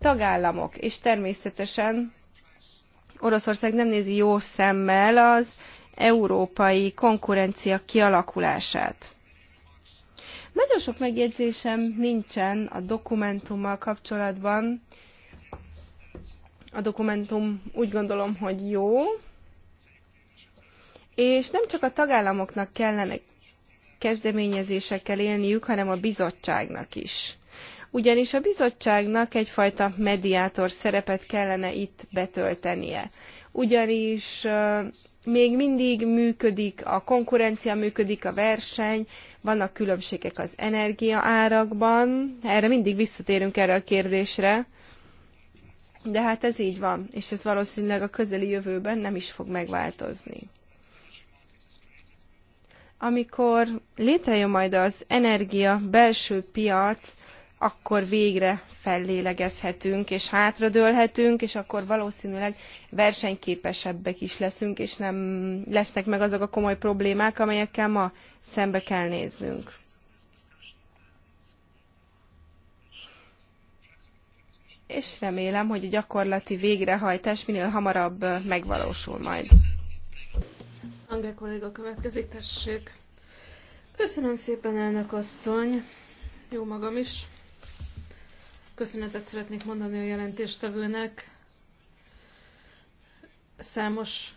tagállamok, és természetesen Oroszország nem nézi jó szemmel az európai konkurencia kialakulását. Nagyon sok megjegyzésem nincsen a dokumentummal kapcsolatban. A dokumentum úgy gondolom, hogy jó, és nem csak a tagállamoknak kellene kezdeményezésekkel élniük, hanem a bizottságnak is. Ugyanis a bizottságnak egyfajta mediátor szerepet kellene itt betöltenie ugyanis még mindig működik a konkurencia, működik a verseny, vannak különbségek az energiaárakban, erre mindig visszatérünk erre a kérdésre, de hát ez így van, és ez valószínűleg a közeli jövőben nem is fog megváltozni. Amikor létrejön majd az energia belső piac, akkor végre fellélegezhetünk és hátradőlhetünk, és akkor valószínűleg versenyképesebbek is leszünk, és nem lesznek meg azok a komoly problémák, amelyekkel ma szembe kell néznünk. És remélem, hogy a gyakorlati végrehajtás minél hamarabb megvalósul majd. Angel kolléga következik, tessék. Köszönöm szépen, elnök asszony. Jó magam is. Köszönetet szeretnék mondani a jelentéstevőnek. Számos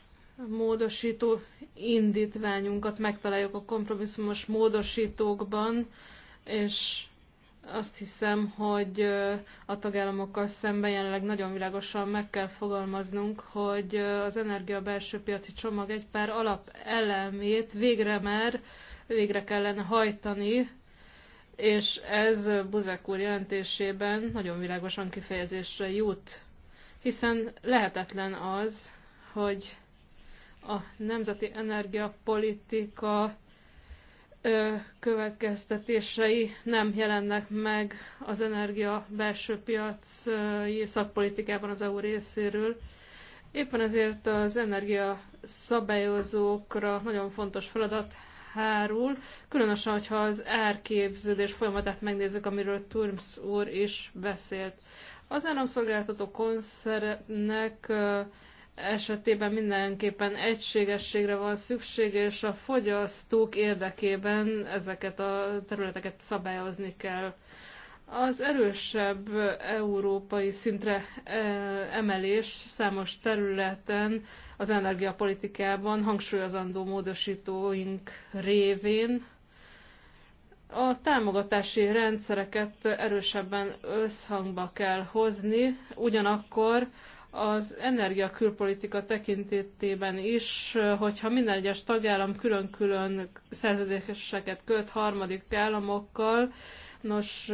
módosító indítványunkat megtaláljuk a kompromisszumos módosítókban, és azt hiszem, hogy a tagállamokkal szemben jelenleg nagyon világosan meg kell fogalmaznunk, hogy az energia belső piaci csomag egy pár alap elemét végre már végre kellene hajtani, és ez Buzek úr jelentésében nagyon világosan kifejezésre jut, hiszen lehetetlen az, hogy a nemzeti energiapolitika következtetései nem jelennek meg az energia belső piaci szakpolitikában az EU részéről. Éppen ezért az energia szabályozókra nagyon fontos feladat hárul, különösen, hogyha az árképződés folyamatát megnézzük, amiről Turms úr is beszélt. Az áramszolgáltató konszernek esetében mindenképpen egységességre van szükség, és a fogyasztók érdekében ezeket a területeket szabályozni kell. Az erősebb európai szintre emelés számos területen az energiapolitikában hangsúlyozandó módosítóink révén a támogatási rendszereket erősebben összhangba kell hozni, ugyanakkor az energiakülpolitika tekintetében is, hogyha minden egyes tagállam külön-külön szerződéseket köt harmadik államokkal, Nos,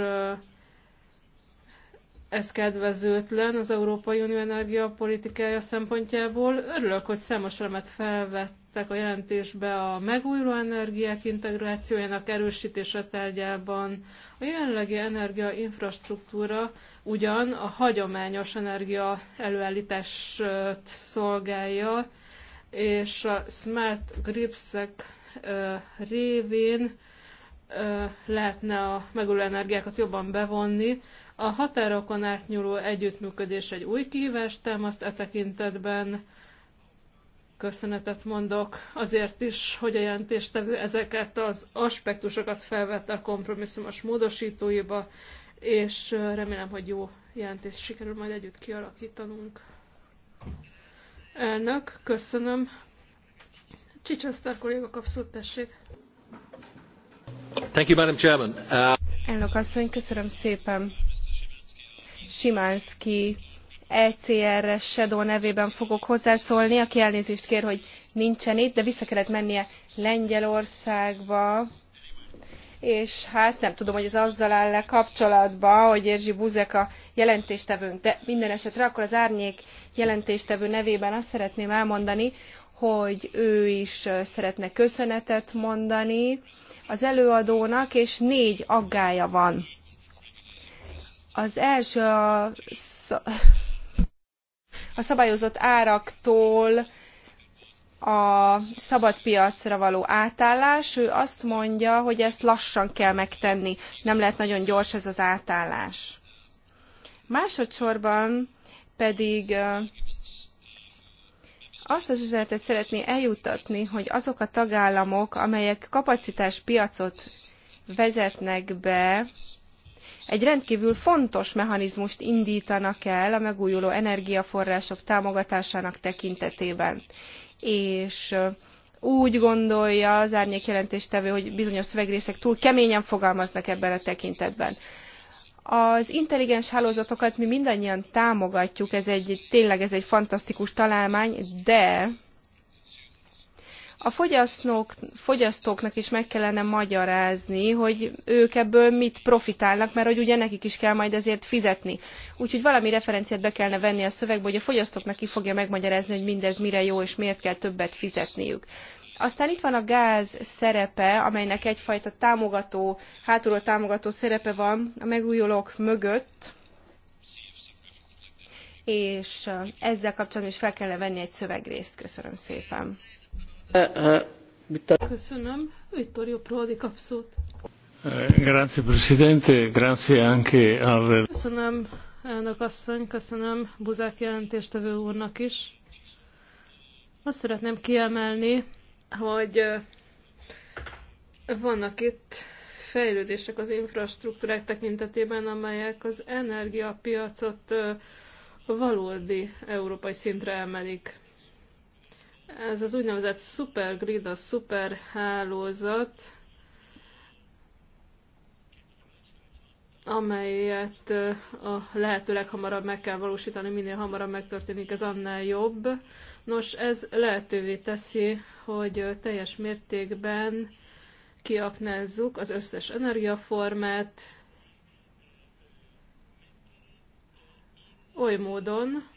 ez kedvezőtlen az Európai Unió energiapolitikája szempontjából. Örülök, hogy számos elemet felvettek a jelentésbe a megújuló energiák integrációjának erősítése tárgyában. A jelenlegi energiainfrastruktúra ugyan a hagyományos energia előállítást szolgálja, és a Smart Gripsek révén lehetne a megújuló energiákat jobban bevonni. A határokon átnyúló együttműködés egy új kihívást támaszt e tekintetben. Köszönetet mondok azért is, hogy a jelentéstevő ezeket az aspektusokat felvette a kompromisszumos módosítóiba, és remélem, hogy jó jelentést sikerül majd együtt kialakítanunk. Elnök, köszönöm. Csicsasztár kolléga kapszót, tessék. Uh, Elnök asszony, köszönöm szépen. Simánszki ECR Shadow nevében fogok hozzászólni, aki elnézést kér, hogy nincsen itt, de vissza kellett mennie Lengyelországba, és hát nem tudom, hogy ez azzal áll le kapcsolatban, hogy Erzsi Buzek a jelentéstevőnk, de minden esetre akkor az árnyék jelentéstevő nevében azt szeretném elmondani, hogy ő is szeretne köszönetet mondani, az előadónak, és négy aggája van. Az első a, a szabályozott áraktól a szabad piacra való átállás. Ő azt mondja, hogy ezt lassan kell megtenni, nem lehet nagyon gyors ez az átállás. Másodszorban pedig azt az üzenetet szeretné eljutatni, hogy azok a tagállamok, amelyek kapacitáspiacot vezetnek be, egy rendkívül fontos mechanizmust indítanak el a megújuló energiaforrások támogatásának tekintetében. És úgy gondolja az jelentéstevő, hogy bizonyos szövegrészek túl keményen fogalmaznak ebben a tekintetben. Az intelligens hálózatokat mi mindannyian támogatjuk, ez egy, tényleg ez egy fantasztikus találmány, de a fogyasztók, fogyasztóknak is meg kellene magyarázni, hogy ők ebből mit profitálnak, mert hogy ugye nekik is kell majd ezért fizetni. Úgyhogy valami referenciát be kellene venni a szövegbe, hogy a fogyasztóknak ki fogja megmagyarázni, hogy mindez mire jó és miért kell többet fizetniük. Aztán itt van a gáz szerepe, amelynek egyfajta támogató, hátulról támogató szerepe van a megújulók mögött, és ezzel kapcsolatban is fel kellene venni egy szövegrészt. Köszönöm szépen. Köszönöm. Vittorio Prodi kap szót. Eh, grazie Presidente, grazie anche al... Köszönöm, elnök asszony, köszönöm Buzák jelentéstevő úrnak is. Azt szeretném kiemelni, hogy vannak itt fejlődések az infrastruktúrák tekintetében, amelyek az energiapiacot valódi európai szintre emelik. Ez az úgynevezett supergrid, a szuperhálózat, amelyet a lehető leghamarabb meg kell valósítani, minél hamarabb megtörténik, ez annál jobb. Nos, ez lehetővé teszi, hogy teljes mértékben kiaknázzuk az összes energiaformát, oly módon,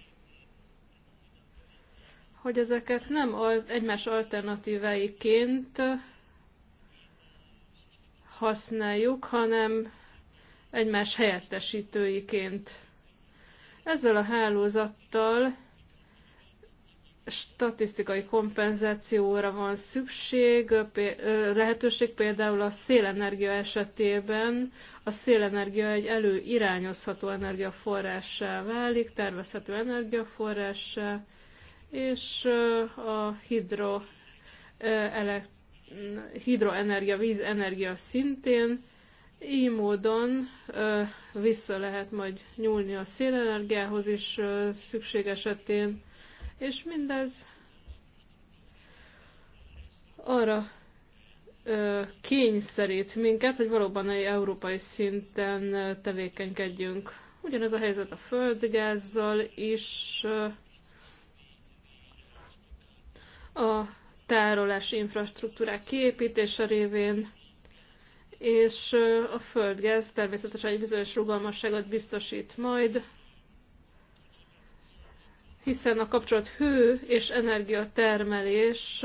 hogy ezeket nem egymás alternatíváiként használjuk, hanem egymás helyettesítőiként. Ezzel a hálózattal statisztikai kompenzációra van szükség, lehetőség például a szélenergia esetében. A szélenergia egy előirányozható energiaforrássá válik, tervezhető energiaforrássá, és a hidro, elekt, hidroenergia, vízenergia szintén. Így módon vissza lehet majd nyúlni a szélenergiához is szükség esetén és mindez arra ö, kényszerít minket, hogy valóban egy európai szinten tevékenykedjünk. Ugyanez a helyzet a földgázzal is. a tárolási infrastruktúrák kiépítése révén, és a földgáz természetesen egy bizonyos rugalmasságot biztosít majd, hiszen a kapcsolat hő és energiatermelés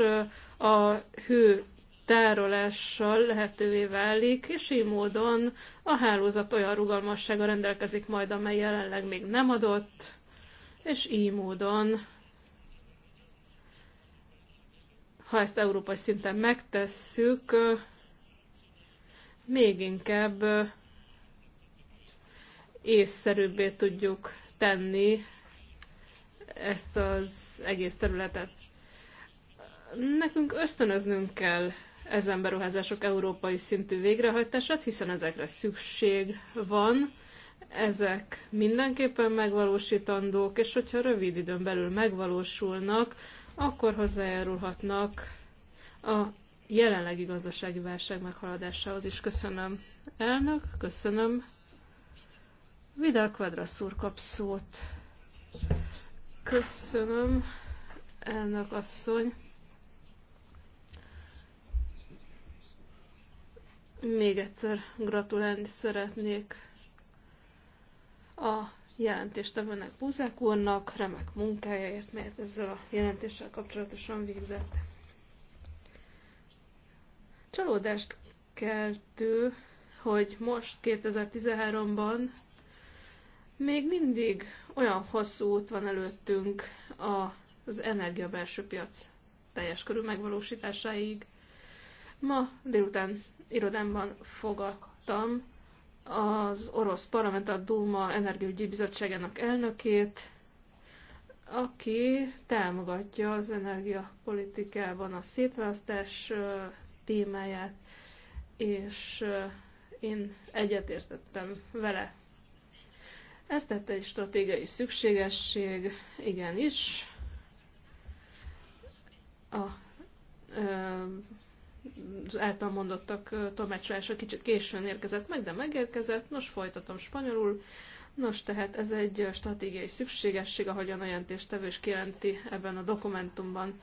a hő tárolással lehetővé válik, és így módon a hálózat olyan rugalmassága rendelkezik majd, amely jelenleg még nem adott, és így módon, ha ezt európai szinten megtesszük, még inkább észszerűbbé tudjuk tenni ezt az egész területet. Nekünk ösztönöznünk kell ezen beruházások európai szintű végrehajtását, hiszen ezekre szükség van, ezek mindenképpen megvalósítandók, és hogyha rövid időn belül megvalósulnak, akkor hozzájárulhatnak a jelenlegi gazdasági válság meghaladásához is. Köszönöm, elnök, köszönöm. Vidal Quadras kap szót. Köszönöm, elnök asszony. Még egyszer gratulálni szeretnék a jelentést jelentéstevőnek Búzák úrnak, remek munkájáért, melyet ezzel a jelentéssel kapcsolatosan végzett. Csalódást keltő, hogy most 2013-ban még mindig olyan hosszú út van előttünk az energia belső piac teljes körű megvalósításáig. Ma délután irodámban fogadtam az orosz parlament, a Duma Energiaügyi Bizottságának elnökét, aki támogatja az energiapolitikában a szétválasztás témáját, és én egyetértettem vele ezt tette egy stratégiai szükségesség, igenis. A, az által mondottak tomácsolása kicsit későn érkezett meg, de megérkezett. Nos, folytatom spanyolul. Nos, tehát ez egy stratégiai szükségesség, ahogyan a jelentéstevő is kijelenti ebben a dokumentumban.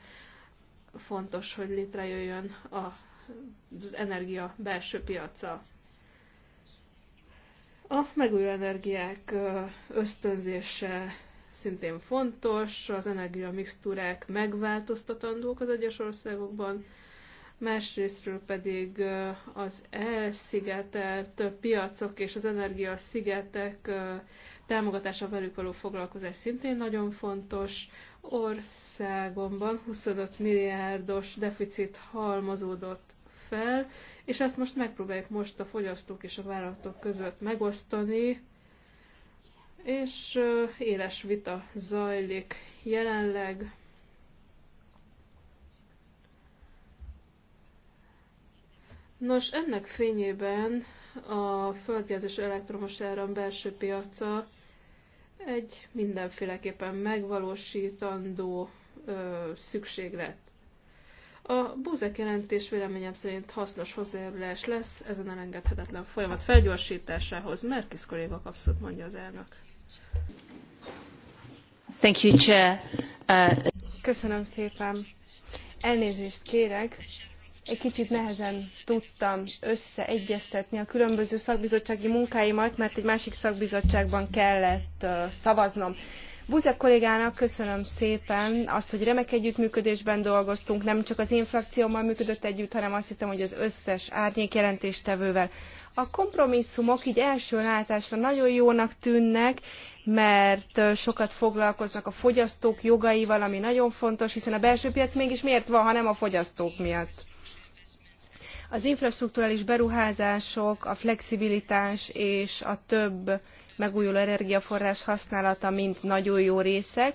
Fontos, hogy létrejöjjön az energia belső piaca. A megújuló energiák ösztönzése szintén fontos, az energia mixtúrák megváltoztatandók az egyes országokban, másrésztről pedig az elszigetelt piacok és az energiaszigetek támogatása velük való foglalkozás szintén nagyon fontos. Országomban 25 milliárdos deficit halmozódott fel, és ezt most megpróbáljuk most a fogyasztók és a vállalatok között megosztani, és éles vita zajlik jelenleg. Nos, ennek fényében a földgáz és elektromos áram belső piaca egy mindenféleképpen megvalósítandó ö, szükséglet. A búzek jelentés véleményem szerint hasznos hozzájárulás lesz ezen elengedhetetlen folyamat felgyorsításához. Merkis kolléga kapszott mondja az elnök. Thank you, Chair. Uh... Köszönöm szépen. Elnézést kérek, egy kicsit nehezen tudtam összeegyeztetni a különböző szakbizottsági munkáimat, mert egy másik szakbizottságban kellett uh, szavaznom. Buzek kollégának köszönöm szépen azt, hogy remek együttműködésben dolgoztunk, nem csak az én frakciómmal működött együtt, hanem azt hiszem, hogy az összes árnyék jelentéstevővel. A kompromisszumok így első látásra nagyon jónak tűnnek, mert sokat foglalkoznak a fogyasztók jogaival, ami nagyon fontos, hiszen a belső piac mégis miért van, ha nem a fogyasztók miatt? Az infrastrukturális beruházások, a flexibilitás és a több megújuló energiaforrás használata mind nagyon jó részek.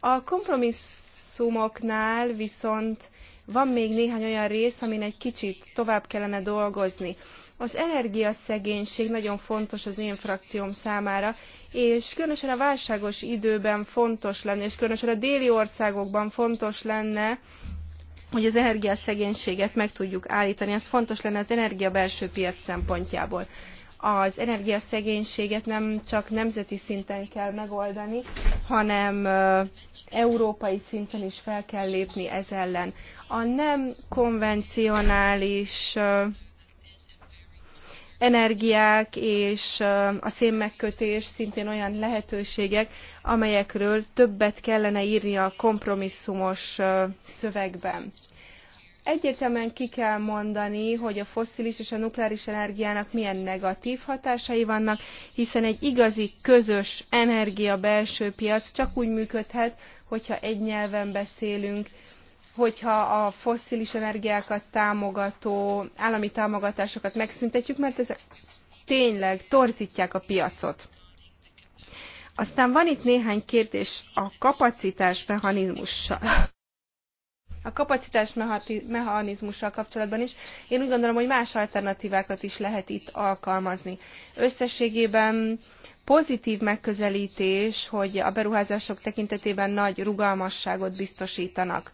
A kompromisszumoknál viszont van még néhány olyan rész, amin egy kicsit tovább kellene dolgozni. Az energiaszegénység nagyon fontos az én frakcióm számára, és különösen a válságos időben fontos lenne, és különösen a déli országokban fontos lenne, hogy az energiaszegénységet meg tudjuk állítani. Ez fontos lenne az energia belső piac szempontjából az energiaszegénységet nem csak nemzeti szinten kell megoldani, hanem európai szinten is fel kell lépni ez ellen. A nem konvencionális energiák és a szénmegkötés szintén olyan lehetőségek, amelyekről többet kellene írni a kompromisszumos szövegben. Egyértelműen ki kell mondani, hogy a fosszilis és a nukleáris energiának milyen negatív hatásai vannak, hiszen egy igazi közös energia belső piac csak úgy működhet, hogyha egy nyelven beszélünk, hogyha a fosszilis energiákat támogató állami támogatásokat megszüntetjük, mert ezek tényleg torzítják a piacot. Aztán van itt néhány kérdés a kapacitás mechanizmussal a kapacitás mechanizmussal kapcsolatban is, én úgy gondolom, hogy más alternatívákat is lehet itt alkalmazni. Összességében pozitív megközelítés, hogy a beruházások tekintetében nagy rugalmasságot biztosítanak.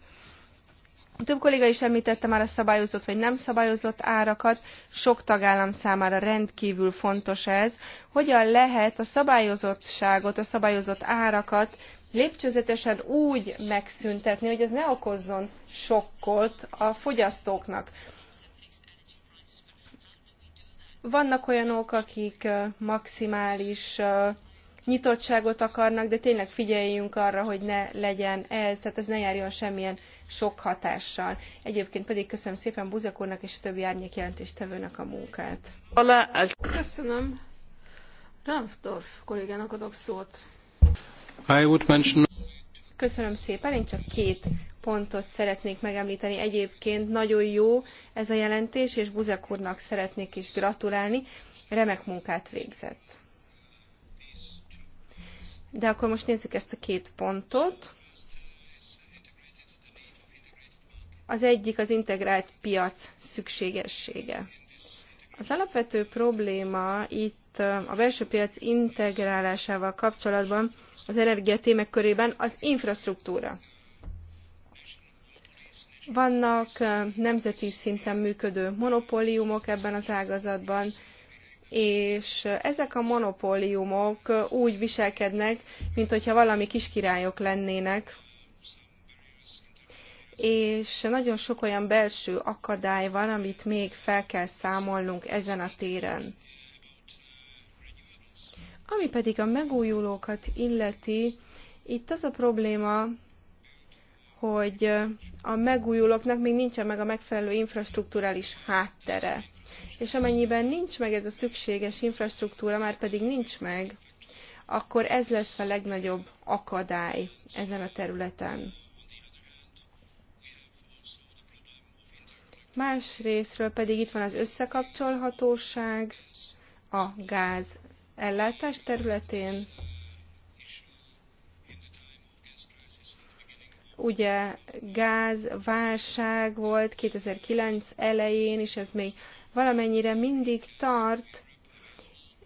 Több kolléga is emltette már a szabályozott vagy nem szabályozott árakat. Sok tagállam számára rendkívül fontos ez. Hogyan lehet a szabályozottságot, a szabályozott árakat lépcsőzetesen úgy megszüntetni, hogy ez ne okozzon sokkot a fogyasztóknak. Vannak olyanok, akik maximális nyitottságot akarnak, de tényleg figyeljünk arra, hogy ne legyen ez, tehát ez ne járjon semmilyen sok hatással. Egyébként pedig köszönöm szépen Buzek úrnak és a többi árnyék jelentéstevőnek a munkát. Köszönöm. Ramfdorf kollégának adok szót. Köszönöm szépen, én csak két pontot szeretnék megemlíteni. Egyébként nagyon jó ez a jelentés, és Buzek úrnak szeretnék is gratulálni. Remek munkát végzett. De akkor most nézzük ezt a két pontot. Az egyik az integrált piac szükségessége. Az alapvető probléma itt a belső piac integrálásával kapcsolatban az energia körében az infrastruktúra. Vannak nemzeti szinten működő monopóliumok ebben az ágazatban, és ezek a monopóliumok úgy viselkednek, mint hogyha valami kiskirályok lennének, és nagyon sok olyan belső akadály van, amit még fel kell számolnunk ezen a téren. Ami pedig a megújulókat illeti, itt az a probléma, hogy a megújulóknak még nincsen meg a megfelelő infrastruktúrális háttere és amennyiben nincs meg ez a szükséges infrastruktúra, már pedig nincs meg, akkor ez lesz a legnagyobb akadály ezen a területen. Más részről pedig itt van az összekapcsolhatóság a gáz ellátás területén. Ugye gázválság volt 2009 elején, és ez még valamennyire mindig tart,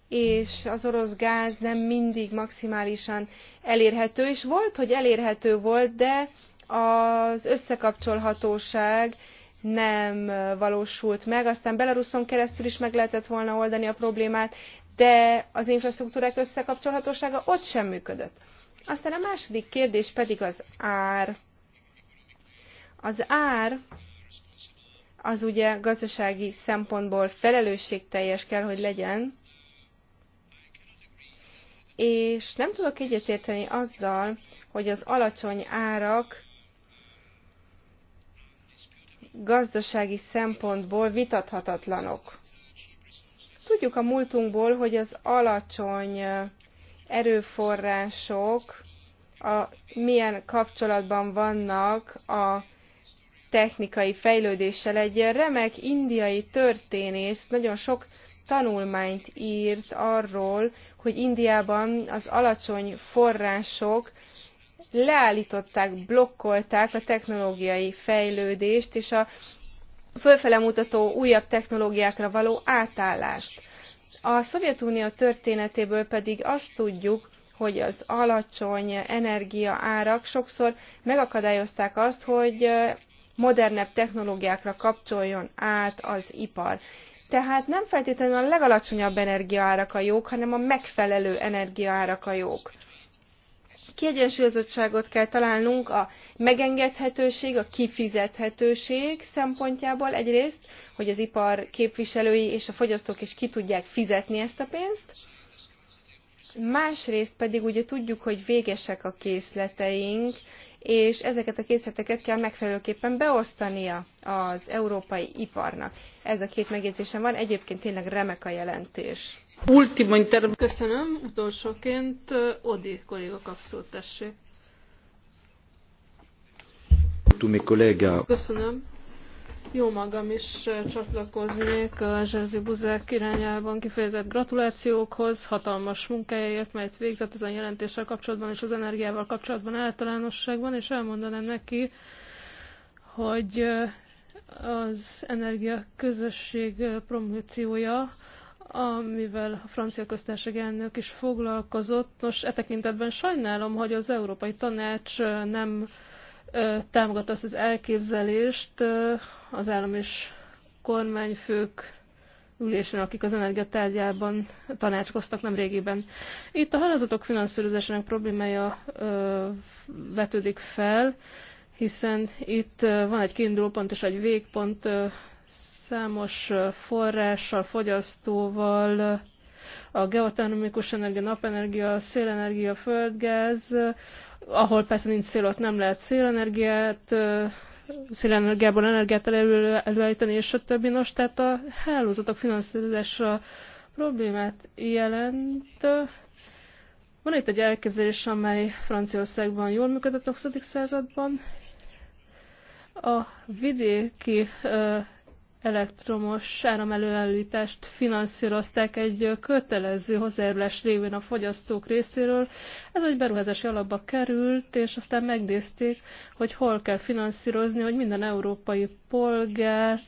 és az orosz gáz nem mindig maximálisan elérhető, és volt, hogy elérhető volt, de az összekapcsolhatóság nem valósult meg. Aztán belaruszon keresztül is meg lehetett volna oldani a problémát, de az infrastruktúrák összekapcsolhatósága ott sem működött. Aztán a második kérdés pedig az ár. Az ár az ugye gazdasági szempontból felelősségteljes kell, hogy legyen, és nem tudok egyetérteni azzal, hogy az alacsony árak gazdasági szempontból vitathatatlanok. Tudjuk a múltunkból, hogy az alacsony erőforrások a, milyen kapcsolatban vannak a technikai fejlődéssel egy remek indiai történész nagyon sok tanulmányt írt arról, hogy Indiában az alacsony források leállították, blokkolták a technológiai fejlődést és a fölfele mutató újabb technológiákra való átállást. A Szovjetunió történetéből pedig azt tudjuk, hogy az alacsony energiaárak sokszor megakadályozták azt, hogy modernebb technológiákra kapcsoljon át az ipar. Tehát nem feltétlenül a legalacsonyabb energiaárak a jók, hanem a megfelelő energiaárak a jók. Kiegyensúlyozottságot kell találnunk a megengedhetőség, a kifizethetőség szempontjából egyrészt, hogy az ipar képviselői és a fogyasztók is ki tudják fizetni ezt a pénzt, másrészt pedig ugye tudjuk, hogy végesek a készleteink, és ezeket a készleteket kell megfelelőképpen beosztania az európai iparnak. Ez a két megjegyzésem van, egyébként tényleg remek a jelentés. Ultima interv. Köszönöm, utolsóként uh, Odi kolléga kapszót tessék. Köszönöm. Jó magam is csatlakoznék a Zserzi Buzák irányában kifejezett gratulációkhoz, hatalmas munkájáért, melyet végzett ezen jelentéssel kapcsolatban és az energiával kapcsolatban általánosságban, és elmondanám neki, hogy az energia közösség promóciója, amivel a francia köztársaság elnök is foglalkozott. Nos, e tekintetben sajnálom, hogy az Európai Tanács nem támogatta azt az elképzelést az állam és kormányfők ülésen, akik az energiatárgyában tanácskoztak nem régiben. Itt a halazatok finanszírozásának problémája ö, vetődik fel, hiszen itt van egy kiindulópont és egy végpont ö, számos forrással, fogyasztóval, a geotermikus energia, napenergia, szélenergia, földgáz, ahol persze nincs szél, ott nem lehet szélenergiát, szélenergiából energiát elő, előállítani, és a többi. Nos, tehát a hálózatok finanszírozása problémát jelent. Van itt egy elképzelés, amely Franciaországban jól működött a 20. században. A vidéki elektromos áramelőállítást finanszírozták egy kötelező hozzájárulás révén a fogyasztók részéről. Ez egy beruházási alapba került, és aztán megnézték, hogy hol kell finanszírozni, hogy minden európai polgár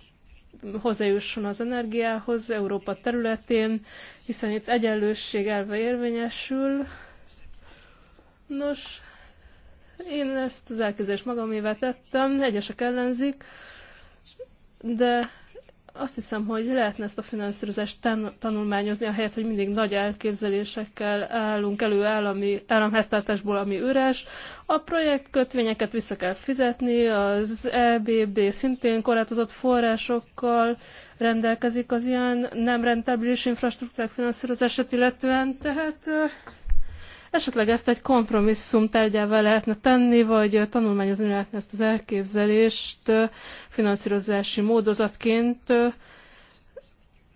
hozzájusson az energiához Európa területén, hiszen itt egyenlősség elve érvényesül. Nos, én ezt az elképzelést magamévá tettem, egyesek ellenzik, de azt hiszem, hogy lehetne ezt a finanszírozást tan tanulmányozni, ahelyett, hogy mindig nagy elképzelésekkel állunk elő állami, államháztartásból, ami üres. A projektkötvényeket vissza kell fizetni, az EBB szintén korlátozott forrásokkal rendelkezik az ilyen nem rentabilis infrastruktúrák finanszírozását illetően, tehát Esetleg ezt egy kompromisszum tárgyával lehetne tenni, vagy tanulmányozni lehetne ezt az elképzelést finanszírozási módozatként,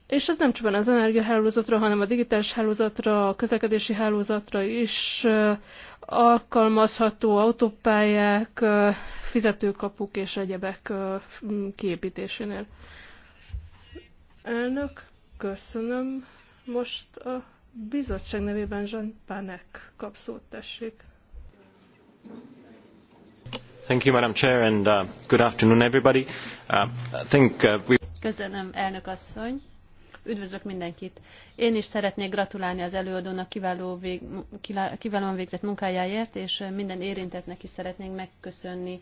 és ez nem csupán az energiahálózatra, hanem a digitális hálózatra, a közlekedési hálózatra is alkalmazható autópályák, fizetőkapuk és egyebek kiépítésénél. Elnök, köszönöm most a bizottság nevében Jean Panek kap szót, tessék. Thank you, Madam Chair, and uh, good afternoon, everybody. Uh, I think uh, we... Köszönöm, elnök asszony. Üdvözlök mindenkit. Én is szeretnék gratulálni az előadónak kiváló vég, kiválóan végzett munkájáért, és uh, minden érintetnek is szeretnénk megköszönni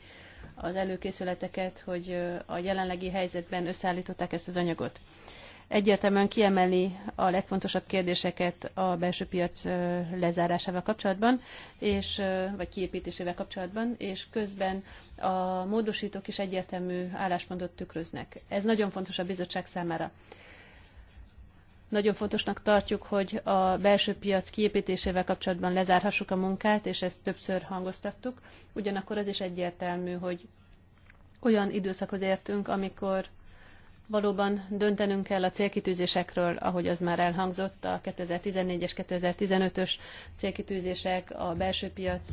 az előkészületeket, hogy uh, a jelenlegi helyzetben összeállították ezt az anyagot egyértelműen kiemeli a legfontosabb kérdéseket a belső piac lezárásával kapcsolatban, és, vagy kiépítésével kapcsolatban, és közben a módosítók is egyértelmű álláspontot tükröznek. Ez nagyon fontos a bizottság számára. Nagyon fontosnak tartjuk, hogy a belső piac kiépítésével kapcsolatban lezárhassuk a munkát, és ezt többször hangoztattuk. Ugyanakkor az is egyértelmű, hogy olyan időszakhoz értünk, amikor Valóban döntenünk kell a célkitűzésekről, ahogy az már elhangzott, a 2014-es, 2015-ös célkitűzések, a belső piac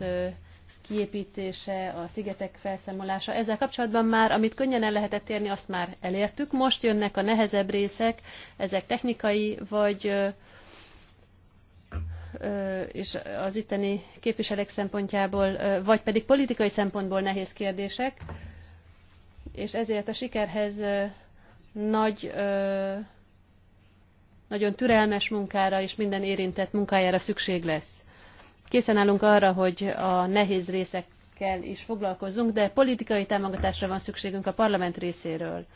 kiépítése, a szigetek felszámolása. Ezzel kapcsolatban már, amit könnyen el lehetett érni, azt már elértük. Most jönnek a nehezebb részek, ezek technikai, vagy és az itteni képviselők szempontjából, vagy pedig politikai szempontból nehéz kérdések, és ezért a sikerhez nagy, nagyon türelmes munkára és minden érintett munkájára szükség lesz. Készen állunk arra, hogy a nehéz részekkel is foglalkozzunk, de politikai támogatásra van szükségünk a parlament részéről.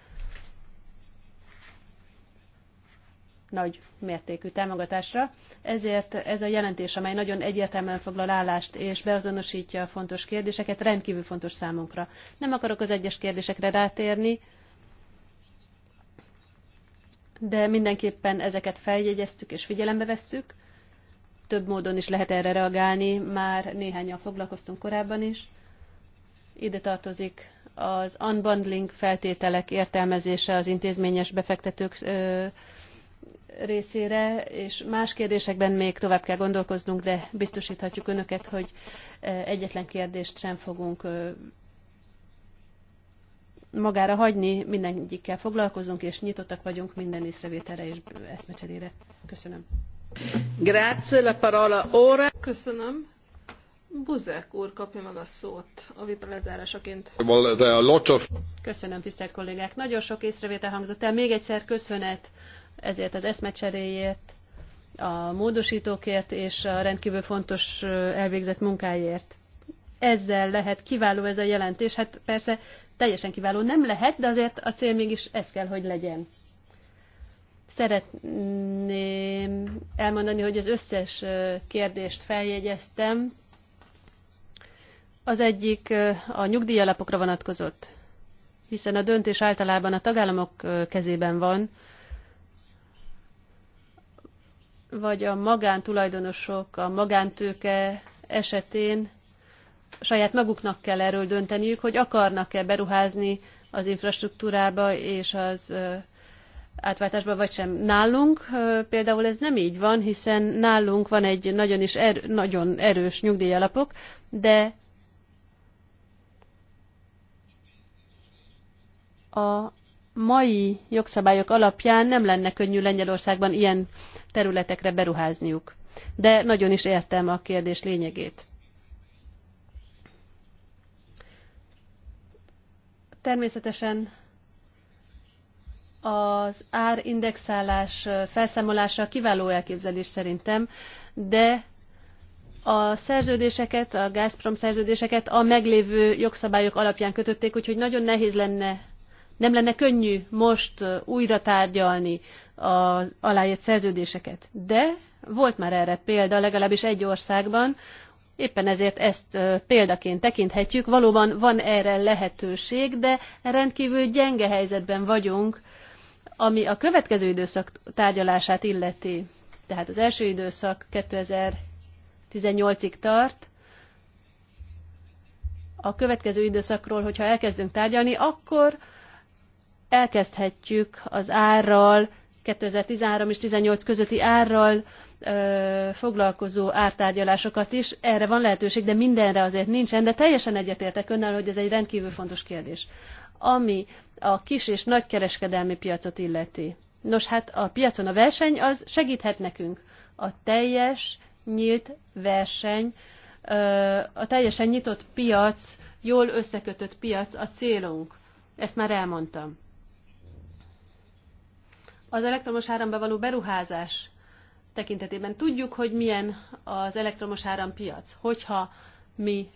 nagy mértékű támogatásra. Ezért ez a jelentés, amely nagyon egyértelműen foglal állást és beazonosítja a fontos kérdéseket, rendkívül fontos számunkra. Nem akarok az egyes kérdésekre rátérni, de mindenképpen ezeket feljegyeztük és figyelembe vesszük. Több módon is lehet erre reagálni, már néhányan foglalkoztunk korábban is. Ide tartozik az unbundling feltételek értelmezése az intézményes befektetők részére, és más kérdésekben még tovább kell gondolkoznunk, de biztosíthatjuk önöket, hogy egyetlen kérdést sem fogunk magára hagyni, mindegyikkel foglalkozunk, és nyitottak vagyunk minden észrevételre és eszmecserére. Köszönöm. Grazie, la parola ora. Köszönöm. Buzek úr kapja meg a szót a vita lezárásaként. Well, of... Köszönöm, tisztelt kollégák. Nagyon sok észrevétel hangzott el. Még egyszer köszönet ezért az eszmecseréért, a módosítókért és a rendkívül fontos elvégzett munkáért ezzel lehet kiváló ez a jelentés. Hát persze teljesen kiváló nem lehet, de azért a cél mégis ez kell, hogy legyen. Szeretném elmondani, hogy az összes kérdést feljegyeztem. Az egyik a nyugdíjalapokra vonatkozott, hiszen a döntés általában a tagállamok kezében van, vagy a magántulajdonosok, a magántőke esetén saját maguknak kell erről dönteniük, hogy akarnak-e beruházni az infrastruktúrába és az átváltásba, vagy sem. Nálunk például ez nem így van, hiszen nálunk van egy nagyon is erő, nagyon erős nyugdíjalapok, de a mai jogszabályok alapján nem lenne könnyű Lengyelországban ilyen területekre beruházniuk. De nagyon is értem a kérdés lényegét. Természetesen az árindexálás felszámolása kiváló elképzelés szerintem, de a szerződéseket, a Gazprom szerződéseket a meglévő jogszabályok alapján kötötték, úgyhogy nagyon nehéz lenne, nem lenne könnyű most újra tárgyalni az aláírt szerződéseket. De volt már erre példa legalábbis egy országban, Éppen ezért ezt példaként tekinthetjük. Valóban van erre lehetőség, de rendkívül gyenge helyzetben vagyunk, ami a következő időszak tárgyalását illeti. Tehát az első időszak 2018-ig tart, a következő időszakról, hogyha elkezdünk tárgyalni, akkor elkezdhetjük az árral, 2013 és 2018 közötti árral foglalkozó ártárgyalásokat is. Erre van lehetőség, de mindenre azért nincsen, de teljesen egyetértek önnel, hogy ez egy rendkívül fontos kérdés. Ami a kis és nagy kereskedelmi piacot illeti. Nos, hát a piacon a verseny az segíthet nekünk. A teljes nyílt verseny, a teljesen nyitott piac, jól összekötött piac a célunk. Ezt már elmondtam. Az elektromos áramba való beruházás tekintetében tudjuk, hogy milyen az elektromos árampiac. Hogyha mi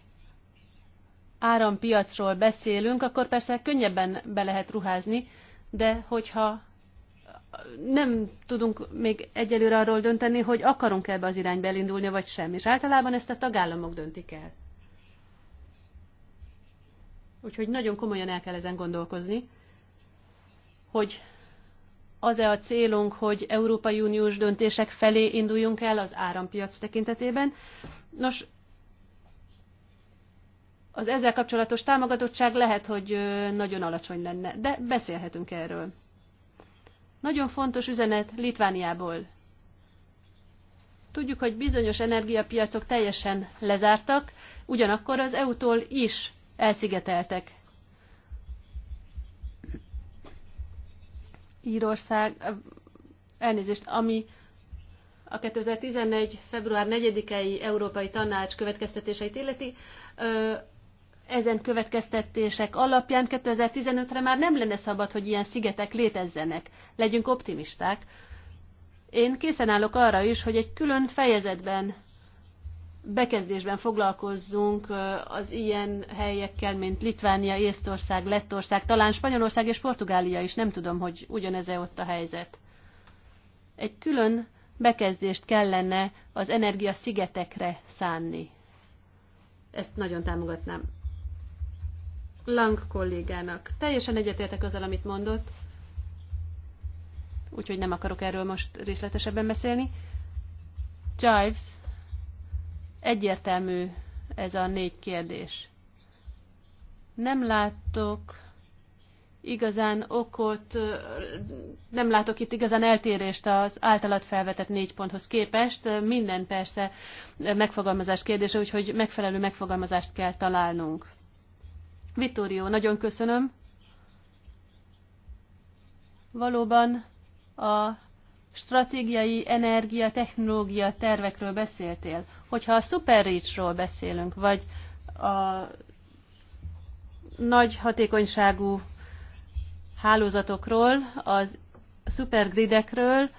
árampiacról beszélünk, akkor persze könnyebben be lehet ruházni, de hogyha nem tudunk még egyelőre arról dönteni, hogy akarunk ebbe az irányba elindulni, vagy sem. És általában ezt a tagállamok döntik el. Úgyhogy nagyon komolyan el kell ezen gondolkozni, hogy az-e a célunk, hogy Európai Uniós döntések felé induljunk el az árampiac tekintetében. Nos, az ezzel kapcsolatos támogatottság lehet, hogy nagyon alacsony lenne, de beszélhetünk erről. Nagyon fontos üzenet Litvániából. Tudjuk, hogy bizonyos energiapiacok teljesen lezártak, ugyanakkor az EU-tól is elszigeteltek. Írország, elnézést, ami a 2014 február 4-i Európai Tanács következtetéseit illeti, ezen következtetések alapján 2015-re már nem lenne szabad, hogy ilyen szigetek létezzenek. Legyünk optimisták. Én készen állok arra is, hogy egy külön fejezetben bekezdésben foglalkozzunk az ilyen helyekkel, mint Litvánia, Észtország, Lettország, talán Spanyolország és Portugália is, nem tudom, hogy ugyanez-e ott a helyzet. Egy külön bekezdést kellene az energia szigetekre szánni. Ezt nagyon támogatnám. Lang kollégának. Teljesen egyetértek azzal, amit mondott, úgyhogy nem akarok erről most részletesebben beszélni. Jives Egyértelmű ez a négy kérdés. Nem látok igazán okot, nem látok itt igazán eltérést az általat felvetett négy ponthoz képest. Minden persze megfogalmazás kérdése, úgyhogy megfelelő megfogalmazást kell találnunk. Vittorio, nagyon köszönöm. Valóban a stratégiai energia technológia tervekről beszéltél. Hogyha a Super beszélünk, vagy a nagy hatékonyságú hálózatokról, az szupergridekről,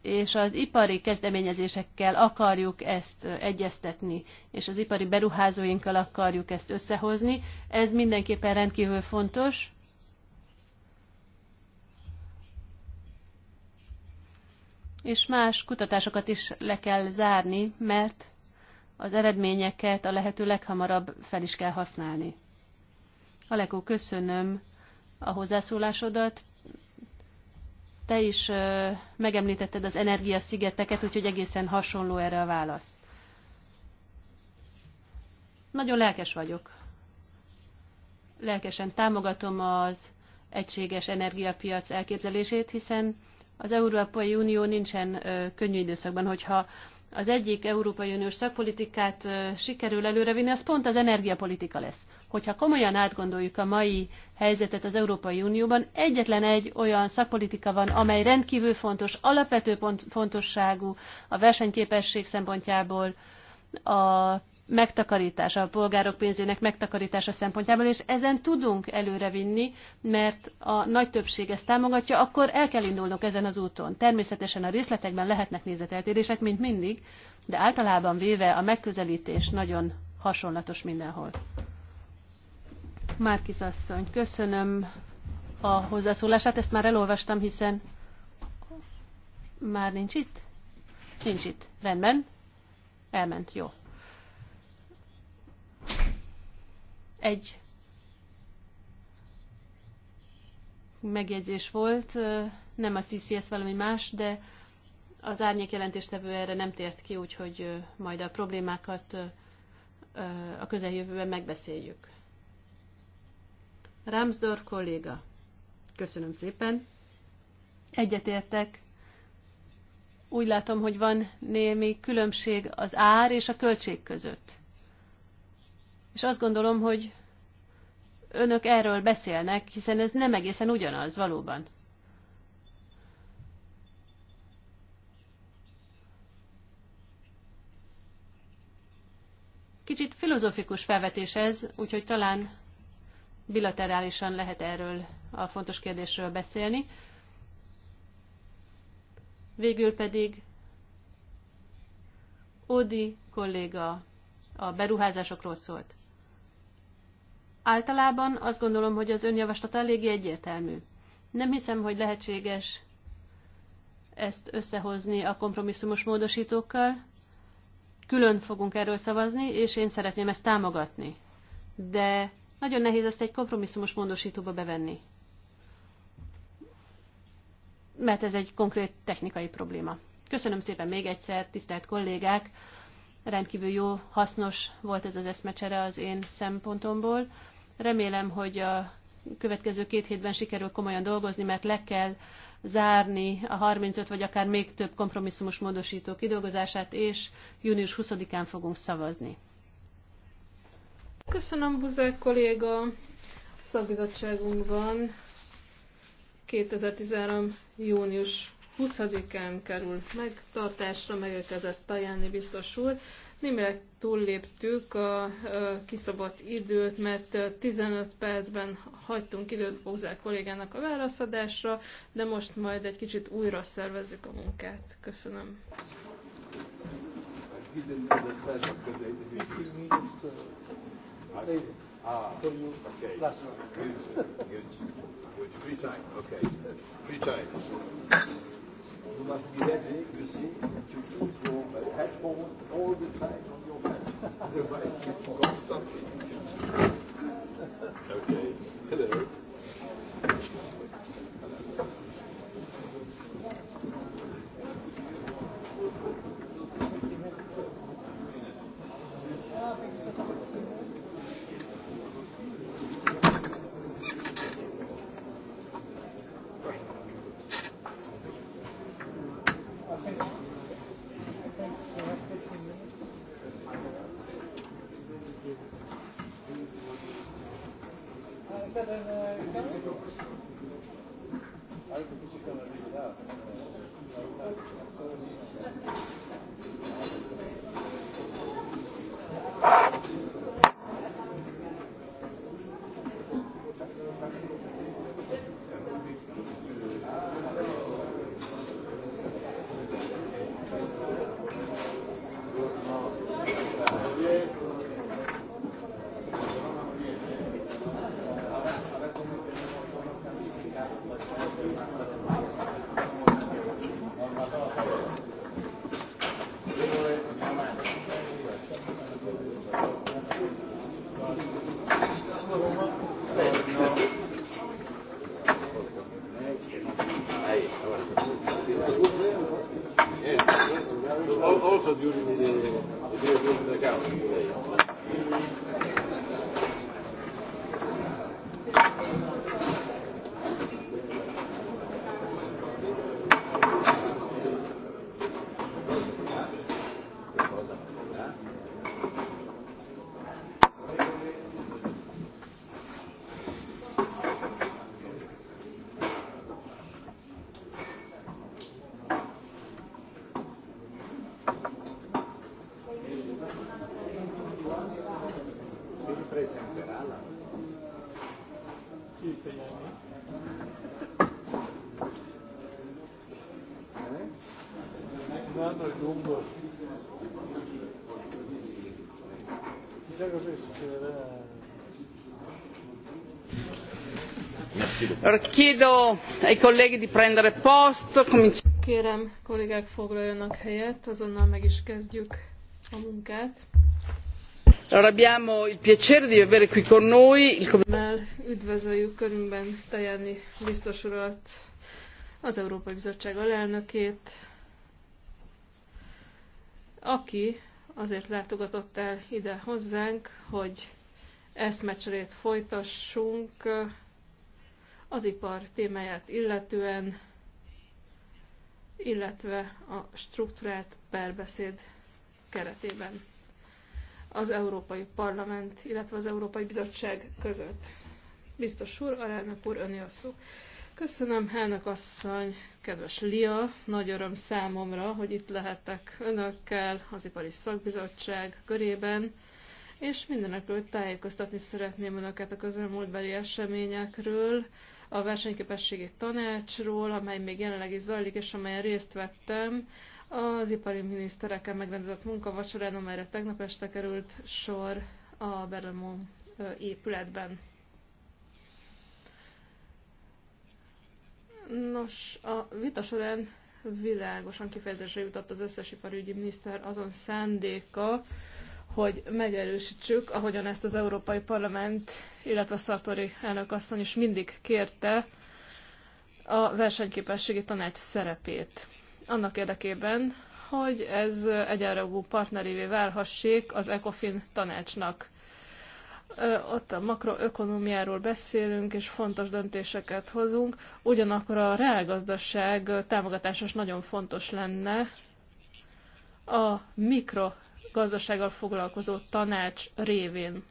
és az ipari kezdeményezésekkel akarjuk ezt egyeztetni, és az ipari beruházóinkkal akarjuk ezt összehozni. Ez mindenképpen rendkívül fontos. És más kutatásokat is le kell zárni, mert az eredményeket a lehető leghamarabb fel is kell használni. Alekó, köszönöm a hozzászólásodat. Te is megemlítetted az energiaszigeteket, úgyhogy egészen hasonló erre a válasz. Nagyon lelkes vagyok. Lelkesen támogatom az egységes energiapiac elképzelését, hiszen az Európai Unió nincsen könnyű időszakban, hogyha az egyik Európai Uniós szakpolitikát sikerül előrevinni, az pont az energiapolitika lesz. Hogyha komolyan átgondoljuk a mai helyzetet az Európai Unióban, egyetlen egy olyan szakpolitika van, amely rendkívül fontos, alapvető pont, fontosságú a versenyképesség szempontjából, a megtakarítása, a polgárok pénzének megtakarítása szempontjából, és ezen tudunk előrevinni, mert a nagy többség ezt támogatja, akkor el kell indulnunk ezen az úton. Természetesen a részletekben lehetnek nézeteltérések, mint mindig, de általában véve a megközelítés nagyon hasonlatos mindenhol. Márkis asszony, köszönöm a hozzászólását, ezt már elolvastam, hiszen már nincs itt? Nincs itt. Rendben. Elment. Jó. Egy megjegyzés volt, nem a CCS valami más, de az árnyék jelentéstevő erre nem tért ki, úgyhogy majd a problémákat a közeljövőben megbeszéljük. Ramsdorf kolléga, köszönöm szépen. Egyetértek. Úgy látom, hogy van némi különbség az ár és a költség között. És azt gondolom, hogy önök erről beszélnek, hiszen ez nem egészen ugyanaz valóban. Kicsit filozofikus felvetés ez, úgyhogy talán bilaterálisan lehet erről a fontos kérdésről beszélni. Végül pedig Odi kolléga a beruházásokról szólt. Általában azt gondolom, hogy az önjavaslat eléggé egyértelmű. Nem hiszem, hogy lehetséges ezt összehozni a kompromisszumos módosítókkal. Külön fogunk erről szavazni, és én szeretném ezt támogatni. De nagyon nehéz ezt egy kompromisszumos módosítóba bevenni. Mert ez egy konkrét technikai probléma. Köszönöm szépen még egyszer, tisztelt kollégák! Rendkívül jó, hasznos volt ez az eszmecsere az én szempontomból. Remélem, hogy a következő két hétben sikerül komolyan dolgozni, mert le kell zárni a 35 vagy akár még több kompromisszumos módosító kidolgozását, és június 20-án fogunk szavazni. Köszönöm, Buzák kolléga! Szakbizottságunkban 2013. június 20-án kerül megtartásra megérkezett Tajáni biztos úr. Némileg túlléptük a kiszabott időt, mert 15 percben hagytunk időt Bózár kollégának a válaszadásra, de most majd egy kicsit újra szervezzük a munkát. Köszönöm. Ah, okay. Good, good, good. Free time, okay. Free time. You must be ready, you see, to keep your headphones all the time on your head. Otherwise, you forgot something. okay. Hello. Chiedo ai colleghi di prendere posto. Kérem, kollégák foglaljanak helyet, azonnal meg is kezdjük a munkát. Allora abbiamo il piacere di avere qui con noi il Üdvözöljük körünkben Tajani biztos urat, az Európai Bizottság alelnökét, aki azért látogatott el ide hozzánk, hogy eszmecserét folytassunk eh, az ipar témáját illetően, illetve a struktúrált perbeszéd keretében az Európai Parlament, illetve az Európai Bizottság között. Biztos úr, alelnök úr, öni a szó. Köszönöm, elnök asszony, kedves Lia, nagy öröm számomra, hogy itt lehetek önökkel az Ipari Szakbizottság körében, és mindenekről tájékoztatni szeretném önöket a közelmúltbeli eseményekről, a versenyképességi tanácsról, amely még jelenleg is zajlik, és amelyen részt vettem, az ipari miniszterekkel megrendezett munkavacsorán, amelyre tegnap este került sor a Berlemont épületben. Nos, a vita során világosan kifejezésre jutott az összes iparügyi miniszter azon szándéka, hogy megerősítsük, ahogyan ezt az Európai Parlament, illetve a Szartori elnök asszony is mindig kérte, a versenyképességi tanács szerepét. Annak érdekében, hogy ez egyenrangú partnerévé válhassék az ECOFIN tanácsnak ott a makroökonomiáról beszélünk, és fontos döntéseket hozunk, ugyanakkor a reálgazdaság támogatásos nagyon fontos lenne a mikrogazdasággal foglalkozó tanács révén.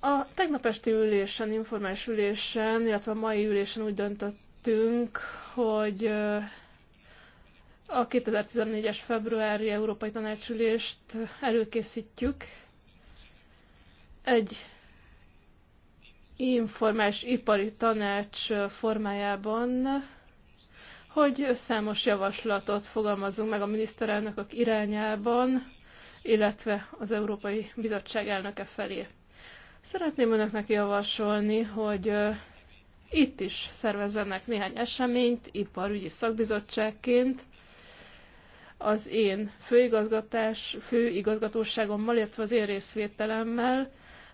A tegnap esti ülésen, informális ülésen, illetve a mai ülésen úgy döntöttünk, hogy a 2014-es februári Európai Tanácsülést előkészítjük, egy informális ipari tanács formájában, hogy számos javaslatot fogalmazunk meg a miniszterelnökök irányában, illetve az Európai Bizottság elnöke felé. Szeretném önöknek javasolni, hogy itt is szervezzenek néhány eseményt iparügyi szakbizottságként, az én főigazgatás, főigazgatóságommal, illetve az én részvételemmel,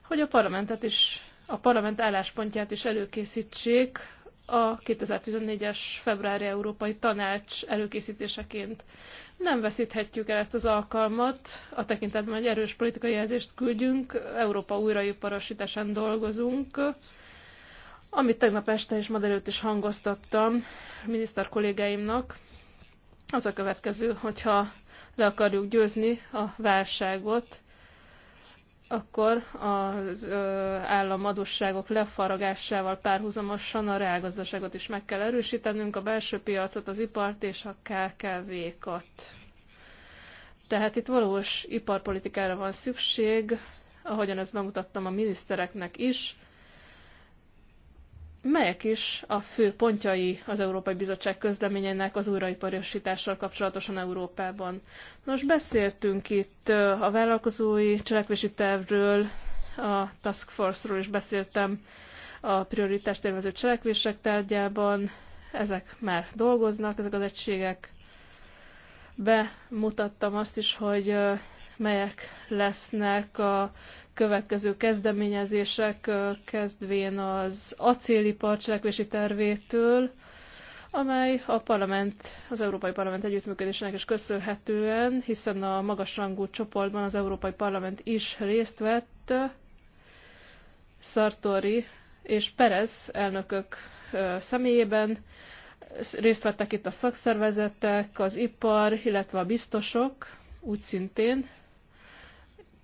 hogy a parlamentet is, a parlament álláspontját is előkészítsék a 2014-es februári Európai Tanács előkészítéseként. Nem veszíthetjük el ezt az alkalmat, a tekintetben, hogy erős politikai jelzést küldjünk, Európa újraiparosításán dolgozunk, amit tegnap este és ma előtt is hangoztattam miniszter kollégáimnak, az a következő, hogyha le akarjuk győzni a válságot, akkor az államadosságok lefaragásával párhuzamosan a reálgazdaságot is meg kell erősítenünk, a belső piacot, az ipart és a KKV-kat. Tehát itt valós iparpolitikára van szükség, ahogyan ezt bemutattam a minisztereknek is, melyek is a fő pontjai az Európai Bizottság közleményének az újraiparosítással kapcsolatosan Európában. Nos, beszéltünk itt a vállalkozói cselekvési tervről, a Task Force-ról is beszéltem a prioritást tervező cselekvések tárgyában. Ezek már dolgoznak, ezek az egységek. Bemutattam azt is, hogy melyek lesznek a következő kezdeményezések kezdvén az acélipar cselekvési tervétől, amely a parlament, az Európai Parlament együttműködésének is köszönhetően, hiszen a magasrangú csoportban az Európai Parlament is részt vett, Sartori és Perez elnökök személyében részt vettek itt a szakszervezetek, az ipar, illetve a biztosok, úgy szintén,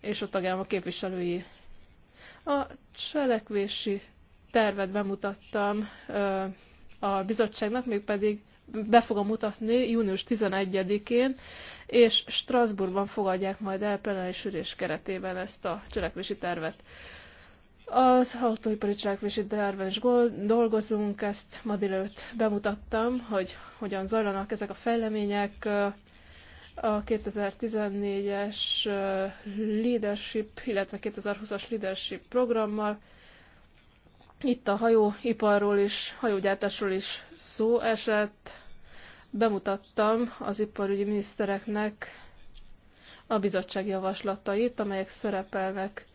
és a tagállamok képviselői. A cselekvési tervet bemutattam a bizottságnak, mégpedig be fogom mutatni június 11-én, és Strasbourgban fogadják majd el plenáris ülés keretében ezt a cselekvési tervet. Az autóipari cselekvési terven is dolgozunk, ezt ma délelőtt bemutattam, hogy hogyan zajlanak ezek a fejlemények, a 2014-es leadership, illetve 2020-as leadership programmal. Itt a hajóiparról is, hajógyártásról is szó esett. Bemutattam az iparügyi minisztereknek a bizottság javaslatait, amelyek szerepelnek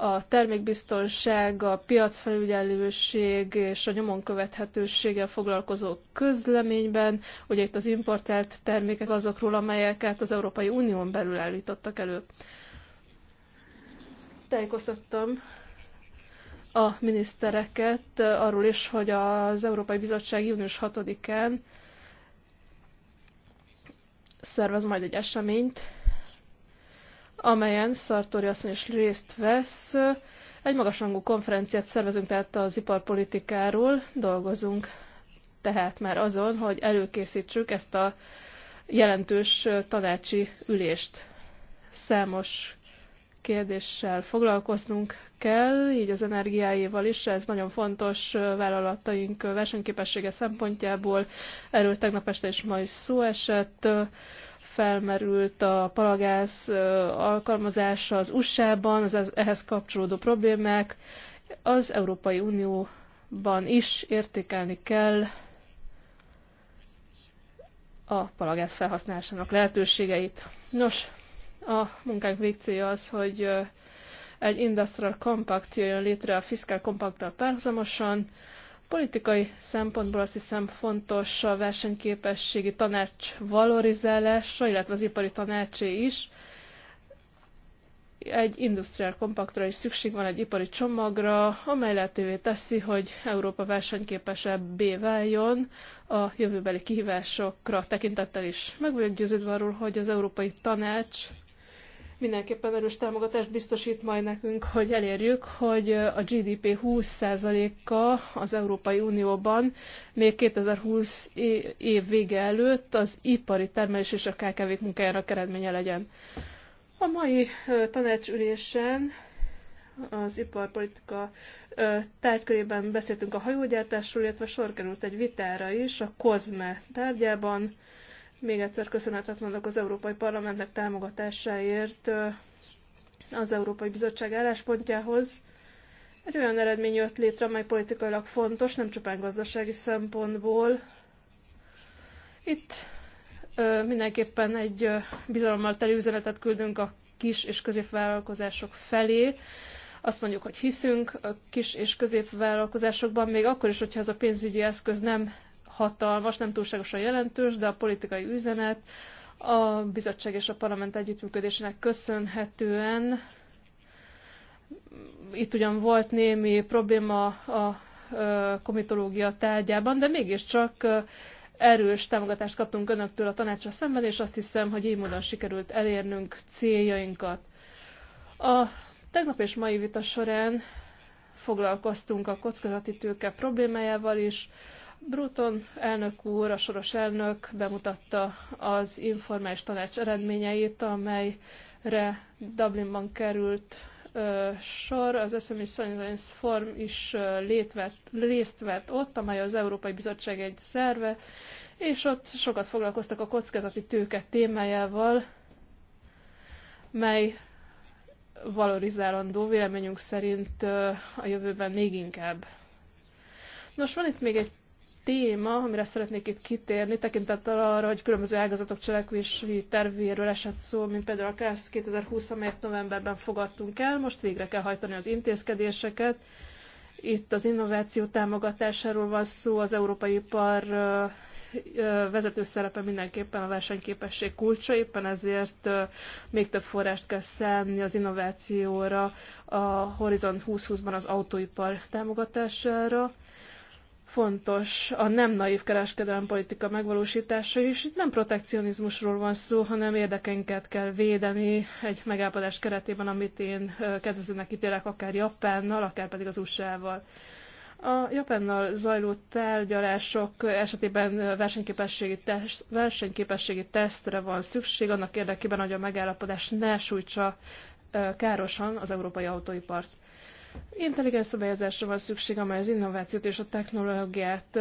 a termékbiztonság, a piacfelügyelőség és a nyomon követhetőséggel foglalkozó közleményben, ugye itt az importált termékek azokról, amelyeket az Európai Unión belül állítottak elő. Tájékoztattam a minisztereket arról is, hogy az Európai Bizottság június 6-án szervez majd egy eseményt, amelyen Szartori asszony is részt vesz. Egy magasrangú konferenciát szervezünk tehát az iparpolitikáról, dolgozunk tehát már azon, hogy előkészítsük ezt a jelentős tanácsi ülést. Számos kérdéssel foglalkoznunk kell, így az energiáival is, ez nagyon fontos vállalataink versenyképessége szempontjából. Erről tegnap este is ma is szó esett felmerült a palagáz alkalmazása az USA-ban, az ehhez kapcsolódó problémák. Az Európai Unióban is értékelni kell a palagáz felhasználásának lehetőségeit. Nos, a munkánk végcélja az, hogy egy Industrial Compact jöjjön létre a Fiscal Compacttal párhuzamosan, Politikai szempontból azt hiszem fontos a versenyképességi tanács valorizálása, illetve az ipari tanácsé is. Egy industriál kompaktra is szükség van egy ipari csomagra, amely lehetővé teszi, hogy Európa versenyképesebbé váljon a jövőbeli kihívásokra tekintettel is. Meg vagyok győződve arról, hogy az Európai Tanács mindenképpen erős támogatást biztosít majd nekünk, hogy elérjük, hogy a GDP 20%-a az Európai Unióban még 2020 év vége előtt az ipari termelés és a kkv munkájának eredménye legyen. A mai tanácsülésen az iparpolitika tárgykörében beszéltünk a hajógyártásról, illetve sor került egy vitára is a COSME tárgyában, még egyszer köszönetet mondok az Európai Parlamentnek támogatásáért az Európai Bizottság álláspontjához. Egy olyan eredmény jött létre, amely politikailag fontos, nem csupán gazdasági szempontból. Itt ö, mindenképpen egy ö, bizalommal teli üzenetet küldünk a kis és középvállalkozások felé. Azt mondjuk, hogy hiszünk a kis és középvállalkozásokban, még akkor is, hogyha ez a pénzügyi eszköz nem hatalmas, nem túlságosan jelentős, de a politikai üzenet a bizottság és a parlament együttműködésének köszönhetően itt ugyan volt némi probléma a komitológia tárgyában, de mégiscsak erős támogatást kaptunk önöktől a tanácsra szemben, és azt hiszem, hogy így módon sikerült elérnünk céljainkat. A tegnap és mai vita során foglalkoztunk a kockázati tőke problémájával is, Bruton elnök úr, a soros elnök bemutatta az informális tanács eredményeit, amelyre Dublinban került ö, sor. Az SME Science Forum is létvett, részt vett ott, amely az Európai Bizottság egy szerve, és ott sokat foglalkoztak a kockázati tőke témájával, mely valorizálandó véleményünk szerint a jövőben még inkább. Nos, van itt még egy téma, amire szeretnék itt kitérni, tekintettel arra, hogy különböző ágazatok cselekvési tervéről esett szó, mint például a KSZ e 2020, amelyet novemberben fogadtunk el, most végre kell hajtani az intézkedéseket. Itt az innováció támogatásáról van szó, az európai ipar vezető szerepe mindenképpen a versenyképesség kulcsa, éppen ezért még több forrást kell szállni az innovációra, a Horizon 2020-ban az autóipar támogatására fontos a nem naív politika megvalósítása is. Itt nem protekcionizmusról van szó, hanem érdekeinket kell védeni egy megállapodás keretében, amit én kedvezőnek ítélek akár Japánnal, akár pedig az USA-val. A Japánnal zajló tárgyalások esetében versenyképességi, teszt, versenyképességi tesztre van szükség, annak érdekében, hogy a megállapodás ne sújtsa károsan az európai autóipart. Intelligens szabályozásra van szükség, amely az innovációt és a technológiát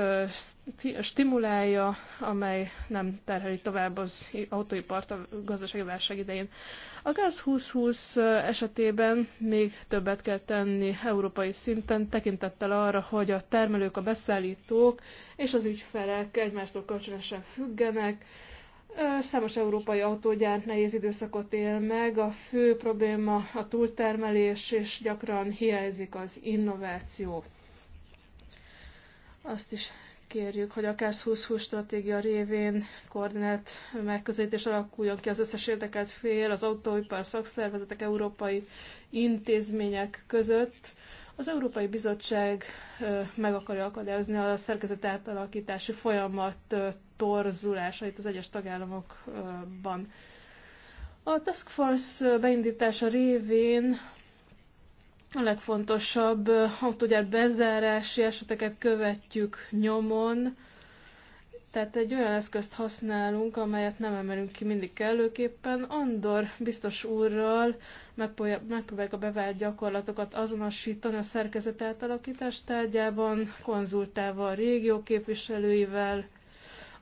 stimulálja, amely nem terheli tovább az autóipart a gazdasági válság idején. A GAZ 2020 esetében még többet kell tenni európai szinten, tekintettel arra, hogy a termelők, a beszállítók és az ügyfelek egymástól kölcsönösen függenek, Számos európai autógyárt nehéz időszakot él meg, a fő probléma a túltermelés, és gyakran hiányzik az innováció. Azt is kérjük, hogy a KESZ 2020 stratégia révén koordinált megközelítés alakuljon ki az összes érdekelt fél, az autóipar szakszervezetek, európai intézmények között, az Európai Bizottság meg akarja akadályozni a szerkezet átalakítási folyamat torzulásait az egyes tagállamokban. A Task Force beindítása révén a legfontosabb autógyár bezárási eseteket követjük nyomon, tehát egy olyan eszközt használunk, amelyet nem emelünk ki mindig kellőképpen. Andor biztos úrral megpróbáljuk a bevált gyakorlatokat azonosítani a szerkezet átalakítás tárgyában, konzultálva a régió képviselőivel,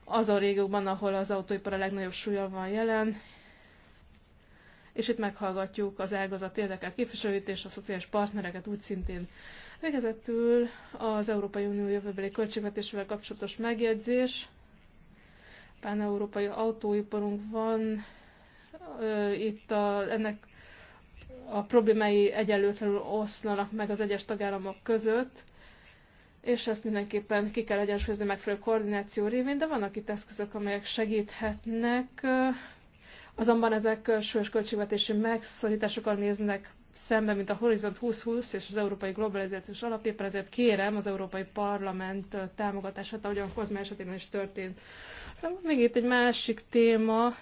a régióban, ahol az autóipar a legnagyobb súlya van jelen, és itt meghallgatjuk az ágazat érdekelt képviselőit és a szociális partnereket úgy szintén. Végezetül az Európai Unió jövőbeli költségvetésével kapcsolatos megjegyzés pán-európai autóiparunk van, itt a, ennek a problémái egyenlőtlenül oszlanak meg az egyes tagállamok között, és ezt mindenképpen ki kell egyensúlyozni megfelelő koordináció révén, de vannak itt eszközök, amelyek segíthetnek, azonban ezek súlyos költségvetési megszorításokkal néznek szemben, mint a Horizont 2020 és az Európai Globalizációs Alap. Éppen ezért kérem az Európai Parlament támogatását, ahogyan Kozma esetében is történt. Aztán még itt egy másik téma,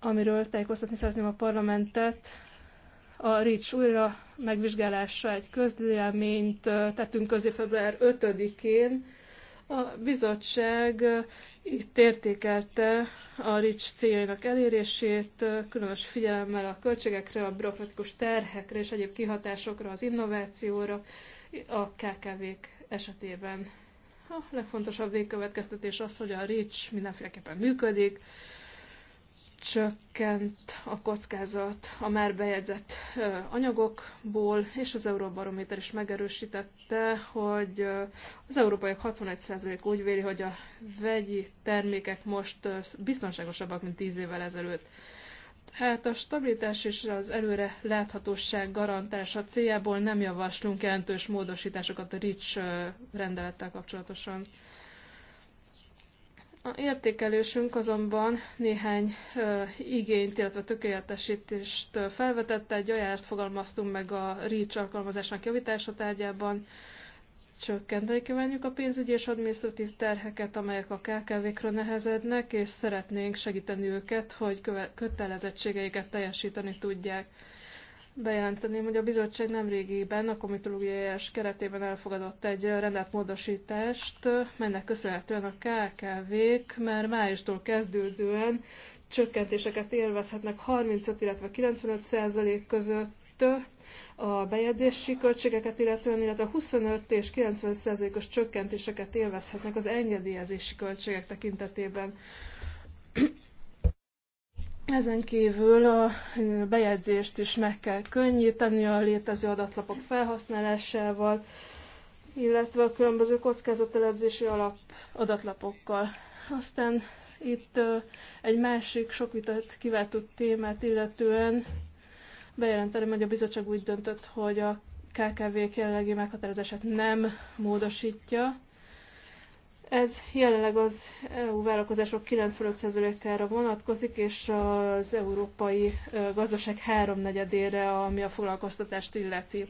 amiről tájékoztatni szeretném a parlamentet. A RICS újra megvizsgálása egy közleményt tettünk közé február 5-én. A bizottság itt értékelte a RICS céljainak elérését, különös figyelemmel a költségekre, a bürokratikus terhekre és egyéb kihatásokra, az innovációra a KKV-k esetében. A legfontosabb végkövetkeztetés az, hogy a RICS mindenféleképpen működik, csökkent a kockázat a már bejegyzett anyagokból, és az Euróbarométer is megerősítette, hogy az európaiak 61% úgy véli, hogy a vegyi termékek most biztonságosabbak, mint 10 évvel ezelőtt. Hát a stabilitás és az előre láthatóság garantása céljából nem javaslunk jelentős módosításokat a RICS rendelettel kapcsolatosan. A értékelésünk azonban néhány ö, igényt, illetve tökéletesítést felvetette, egy ajánlást fogalmaztunk meg a REACH alkalmazásnak javítása tárgyában, csökkenteni kívánjuk a pénzügyi és adminisztratív terheket, amelyek a kkv kről nehezednek, és szeretnénk segíteni őket, hogy kötelezettségeiket teljesíteni tudják bejelenteném, hogy a bizottság nemrégiben a komitológiai keretében elfogadott egy rendelt módosítást, melynek köszönhetően a KKV-k már májustól kezdődően csökkentéseket élvezhetnek 35, illetve 95 százalék között a bejegyzési költségeket illetően, illetve 25 és 90 százalékos csökkentéseket élvezhetnek az engedélyezési költségek tekintetében. Ezen kívül a bejegyzést is meg kell könnyíteni a létező adatlapok felhasználásával, illetve a különböző kockázatelemzési alap adatlapokkal. Aztán itt egy másik sok vitat kiváltó témát illetően bejelentem, hogy a bizottság úgy döntött, hogy a KKV-k jelenlegi meghatározását nem módosítja, ez jelenleg az EU vállalkozások 95%-ára vonatkozik, és az európai gazdaság háromnegyedére, ami a foglalkoztatást illeti.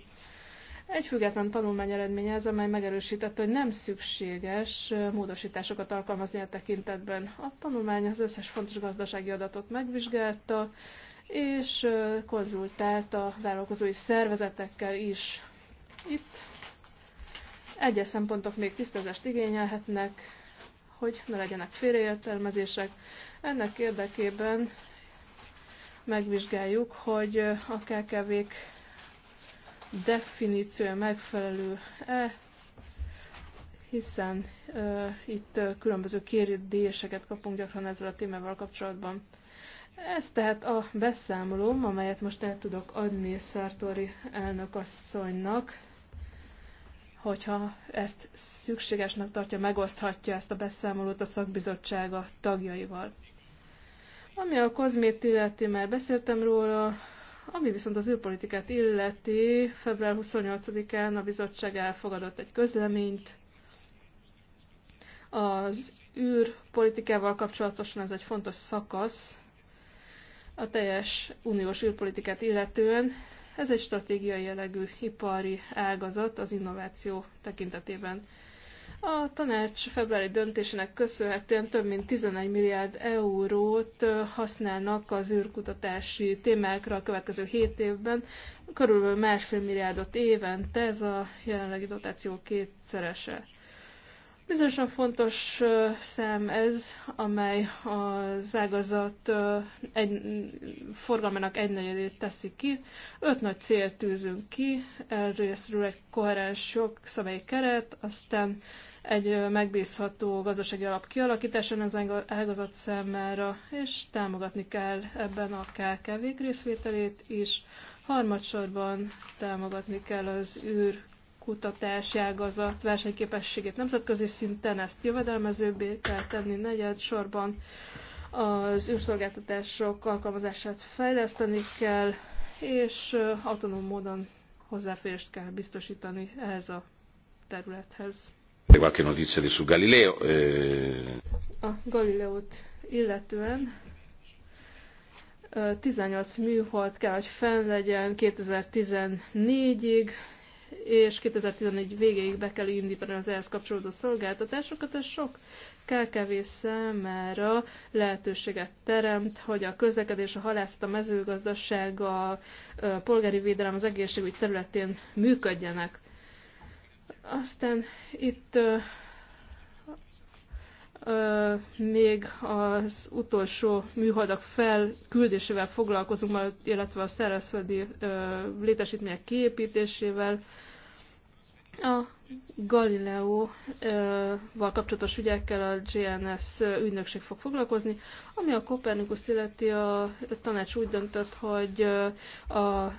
Egy független tanulmány eredménye ez, amely megerősítette, hogy nem szükséges módosításokat alkalmazni a tekintetben. A tanulmány az összes fontos gazdasági adatot megvizsgálta, és konzultált a vállalkozói szervezetekkel is. Itt egyes szempontok még tisztázást igényelhetnek, hogy ne legyenek félreértelmezések. Ennek érdekében megvizsgáljuk, hogy a KKV-k definíciója megfelelő-e, hiszen e, itt e, különböző kérdéseket kapunk gyakran ezzel a témával kapcsolatban. Ez tehát a beszámolóm, amelyet most el tudok adni Szártori elnök asszonynak hogyha ezt szükségesnek tartja, megoszthatja ezt a beszámolót a szakbizottsága tagjaival. Ami a kozmét illeti, már beszéltem róla, ami viszont az űrpolitikát illeti, február 28-án a bizottság elfogadott egy közleményt. Az űrpolitikával kapcsolatosan ez egy fontos szakasz a teljes uniós űrpolitikát illetően, ez egy stratégiai jellegű ipari ágazat az innováció tekintetében. A tanács februári döntésének köszönhetően több mint 11 milliárd eurót használnak az űrkutatási témákra a következő 7 évben, körülbelül másfél milliárdot évente, ez a jelenlegi dotáció kétszerese. Bizonyosan fontos szem ez, amely az ágazat egy, forgalmának egynegyedét teszi ki. Öt nagy célt tűzünk ki, részről egy koherens jogszabályi keret, aztán egy megbízható gazdasági alap kialakításán az ágazat számára, és támogatni kell ebben a KKV részvételét is. Harmadsorban támogatni kell az űr kutatás ágazat versenyképességét nemzetközi szinten, ezt jövedelmezőbbé kell tenni negyed sorban, az űrszolgáltatások alkalmazását fejleszteni kell, és autonóm módon hozzáférést kell biztosítani ehhez a területhez. Galileo. Eh. A Galileót illetően 18 műhold kell, hogy fenn legyen 2014-ig, és 2014 végéig be kell indítani az ehhez kapcsolódó szolgáltatásokat, és sok KKV számára lehetőséget teremt, hogy a közlekedés, a halászat, a mezőgazdaság, a polgári védelem, az egészségügy területén működjenek. Aztán itt még az utolsó műholdak felküldésével foglalkozunk, illetve a szárazföldi létesítmények kiépítésével. A Galileo-val kapcsolatos ügyekkel a GNS ügynökség fog foglalkozni, ami a Kopernikus illeti a tanács úgy döntött, hogy a, a,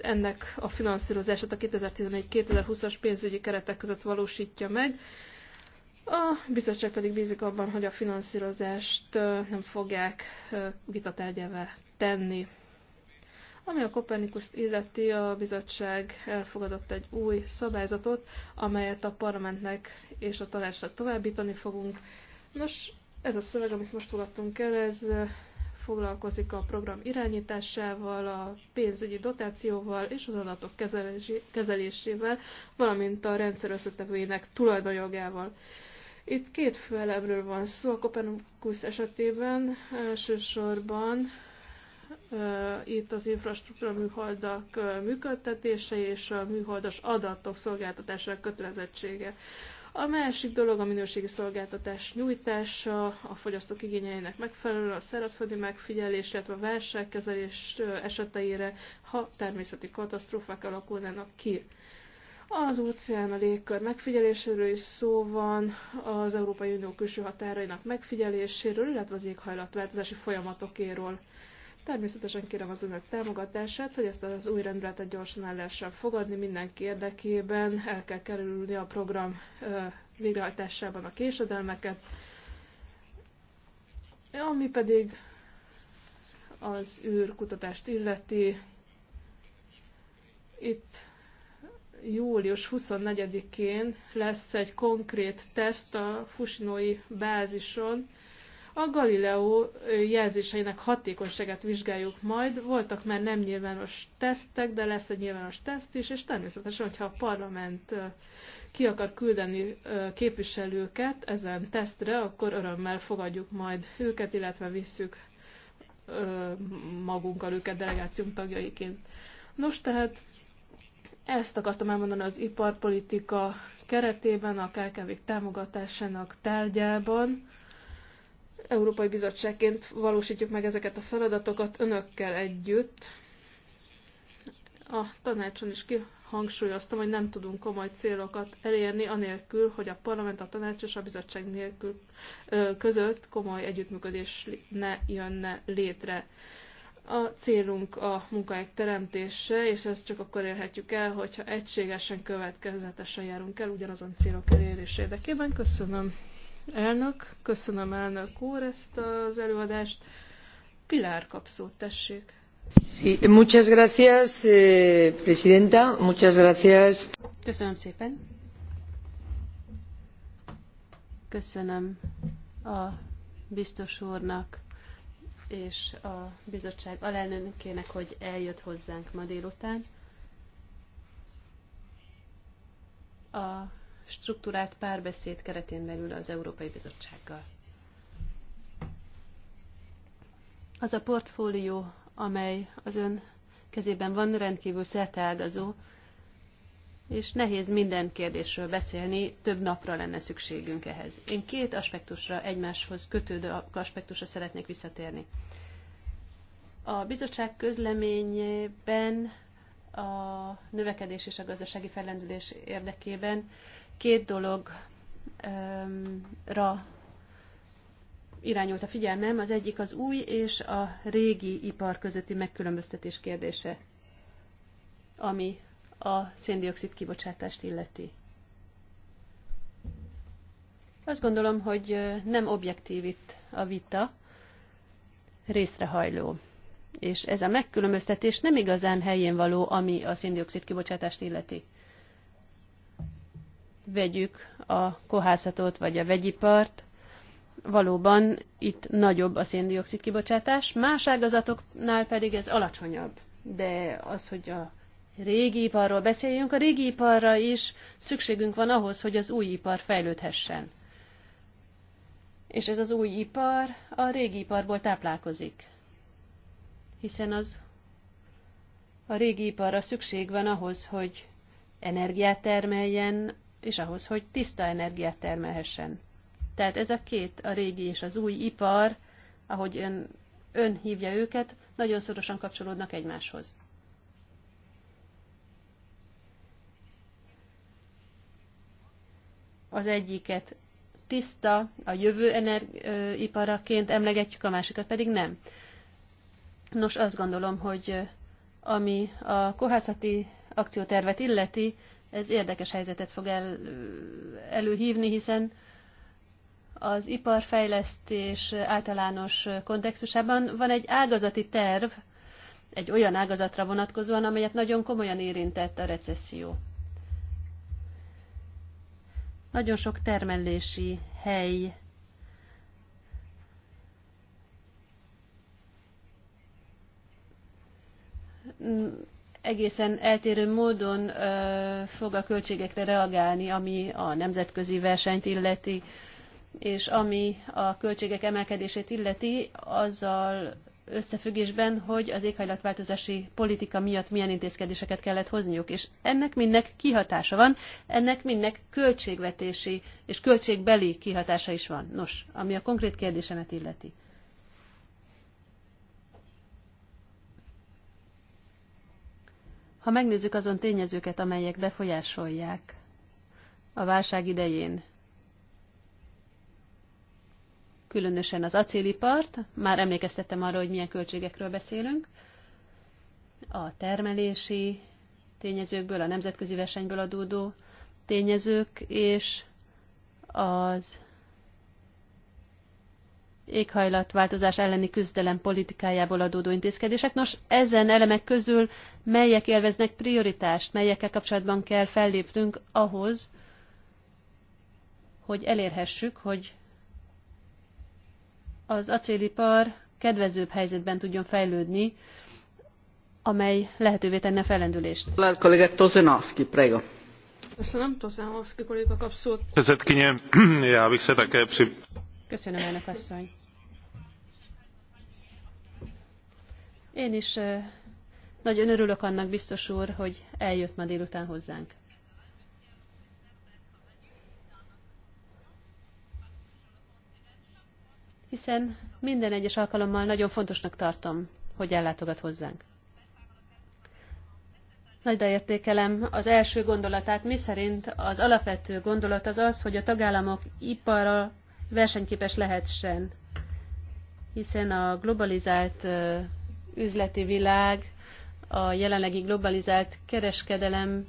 ennek a finanszírozását a 2014-2020-as pénzügyi keretek között valósítja meg, a bizottság pedig bízik abban, hogy a finanszírozást nem fogják vitatárgyává tenni. Ami a Kopernikuszt illeti, a bizottság elfogadott egy új szabályzatot, amelyet a parlamentnek és a tanácsnak továbbítani fogunk. Nos, ez a szöveg, amit most fogadtunk el, ez foglalkozik a program irányításával, a pénzügyi dotációval és az adatok kezelésével, valamint a rendszer összetevőjének tulajdonjogával. Itt két fő elemről van szó a Copernicus esetében, elsősorban itt az infrastruktúra műholdak működtetése és a műholdas adatok szolgáltatására kötelezettsége. A másik dolog a minőségi szolgáltatás nyújtása, a fogyasztók igényeinek megfelelő, a szárazföldi megfigyelés, illetve a válságkezelés eseteire, ha természeti katasztrófák alakulnának ki. Az óceán a légkör megfigyeléséről is szó van, az Európai Unió külső határainak megfigyeléséről, illetve az éghajlatváltozási folyamatokéről. Természetesen kérem az önök támogatását, hogy ezt az új rendeletet gyorsan el lehessen fogadni mindenki érdekében, el kell kerülni a program végrehajtásában a késedelmeket, ami pedig az űrkutatást illeti. Itt július 24-én lesz egy konkrét teszt a Fusinói bázison. A Galileo jelzéseinek hatékonyságát vizsgáljuk majd. Voltak már nem nyilvános tesztek, de lesz egy nyilvános teszt is, és természetesen, hogyha a parlament ki akar küldeni képviselőket ezen tesztre, akkor örömmel fogadjuk majd őket, illetve visszük magunkkal őket delegációm tagjaiként. Nos, tehát ezt akartam elmondani az iparpolitika keretében, a kkv támogatásának tárgyában. Európai Bizottságként valósítjuk meg ezeket a feladatokat önökkel együtt. A tanácson is kihangsúlyoztam, hogy nem tudunk komoly célokat elérni, anélkül, hogy a parlament, a tanács és a bizottság nélkül ö, között komoly együttműködés ne jönne létre. A célunk a munkahelyek teremtése, és ezt csak akkor érhetjük el, hogyha egységesen, következetesen járunk el ugyanazon célok elérés érdekében. Köszönöm, elnök. Köszönöm, elnök úr, ezt az előadást. Pilár kapszót tessék. Sí, muchas gracias, eh, presidenta. Muchas gracias. Köszönöm szépen. Köszönöm a biztos úrnak és a bizottság alelnökének, hogy eljött hozzánk ma délután. A struktúrált párbeszéd keretén belül az Európai Bizottsággal. Az a portfólió, amely az ön kezében van, rendkívül szerteágazó, és nehéz minden kérdésről beszélni, több napra lenne szükségünk ehhez. Én két aspektusra, egymáshoz kötődő aspektusra szeretnék visszatérni. A bizottság közleményében a növekedés és a gazdasági fellendülés érdekében két dologra irányult a figyelmem. Az egyik az új és a régi ipar közötti megkülönböztetés kérdése, ami a széndiokszid kibocsátást illeti. Azt gondolom, hogy nem objektív itt a vita, részrehajló. És ez a megkülönböztetés nem igazán helyén való, ami a széndiokszid kibocsátást illeti. Vegyük a kohászatot vagy a vegyipart, valóban itt nagyobb a széndiokszid kibocsátás, más ágazatoknál pedig ez alacsonyabb. De az, hogy a régi iparról beszéljünk, a régi iparra is szükségünk van ahhoz, hogy az új ipar fejlődhessen. És ez az új ipar a régi iparból táplálkozik. Hiszen az a régi iparra szükség van ahhoz, hogy energiát termeljen, és ahhoz, hogy tiszta energiát termelhessen. Tehát ez a két, a régi és az új ipar, ahogy ön, ön hívja őket, nagyon szorosan kapcsolódnak egymáshoz. Az egyiket tiszta, a jövő energiaiparaként emlegetjük, a másikat pedig nem. Nos, azt gondolom, hogy ami a kohászati akciótervet illeti, ez érdekes helyzetet fog el, előhívni, hiszen az iparfejlesztés általános kontextusában van egy ágazati terv, egy olyan ágazatra vonatkozóan, amelyet nagyon komolyan érintett a recesszió. Nagyon sok termelési hely egészen eltérő módon fog a költségekre reagálni, ami a nemzetközi versenyt illeti, és ami a költségek emelkedését illeti, azzal összefüggésben, hogy az éghajlatváltozási politika miatt milyen intézkedéseket kellett hozniuk, és ennek mindnek kihatása van, ennek mindnek költségvetési és költségbeli kihatása is van. Nos, ami a konkrét kérdésemet illeti. Ha megnézzük azon tényezőket, amelyek befolyásolják a válság idején különösen az acélipart, már emlékeztettem arra, hogy milyen költségekről beszélünk, a termelési tényezőkből, a nemzetközi versenyből adódó tényezők, és az éghajlatváltozás elleni küzdelem politikájából adódó intézkedések. Nos, ezen elemek közül melyek élveznek prioritást, melyekkel kapcsolatban kell fellépnünk ahhoz, hogy elérhessük, hogy az acélipar kedvezőbb helyzetben tudjon fejlődni, amely lehetővé tenne a felendülést. prego. Köszönöm, Tozenovski kolléga kap szót. já bych se také při... Köszönöm, elnök asszony. Én is eh, nagyon örülök annak, biztos úr, hogy eljött ma délután hozzánk. hiszen minden egyes alkalommal nagyon fontosnak tartom, hogy ellátogat hozzánk. Nagyra értékelem az első gondolatát, szerint az alapvető gondolat az az, hogy a tagállamok ipara versenyképes lehessen, hiszen a globalizált üzleti világ, a jelenlegi globalizált kereskedelem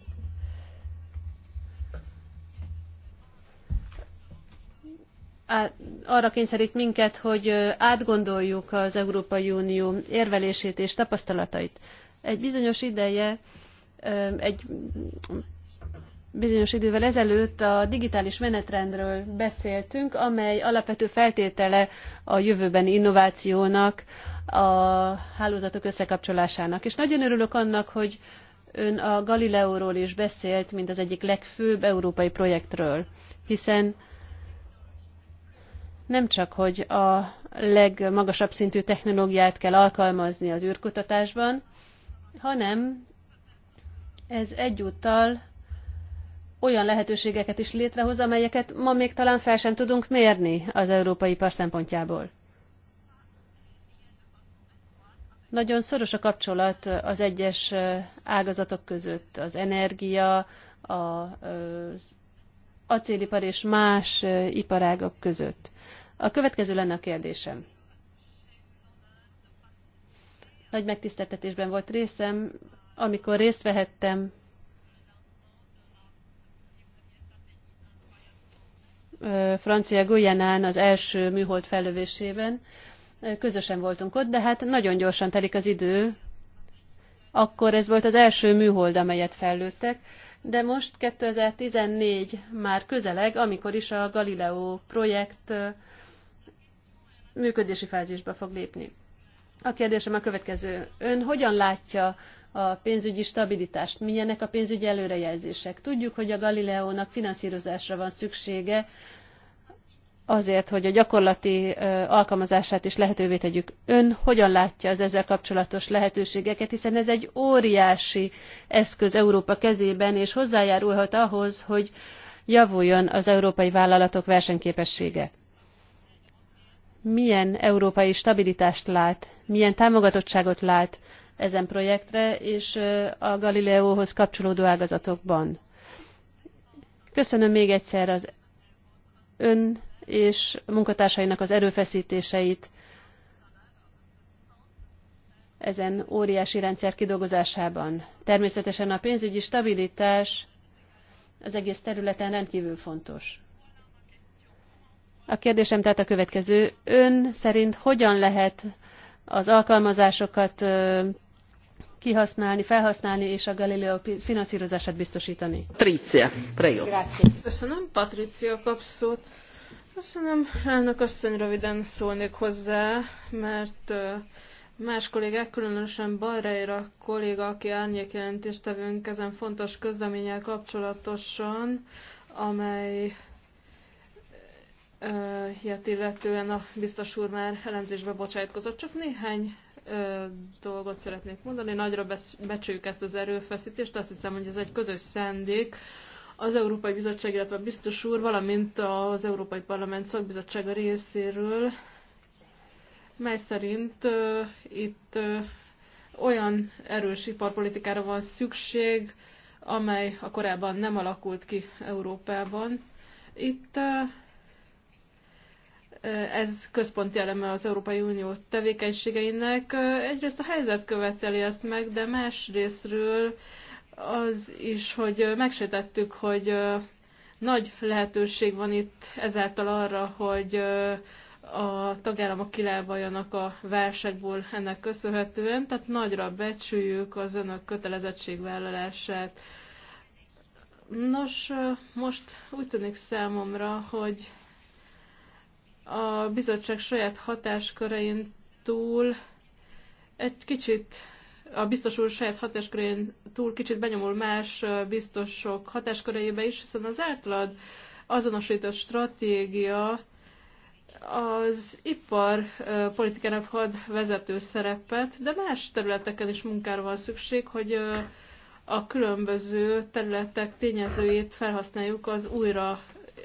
arra kényszerít minket, hogy átgondoljuk az Európai Unió érvelését és tapasztalatait. Egy bizonyos ideje, egy bizonyos idővel ezelőtt a digitális menetrendről beszéltünk, amely alapvető feltétele a jövőbeni innovációnak, a hálózatok összekapcsolásának. És nagyon örülök annak, hogy ön a Galileóról is beszélt, mint az egyik legfőbb európai projektről, hiszen nem csak, hogy a legmagasabb szintű technológiát kell alkalmazni az űrkutatásban, hanem ez egyúttal olyan lehetőségeket is létrehoz, amelyeket ma még talán fel sem tudunk mérni az európai ipar szempontjából. Nagyon szoros a kapcsolat az egyes ágazatok között, az energia, az acélipar és más iparágok között. A következő lenne a kérdésem. Nagy megtiszteltetésben volt részem, amikor részt vehettem francia Guyanán az első műhold fellövésében. Közösen voltunk ott, de hát nagyon gyorsan telik az idő. Akkor ez volt az első műhold, amelyet fellőttek, de most 2014 már közeleg, amikor is a Galileo projekt működési fázisba fog lépni. A kérdésem a következő. Ön hogyan látja a pénzügyi stabilitást? Milyenek a pénzügyi előrejelzések? Tudjuk, hogy a Galileónak finanszírozásra van szüksége, azért, hogy a gyakorlati alkalmazását is lehetővé tegyük. Ön hogyan látja az ezzel kapcsolatos lehetőségeket, hiszen ez egy óriási eszköz Európa kezében, és hozzájárulhat ahhoz, hogy javuljon az európai vállalatok versenyképessége milyen európai stabilitást lát, milyen támogatottságot lát ezen projektre és a Galileóhoz kapcsolódó ágazatokban. Köszönöm még egyszer az ön és munkatársainak az erőfeszítéseit ezen óriási rendszer kidolgozásában. Természetesen a pénzügyi stabilitás az egész területen rendkívül fontos. A kérdésem tehát a következő. Ön szerint hogyan lehet az alkalmazásokat kihasználni, felhasználni és a Galileo finanszírozását biztosítani? Patricia, prego. Grazie. Köszönöm, Patricia kapszót. Köszönöm, elnök asszony, röviden szólnék hozzá, mert más kollégák, különösen Barreira kolléga, aki árnyékjelentést tevünk ezen fontos közleménnyel kapcsolatosan, amely hiát illetően a biztos úr már elemzésbe bocsájtkozott, csak néhány ö, dolgot szeretnék mondani. Nagyra becsüljük ezt az erőfeszítést, azt hiszem, hogy ez egy közös szendék. Az Európai Bizottság, illetve a biztos úr, valamint az Európai Parlament szakbizottsága részéről, mely szerint ö, itt ö, olyan erős iparpolitikára van szükség, amely a korábban nem alakult ki Európában. Itt ö, ez központi eleme az Európai Unió tevékenységeinek. Egyrészt a helyzet követeli ezt meg, de másrésztről az is, hogy megsértettük, hogy nagy lehetőség van itt ezáltal arra, hogy a tagállamok kilábaljanak a válságból ennek köszönhetően, tehát nagyra becsüljük az önök kötelezettségvállalását. Nos, most úgy tűnik számomra, hogy a bizottság saját hatáskörein túl egy kicsit a biztos úr saját hatáskörén túl kicsit benyomul más biztosok hatáskörébe is, hiszen az általad azonosított stratégia az ipar politikának ad vezető szerepet, de más területeken is munkára van szükség, hogy a különböző területek tényezőjét felhasználjuk az újra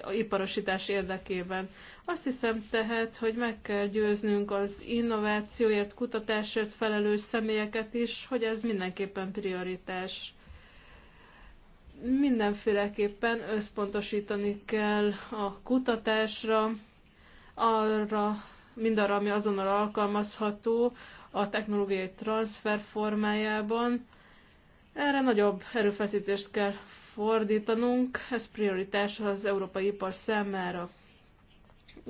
iparosítás érdekében. Azt hiszem tehát, hogy meg kell győznünk az innovációért, kutatásért felelős személyeket is, hogy ez mindenképpen prioritás. Mindenféleképpen összpontosítani kell a kutatásra, arra, mindarra, ami azonnal alkalmazható a technológiai transfer formájában. Erre nagyobb erőfeszítést kell fordítanunk, ez prioritás az európai ipar számára.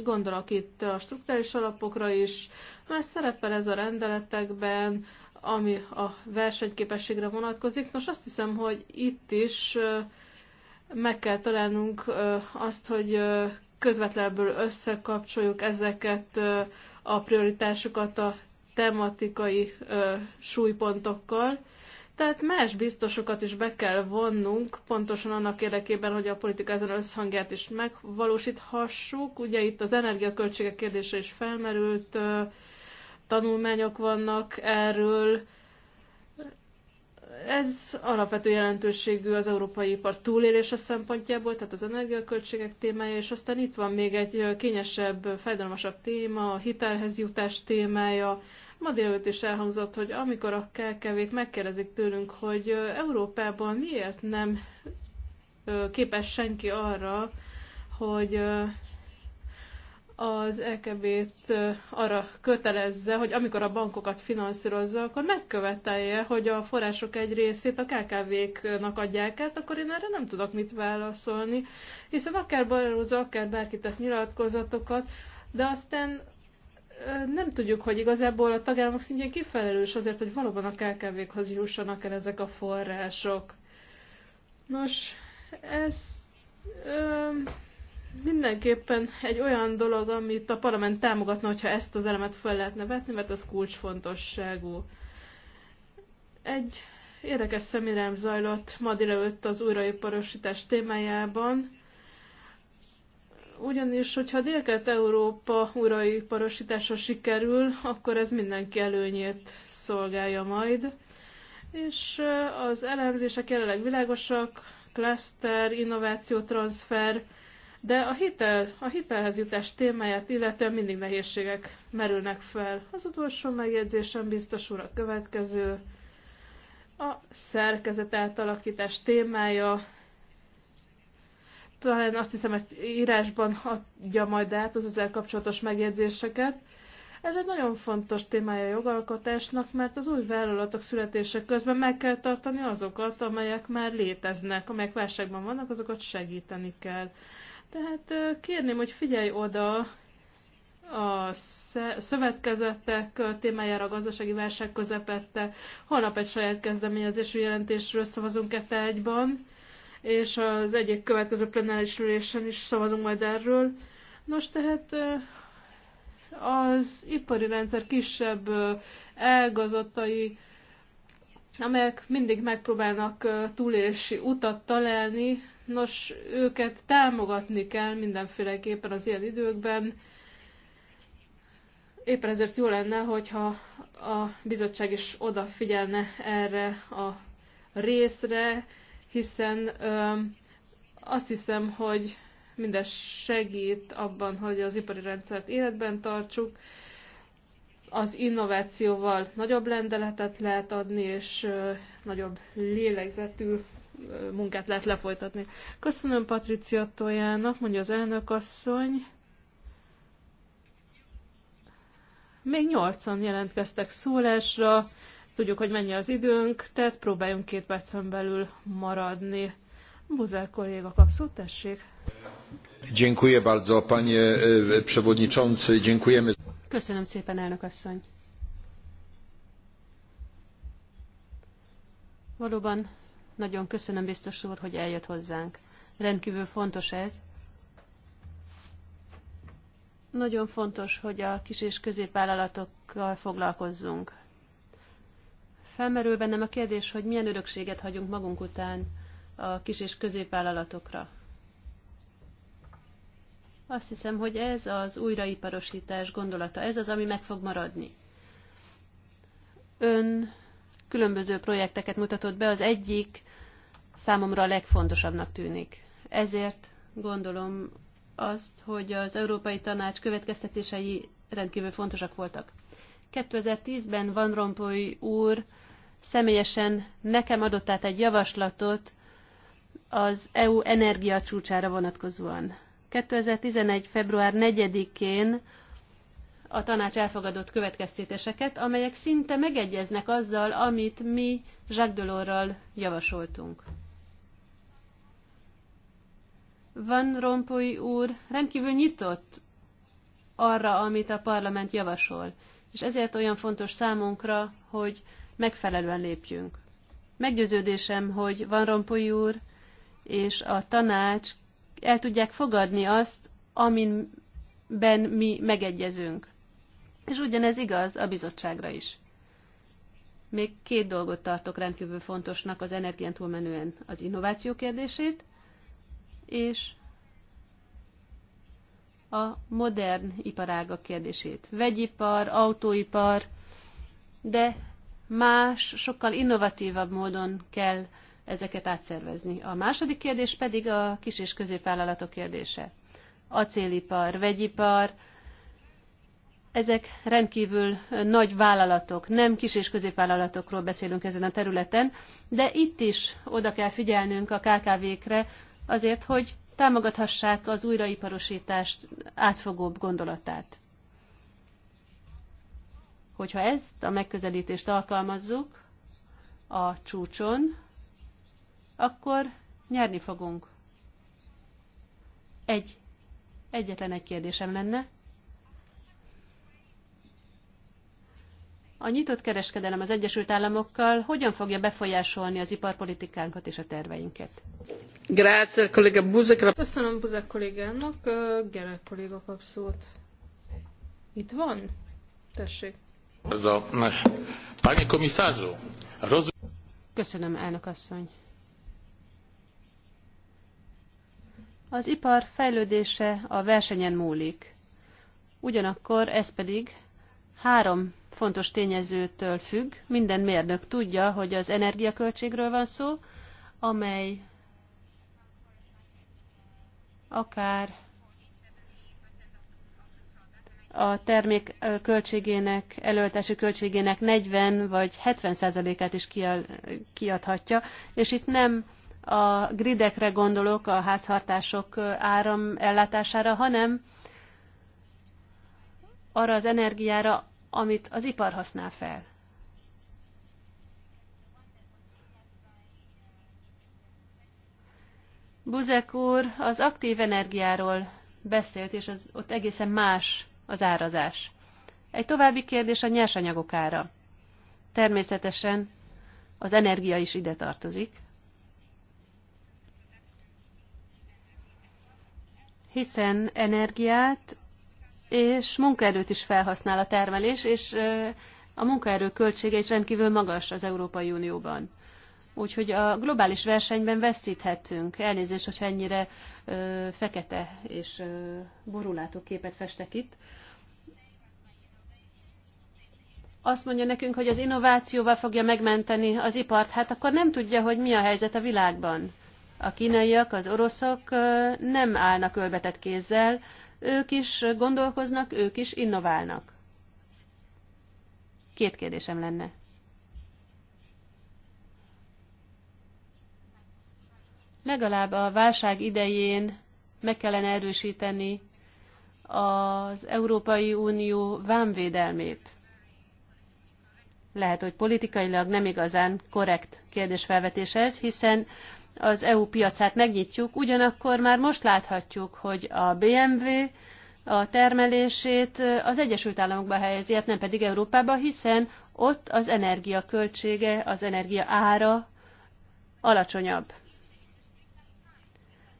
Gondolok itt a struktúrális alapokra is, mert szerepel ez a rendeletekben, ami a versenyképességre vonatkozik. Nos, azt hiszem, hogy itt is meg kell találnunk azt, hogy közvetlenből összekapcsoljuk ezeket a prioritásokat a tematikai súlypontokkal, tehát más biztosokat is be kell vonnunk, pontosan annak érdekében, hogy a politika ezen összhangját is megvalósíthassuk. Ugye itt az energiaköltségek kérdése is felmerült, tanulmányok vannak erről. Ez alapvető jelentőségű az európai ipar túlélése szempontjából, tehát az energiaköltségek témája, és aztán itt van még egy kényesebb, fájdalmasabb téma, a hitelhez jutás témája, Ma délőtt is elhangzott, hogy amikor a kelkevék megkérdezik tőlünk, hogy Európában miért nem képes senki arra, hogy az EKB-t arra kötelezze, hogy amikor a bankokat finanszírozza, akkor megkövetelje, hogy a források egy részét a KKV-knak adják át, akkor én erre nem tudok mit válaszolni, hiszen akár Barroso, akár bárki tesz nyilatkozatokat, de aztán nem tudjuk, hogy igazából a tagállamok szintjén kifelelős azért, hogy valóban a KKV-khoz jussanak el ezek a források. Nos, ez ö, mindenképpen egy olyan dolog, amit a parlament támogatna, hogyha ezt az elemet fel lehetne vetni, mert az kulcsfontosságú. Egy érdekes szemirem zajlott ma délelőtt az újraiparosítás témájában, ugyanis, hogyha Dél-Kelet-Európa parasításra sikerül, akkor ez mindenki előnyét szolgálja majd. És eh, az elemzések jelenleg világosak, cluster, innováció, transfer, de a, hitel, a hitelhez jutás témáját illetően mindig nehézségek merülnek fel. Az utolsó megjegyzésem biztos úr a következő. A szerkezet átalakítás témája talán azt hiszem ezt írásban adja majd át az ezzel kapcsolatos megjegyzéseket. Ez egy nagyon fontos témája a jogalkotásnak, mert az új vállalatok születése közben meg kell tartani azokat, amelyek már léteznek, amelyek válságban vannak, azokat segíteni kell. Tehát kérném, hogy figyelj oda a szövetkezetek témájára a gazdasági válság közepette. Holnap egy saját kezdeményezésű jelentésről szavazunk e tárgyban és az egyik következő plenáris ülésen is szavazunk majd erről. Nos, tehát az ipari rendszer kisebb elgazatai, amelyek mindig megpróbálnak túlélési utat találni, nos, őket támogatni kell mindenféleképpen az ilyen időkben, Éppen ezért jó lenne, hogyha a bizottság is odafigyelne erre a részre, hiszen azt hiszem, hogy minden segít abban, hogy az ipari rendszert életben tartsuk, az innovációval nagyobb lendeletet lehet adni, és nagyobb lélegzetű munkát lehet lefolytatni. Köszönöm Patricia Tojának, mondja az elnök asszony. Még nyolcan jelentkeztek szólásra, Tudjuk, hogy mennyi az időnk, tehát próbáljunk két percen belül maradni. Buzel kolléga kap tessék. Dziękuję bardzo, panie e, przewodniczący, dziękujemy. Köszönöm szépen, elnök asszony. Valóban nagyon köszönöm biztos úr, hogy eljött hozzánk. Rendkívül fontos ez. Nagyon fontos, hogy a kis és középvállalatokkal foglalkozzunk. Felmerül bennem a kérdés, hogy milyen örökséget hagyunk magunk után a kis és középvállalatokra. Azt hiszem, hogy ez az újraiparosítás gondolata, ez az, ami meg fog maradni. Ön különböző projekteket mutatott be, az egyik számomra a legfontosabbnak tűnik. Ezért gondolom azt, hogy az Európai Tanács következtetései rendkívül fontosak voltak. 2010-ben Van Rompuy úr személyesen nekem adott át egy javaslatot az EU energiacsúcsára vonatkozóan. 2011. február 4-én a tanács elfogadott következtetéseket, amelyek szinte megegyeznek azzal, amit mi Jacques Delorral javasoltunk. Van Rompuy úr rendkívül nyitott arra, amit a parlament javasol, és ezért olyan fontos számunkra, hogy megfelelően lépjünk. Meggyőződésem, hogy Van Rompuy úr és a tanács el tudják fogadni azt, amiben mi megegyezünk. És ugyanez igaz a bizottságra is. Még két dolgot tartok rendkívül fontosnak az energián túlmenően az innováció kérdését, és a modern iparágak kérdését. Vegyipar, autóipar, de más, sokkal innovatívabb módon kell ezeket átszervezni. A második kérdés pedig a kis és középvállalatok kérdése. Acélipar, vegyipar, ezek rendkívül nagy vállalatok, nem kis és középvállalatokról beszélünk ezen a területen, de itt is oda kell figyelnünk a KKV-kre azért, hogy támogathassák az újraiparosítást átfogóbb gondolatát. Hogyha ezt a megközelítést alkalmazzuk a csúcson, akkor nyerni fogunk. Egy, egyetlen egy kérdésem lenne. A nyitott kereskedelem az Egyesült Államokkal hogyan fogja befolyásolni az iparpolitikánkat és a terveinket? Grazie, kolléga Buzek. Köszönöm Buzek kollégának. Gerek kolléga kap szót. Itt van? Tessék. Panie komisarzu, Köszönöm, elnök Az ipar fejlődése a versenyen múlik. Ugyanakkor ez pedig három fontos tényezőtől függ. Minden mérnök tudja, hogy az energiaköltségről van szó, amely akár a termék költségének, előltási költségének 40 vagy 70 százalékát is kiadhatja, és itt nem a gridekre gondolok, a házhartások áram ellátására, hanem arra az energiára, amit az ipar használ fel. Buzek úr az aktív energiáról beszélt, és az ott egészen más az árazás. Egy további kérdés a nyersanyagok ára. Természetesen az energia is ide tartozik, hiszen energiát és munkaerőt is felhasznál a termelés, és a munkaerő költsége is rendkívül magas az Európai Unióban. Úgyhogy a globális versenyben veszíthetünk. Elnézést, hogyha ennyire ö, fekete és borulátó képet festek itt azt mondja nekünk, hogy az innovációval fogja megmenteni az ipart, hát akkor nem tudja, hogy mi a helyzet a világban. A kínaiak, az oroszok nem állnak ölbetett kézzel, ők is gondolkoznak, ők is innoválnak. Két kérdésem lenne. Legalább a válság idején meg kellene erősíteni az Európai Unió vámvédelmét lehet, hogy politikailag nem igazán korrekt kérdésfelvetés ez, hiszen az EU piacát megnyitjuk, ugyanakkor már most láthatjuk, hogy a BMW a termelését az Egyesült Államokba helyezi, hát nem pedig Európába, hiszen ott az energia költsége, az energia ára alacsonyabb.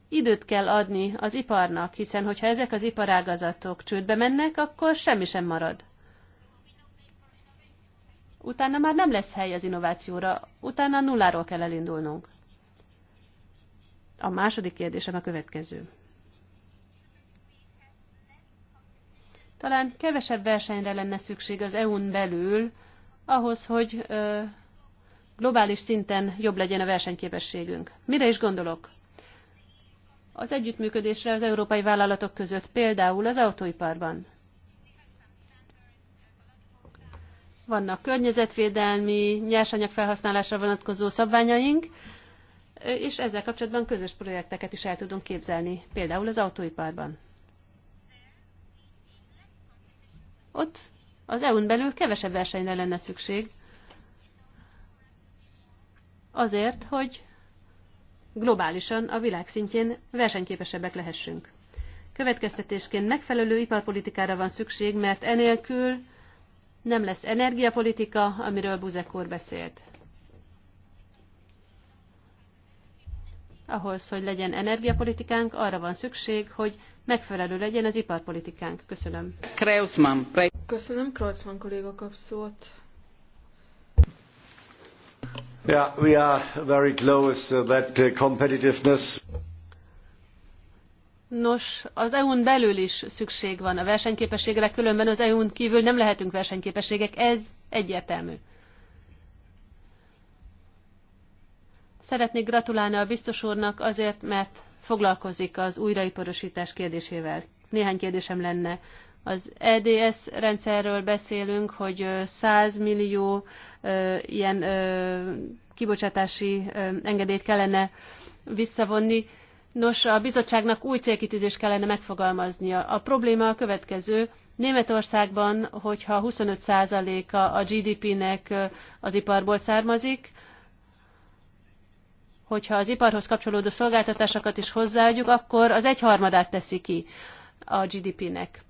Időt kell adni az iparnak, hiszen hogyha ezek az iparágazatok csődbe mennek, akkor semmi sem marad utána már nem lesz hely az innovációra, utána nulláról kell elindulnunk. A második kérdésem a következő. Talán kevesebb versenyre lenne szükség az EU-n belül, ahhoz, hogy ö, globális szinten jobb legyen a versenyképességünk. Mire is gondolok? Az együttműködésre az európai vállalatok között, például az autóiparban. Vannak környezetvédelmi, nyersanyag felhasználásra vonatkozó szabványaink, és ezzel kapcsolatban közös projekteket is el tudunk képzelni, például az autóiparban. Ott az EU-n belül kevesebb versenyre lenne szükség, azért, hogy globálisan a világ szintjén versenyképesebbek lehessünk. Következtetésként megfelelő iparpolitikára van szükség, mert enélkül nem lesz energiapolitika, amiről Buzek úr beszélt. Ahhoz, hogy legyen energiapolitikánk, arra van szükség, hogy megfelelő legyen az iparpolitikánk. Köszönöm. Kreutzmann. Köszönöm, Kreutzmann kolléga kap szót. Yeah, we are very close uh, that uh, competitiveness. Nos, az EU-n belül is szükség van a versenyképességre, különben az EU-n kívül nem lehetünk versenyképességek, ez egyértelmű. Szeretnék gratulálni a biztos úrnak azért, mert foglalkozik az újraiparosítás kérdésével. Néhány kérdésem lenne. Az EDS rendszerről beszélünk, hogy 100 millió ilyen kibocsátási engedélyt kellene visszavonni Nos, a bizottságnak új célkitűzést kellene megfogalmaznia. A probléma a következő. Németországban, hogyha 25%-a a GDP-nek az iparból származik, hogyha az iparhoz kapcsolódó szolgáltatásokat is hozzáadjuk, akkor az egyharmadát teszi ki a GDP-nek.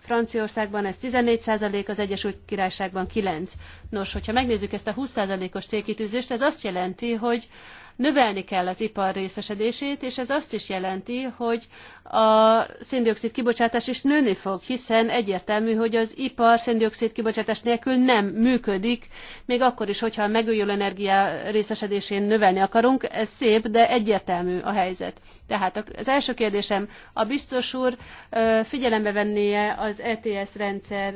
Franciaországban ez 14%, az Egyesült Királyságban 9%. Nos, hogyha megnézzük ezt a 20%-os célkitűzést, ez azt jelenti, hogy növelni kell az ipar részesedését, és ez azt is jelenti, hogy a széndiokszid kibocsátás is nőni fog, hiszen egyértelmű, hogy az ipar széndiokszid kibocsátás nélkül nem működik, még akkor is, hogyha a megújuló energia részesedésén növelni akarunk, ez szép, de egyértelmű a helyzet. Tehát az első kérdésem, a biztos úr figyelembe vennie az ETS rendszer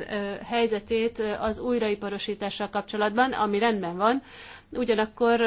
helyzetét az újraiparosítással kapcsolatban, ami rendben van, ugyanakkor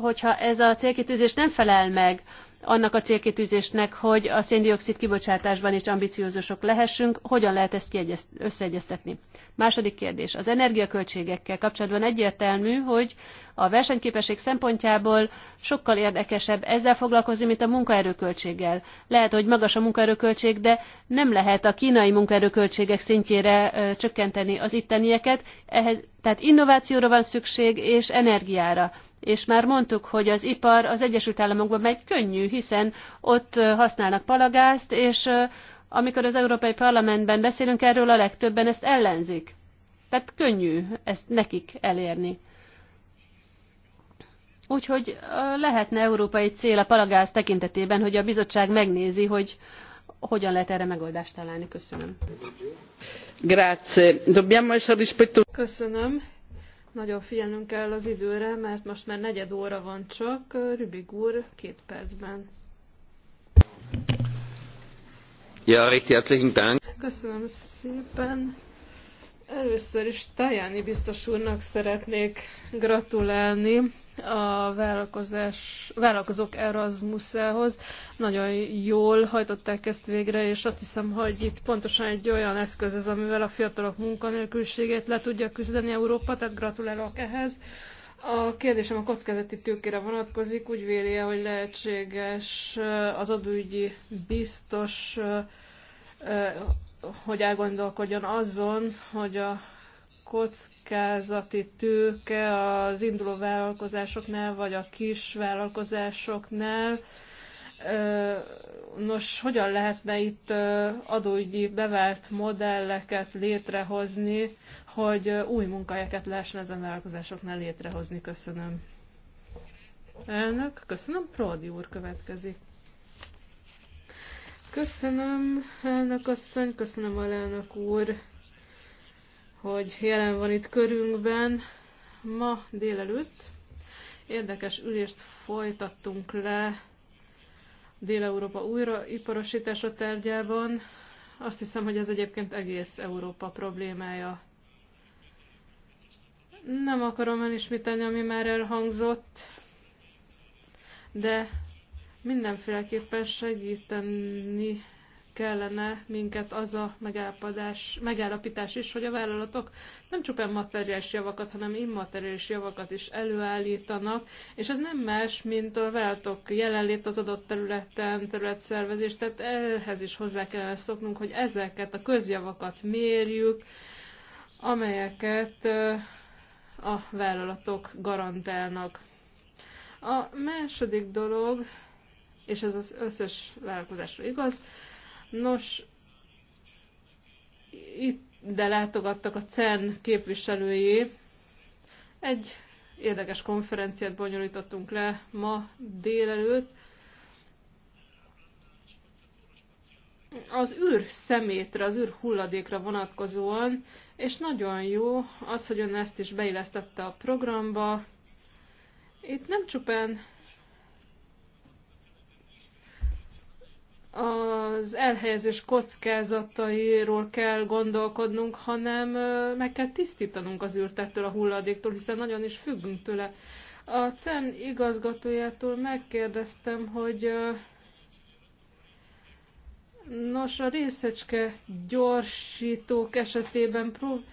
hogyha ez a célkitűzés nem felel meg annak a célkitűzésnek, hogy a széndiokszid kibocsátásban is ambiciózusok lehessünk, hogyan lehet ezt összeegyeztetni? Második kérdés. Az energiaköltségekkel kapcsolatban egyértelmű, hogy a versenyképesség szempontjából sokkal érdekesebb ezzel foglalkozni, mint a munkaerőköltséggel. Lehet, hogy magas a munkaerőköltség, de nem lehet a kínai munkaerőköltségek szintjére csökkenteni az ittenieket. Ehhez, tehát innovációra van szükség, és energiára. És már mondtuk, hogy az ipar az Egyesült Államokban megy könnyű, hiszen ott használnak palagázt, és amikor az Európai Parlamentben beszélünk erről, a legtöbben ezt ellenzik. Tehát könnyű ezt nekik elérni. Úgyhogy lehetne európai cél a palagáz tekintetében, hogy a bizottság megnézi, hogy hogyan lehet erre megoldást találni. Köszönöm. Grazie. Dobbiamo essere rispetto... Köszönöm. Nagyon figyelnünk kell az időre, mert most már negyed óra van csak. Rübig úr, két percben. Ja, recht herzlichen Dank. Köszönöm szépen. Először is Tajani biztos úrnak szeretnék gratulálni a vállalkozás, vállalkozók hoz Nagyon jól hajtották ezt végre, és azt hiszem, hogy itt pontosan egy olyan eszköz ez, amivel a fiatalok munkanélküliségét le tudja küzdeni Európa, tehát gratulálok ehhez. A kérdésem a kockázati tőkére vonatkozik, úgy vélje, hogy lehetséges eh, az adóügyi biztos, eh, eh, hogy elgondolkodjon azon, hogy a kockázati tőke az induló vállalkozásoknál, vagy a kis vállalkozásoknál. Nos, hogyan lehetne itt adóügyi bevált modelleket létrehozni, hogy új munkahelyeket lehessen ezen vállalkozásoknál létrehozni? Köszönöm. Elnök, köszönöm. Pródi úr következik. Köszönöm, elnök asszony, köszönöm, alelnök úr hogy jelen van itt körünkben ma délelőtt. Érdekes ülést folytattunk le Dél-Európa újraiparosítása tárgyában. Azt hiszem, hogy ez egyébként egész Európa problémája. Nem akarom elismételni, ami már elhangzott, de mindenféleképpen segíteni kellene minket az a megállapodás, megállapítás is, hogy a vállalatok nem csupán materiális javakat, hanem immateriális javakat is előállítanak, és ez nem más, mint a vállalatok jelenlét az adott területen, területszervezés, tehát ehhez is hozzá kellene szoknunk, hogy ezeket a közjavakat mérjük, amelyeket a vállalatok garantálnak. A második dolog, és ez az összes vállalkozásra igaz, Nos, itt de látogattak a CEN képviselői. Egy érdekes konferenciát bonyolítottunk le ma délelőtt. Az űr szemétre, az űr hulladékra vonatkozóan, és nagyon jó az, hogy ön ezt is beillesztette a programba. Itt nem csupán az elhelyezés kockázatairól kell gondolkodnunk, hanem meg kell tisztítanunk az űrt ettől a hulladéktól, hiszen nagyon is függünk tőle. A CEN igazgatójától megkérdeztem, hogy nos, a részecske gyorsítók esetében prób-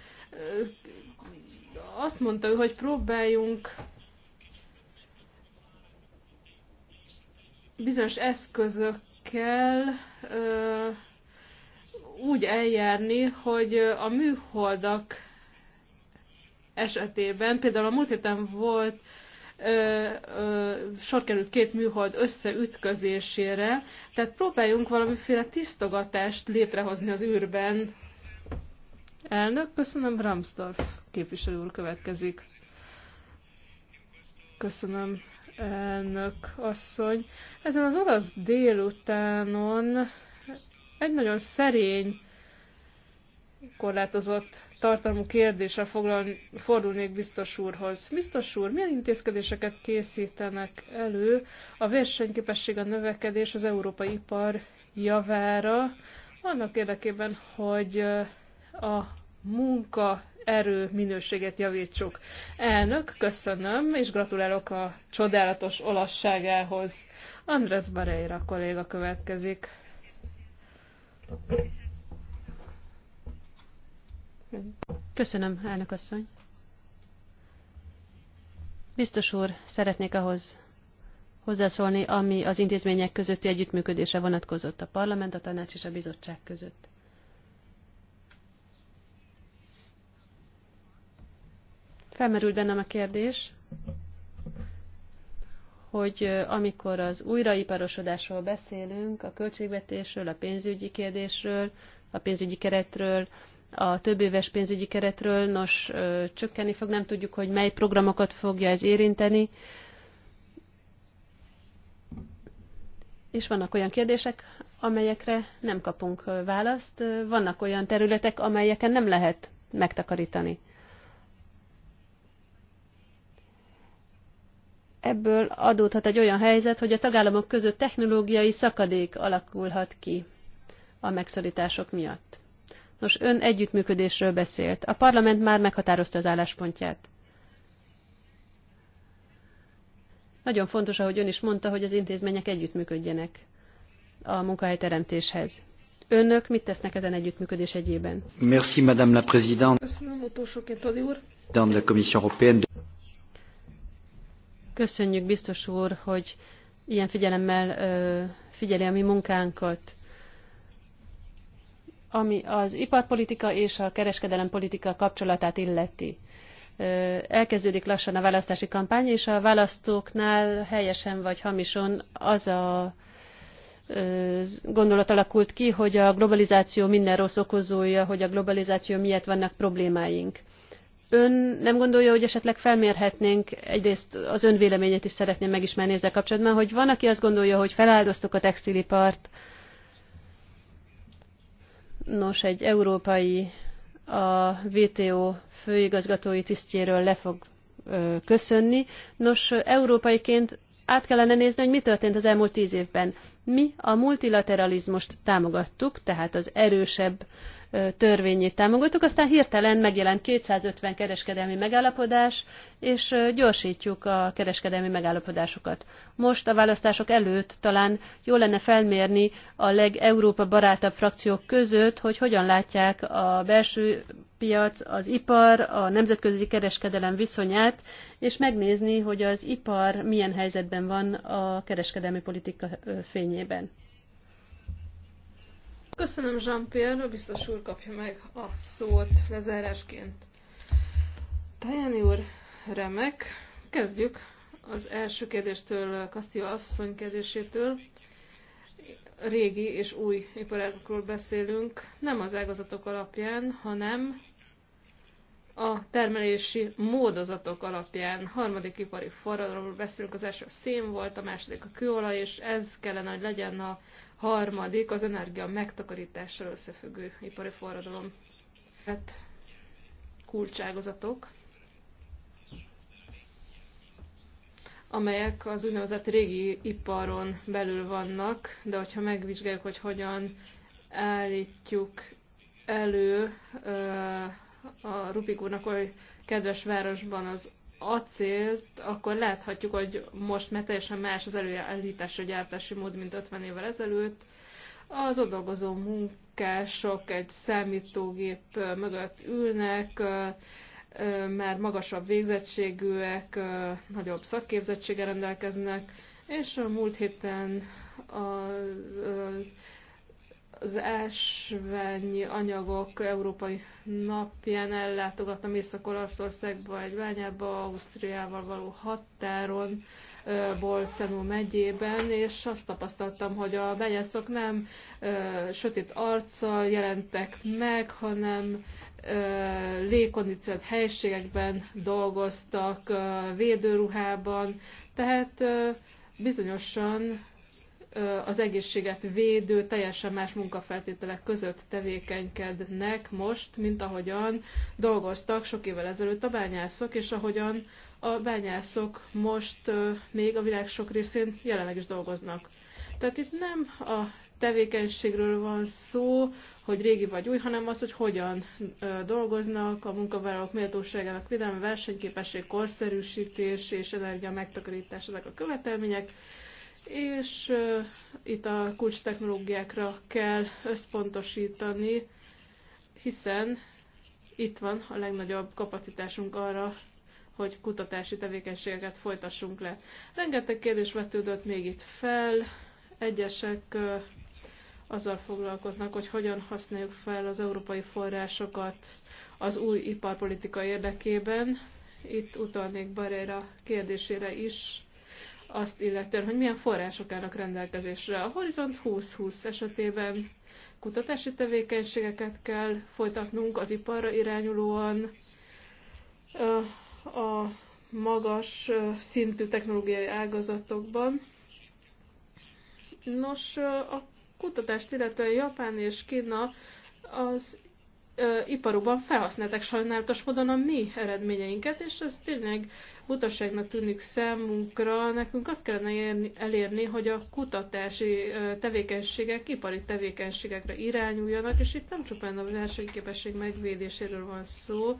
azt mondta ő, hogy próbáljunk bizonyos eszközök kell ö, úgy eljárni, hogy a műholdak esetében, például a múlt héten volt ö, ö, sor került két műhold összeütközésére, tehát próbáljunk valamiféle tisztogatást létrehozni az űrben. Elnök, köszönöm, Ramsdorf képviselő úr következik. Köszönöm, elnök asszony. Ezen az olasz délutánon egy nagyon szerény, korlátozott tartalmú kérdésre foglal, fordulnék biztos úrhoz. Biztos úr, milyen intézkedéseket készítenek elő a versenyképesség, a növekedés az európai ipar javára, annak érdekében, hogy a munka erő minőséget javítsuk. Elnök, köszönöm, és gratulálok a csodálatos olasságához. Andrés Barreira kolléga következik. Köszönöm, elnök asszony. Biztos úr, szeretnék ahhoz hozzászólni, ami az intézmények közötti együttműködésre vonatkozott a parlament, a tanács és a bizottság között. Felmerült bennem a kérdés, hogy amikor az újraiparosodásról beszélünk, a költségvetésről, a pénzügyi kérdésről, a pénzügyi keretről, a több éves pénzügyi keretről, nos, csökkenni fog, nem tudjuk, hogy mely programokat fogja ez érinteni. És vannak olyan kérdések, amelyekre nem kapunk választ, vannak olyan területek, amelyeken nem lehet megtakarítani. ebből adódhat egy olyan helyzet, hogy a tagállamok között technológiai szakadék alakulhat ki a megszorítások miatt. Nos, ön együttműködésről beszélt. A parlament már meghatározta az álláspontját. Nagyon fontos, ahogy ön is mondta, hogy az intézmények együttműködjenek a munkahelyteremtéshez. Önök mit tesznek ezen együttműködés egyében? Merci, Madame la Présidente. Köszönöm, utolsóként, úr. Madame la Commission européenne. Köszönjük biztos úr, hogy ilyen figyelemmel figyeli a mi munkánkat. Ami az iparpolitika és a kereskedelempolitika kapcsolatát illeti. Elkezdődik lassan a választási kampány, és a választóknál helyesen vagy hamison az a gondolat alakult ki, hogy a globalizáció minden rossz okozója, hogy a globalizáció miatt vannak problémáink. Ön nem gondolja, hogy esetleg felmérhetnénk, egyrészt az ön véleményét is szeretném megismerni ezzel kapcsolatban, hogy van, aki azt gondolja, hogy feláldoztuk a textilipart, nos, egy európai a WTO főigazgatói tisztjéről le fog ö, köszönni. Nos, európaiként át kellene nézni, hogy mi történt az elmúlt tíz évben. Mi a multilateralizmust támogattuk, tehát az erősebb törvényét támogattuk, aztán hirtelen megjelent 250 kereskedelmi megállapodás, és gyorsítjuk a kereskedelmi megállapodásokat. Most a választások előtt talán jó lenne felmérni a legeurópa barátabb frakciók között, hogy hogyan látják a belső piac, az ipar, a nemzetközi kereskedelem viszonyát, és megnézni, hogy az ipar milyen helyzetben van a kereskedelmi politika fényében. Köszönöm, Jean-Pierre, biztos úr kapja meg a szót lezárásként. Tajani úr, remek. Kezdjük az első kérdéstől, Kastia asszony kérdésétől. Régi és új iparágokról beszélünk, nem az ágazatok alapján, hanem a termelési módozatok alapján. Harmadik ipari forradalomról beszélünk, az első a szén volt, a második a kőolaj, és ez kellene, hogy legyen a harmadik az energia megtakarítással összefüggő ipari forradalom. Hát kulcságazatok, amelyek az úgynevezett régi iparon belül vannak, de hogyha megvizsgáljuk, hogy hogyan állítjuk elő a Rubik úrnak, hogy kedves városban az acélt, akkor láthatjuk, hogy most már teljesen más az előállítási gyártási mód, mint 50 évvel ezelőtt. Az ott dolgozó munkások egy számítógép mögött ülnek, már magasabb végzettségűek, nagyobb szakképzettsége rendelkeznek, és a múlt héten a az ásványi anyagok európai napján ellátogattam Észak-Olaszországba egy bányába, Ausztriával való határon, Bolcenó megyében, és azt tapasztaltam, hogy a benyászok nem ö, sötét arccal jelentek meg, hanem légkondicionált helységekben dolgoztak, ö, védőruhában, tehát ö, bizonyosan az egészséget védő, teljesen más munkafeltételek között tevékenykednek most, mint ahogyan dolgoztak sok évvel ezelőtt a bányászok, és ahogyan a bányászok most még a világ sok részén jelenleg is dolgoznak. Tehát itt nem a tevékenységről van szó, hogy régi vagy új, hanem az, hogy hogyan dolgoznak, a munkavállalók méltóságának védelme, versenyképesség, korszerűsítés és energia megtakarítás, ezek a követelmények és itt a kulcs technológiákra kell összpontosítani, hiszen itt van a legnagyobb kapacitásunk arra, hogy kutatási tevékenységeket folytassunk le. Rengeteg kérdés vetődött még itt fel, egyesek azzal foglalkoznak, hogy hogyan használjuk fel az európai forrásokat az új iparpolitika érdekében. Itt utalnék Barrera kérdésére is, azt illetően, hogy milyen források állnak rendelkezésre. A Horizont 2020 esetében kutatási tevékenységeket kell folytatnunk az iparra irányulóan, a magas szintű technológiai ágazatokban. Nos, a kutatást illetően Japán és Kína az iparokban felhasználtak sajnálatos módon a mi eredményeinket, és ez tényleg butaságnak tűnik számunkra, nekünk azt kellene érni, elérni, hogy a kutatási tevékenységek ipari tevékenységekre irányuljanak, és itt nem csupán a versenyképesség megvédéséről van szó,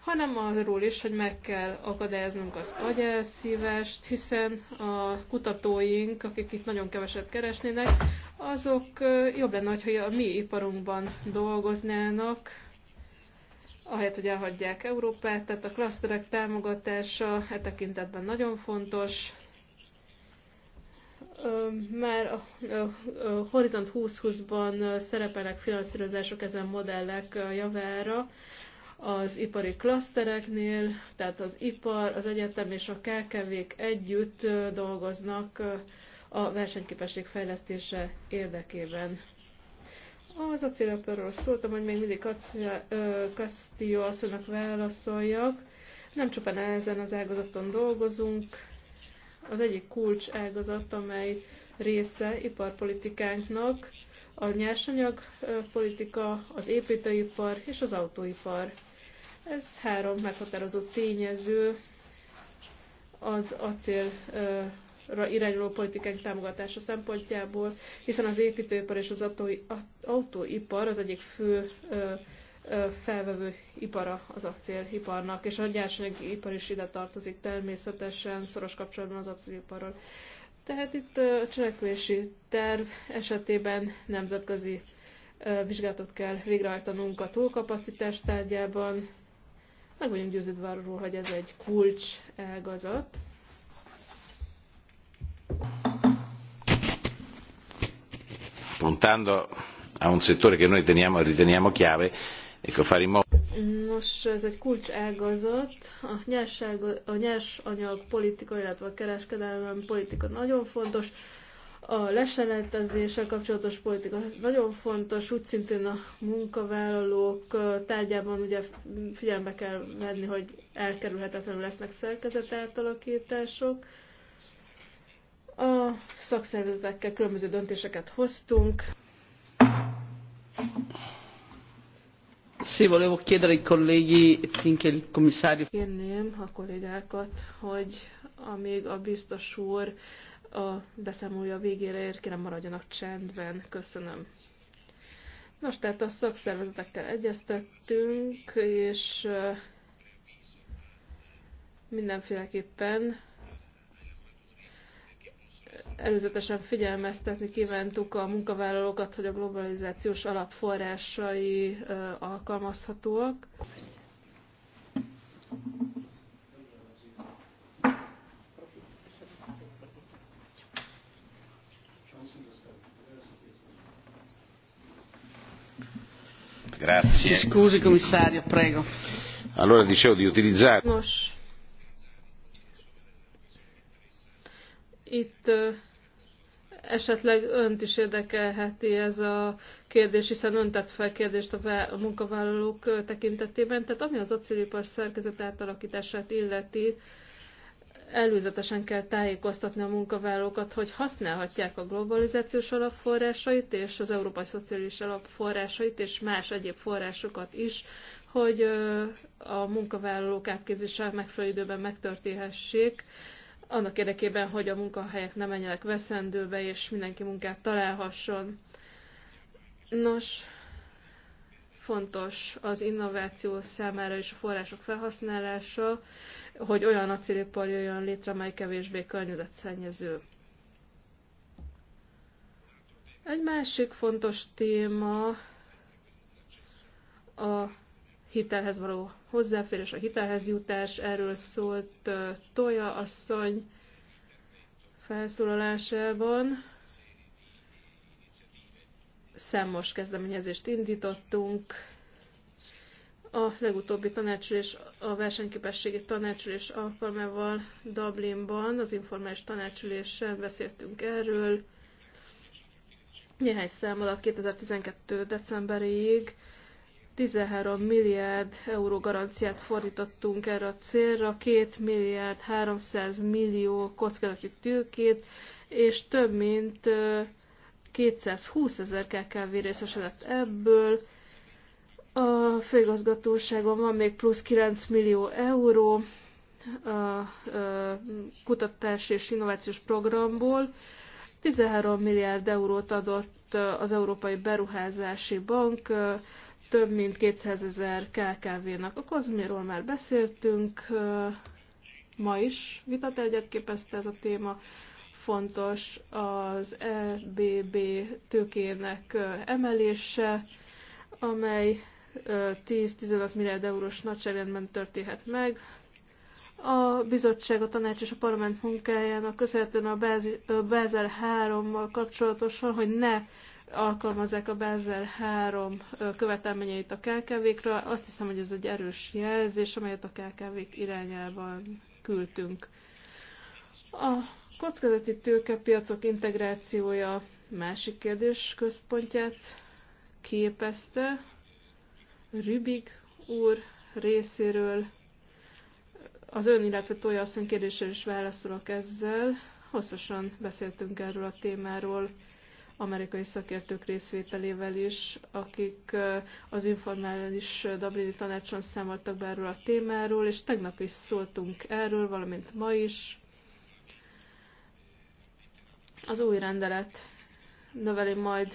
hanem arról is, hogy meg kell akadályoznunk az agyelszívást, hiszen a kutatóink, akik itt nagyon keveset keresnének, azok jobb lenne, hogyha a mi iparunkban dolgoznának, ahelyett, hogy elhagyják Európát, tehát a klaszterek támogatása e tekintetben nagyon fontos. Már a Horizont 2020-ban szerepelnek finanszírozások ezen modellek javára az ipari klasztereknél, tehát az ipar, az egyetem és a kkv együtt dolgoznak a versenyképesség fejlesztése érdekében. Az acélapörről szóltam, hogy még mindig Castillo asszonynak válaszoljak. Nem csupán ezen az ágazaton dolgozunk. Az egyik kulcs ágazat, amely része iparpolitikánknak a nyersanyagpolitika, az építőipar és az autóipar. Ez három meghatározott tényező az acél irányuló politikánk támogatása szempontjából, hiszen az építőipar és az autóipar az egyik fő felvevő ipara az acéliparnak, és a ipar is ide tartozik természetesen, szoros kapcsolatban az acéliparral. Tehát itt a cselekvési terv esetében nemzetközi vizsgálatot kell végrehajtanunk a túlkapacitás tárgyában. Meg vagyunk győződve arról, hogy ez egy kulcs elgazat. puntando a un settore che noi teniamo, riteniamo chiave, ecco fare in modo... Nos, ez egy ágazat. A, nyerság, a nyersanyag politika, illetve a kereskedelem politika nagyon fontos. A leseletezéssel kapcsolatos politika nagyon fontos, úgy szintén a munkavállalók tárgyában ugye figyelembe kell venni, hogy elkerülhetetlenül lesznek szerkezetátalakítások. átalakítások a szakszervezetekkel különböző döntéseket hoztunk. Sí, volevo chiedere ai colleghi, finché il commissario... Kérném a kollégákat, hogy amíg a biztos úr a beszámolja végére ér, kérem maradjanak csendben. Köszönöm. Nos, tehát a szakszervezetekkel egyeztettünk, és mindenféleképpen előzetesen figyelmeztetni kívántuk a munkavállalókat, hogy a globalizációs alapforrásai alkalmazhatóak. Grazie. Scusi commissario, prego. Allora dicevo di utilizzare. Nos, Itt esetleg önt is érdekelheti ez a kérdés, hiszen ön tett fel kérdést a, munkavállalók tekintetében. Tehát ami az acélipar szerkezet átalakítását illeti, előzetesen kell tájékoztatni a munkavállalókat, hogy használhatják a globalizációs alapforrásait és az Európai Szociális Alapforrásait és más egyéb forrásokat is, hogy a munkavállalók átképzéssel megfelelő időben megtörténhessék annak érdekében, hogy a munkahelyek ne menjenek veszendőbe, és mindenki munkát találhasson. Nos, fontos az innováció számára és a források felhasználása, hogy olyan acélipar jöjjön létre, amely kevésbé környezetszennyező. Egy másik fontos téma a hitelhez való hozzáférés, a hitelhez jutás, erről szólt Tolja asszony felszólalásában. Számos kezdeményezést indítottunk. A legutóbbi tanácsülés, a versenyképességi tanácsülés alkalmával Dublinban, az informális tanácsülésen beszéltünk erről. Néhány alatt 2012. decemberéig 13 milliárd euró garanciát fordítottunk erre a célra, 2 milliárd 300 millió kockázati tőkét, és több mint 220 ezer KKV részesedett ebből. A főigazgatóságon van még plusz 9 millió euró a kutatás és innovációs programból. 13 milliárd eurót adott az Európai Beruházási Bank, több mint 200 ezer KKV-nak. A Kozmiról már beszéltünk, ma is vitategyet képezte ez a téma. Fontos az EBB tőkének emelése, amely 10-15 milliárd eurós nagyságrendben történhet meg. A bizottság, a tanács és a parlament munkájának köszönhetően a Bázel 3-mal kapcsolatosan, hogy ne alkalmazzák a Bázel 3 követelményeit a kkv kről Azt hiszem, hogy ez egy erős jelzés, amelyet a KKV-k irányában küldtünk. A kockázati tőkepiacok integrációja másik kérdés központját képezte. Rübig úr részéről az ön, illetve Tója asszony kérdésére is válaszolok ezzel. Hosszasan beszéltünk erről a témáról amerikai szakértők részvételével is, akik az informális Dublini tanácson számoltak be erről a témáról, és tegnap is szóltunk erről, valamint ma is. Az új rendelet növeli majd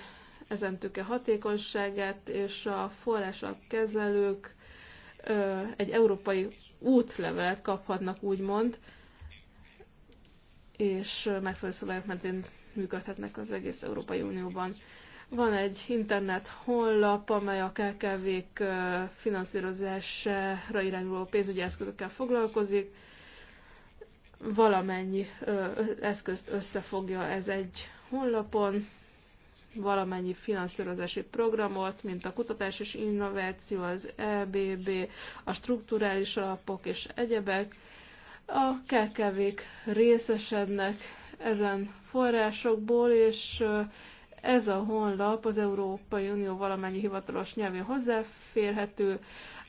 ezen tüke hatékonyságát, és a források kezelők egy európai útlevelet kaphatnak, úgymond, és megfelelő szabályok mentén működhetnek az egész Európai Unióban. Van egy internet honlap, amely a KKV-k finanszírozására irányuló pénzügyi eszközökkel foglalkozik. Valamennyi eszközt összefogja ez egy honlapon, valamennyi finanszírozási programot, mint a kutatás és innováció, az EBB, a strukturális alapok és egyebek. A KKV-k részesednek ezen forrásokból, és ez a honlap az Európai Unió valamennyi hivatalos nyelvén hozzáférhető.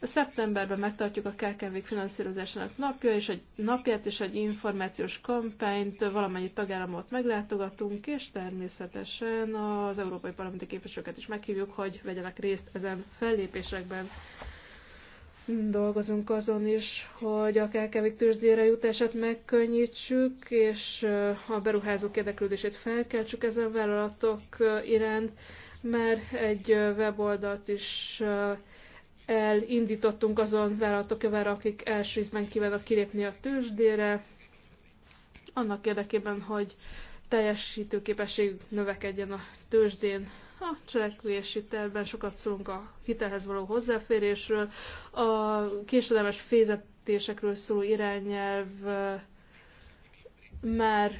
Szeptemberben megtartjuk a kkv finanszírozásának napja és egy napját, és egy információs kampányt valamennyi tagállamot meglátogatunk, és természetesen az Európai Parlamenti képviselőket is meghívjuk, hogy vegyenek részt ezen fellépésekben dolgozunk azon is, hogy a kkv tőzsdére jutását megkönnyítsük, és eh, a beruházók érdeklődését felkeltsük ezen vállalatok eh, iránt. mert egy eh, weboldalt is elindítottunk azon vállalatok javára, akik első ízben kívánnak kilépni a tőzsdére, annak érdekében, hogy teljesítőképességük növekedjen a tőzsdén a cselekvési tervben sokat szólunk a hitelhez való hozzáférésről, a késedelmes fézetésekről szóló irányelv már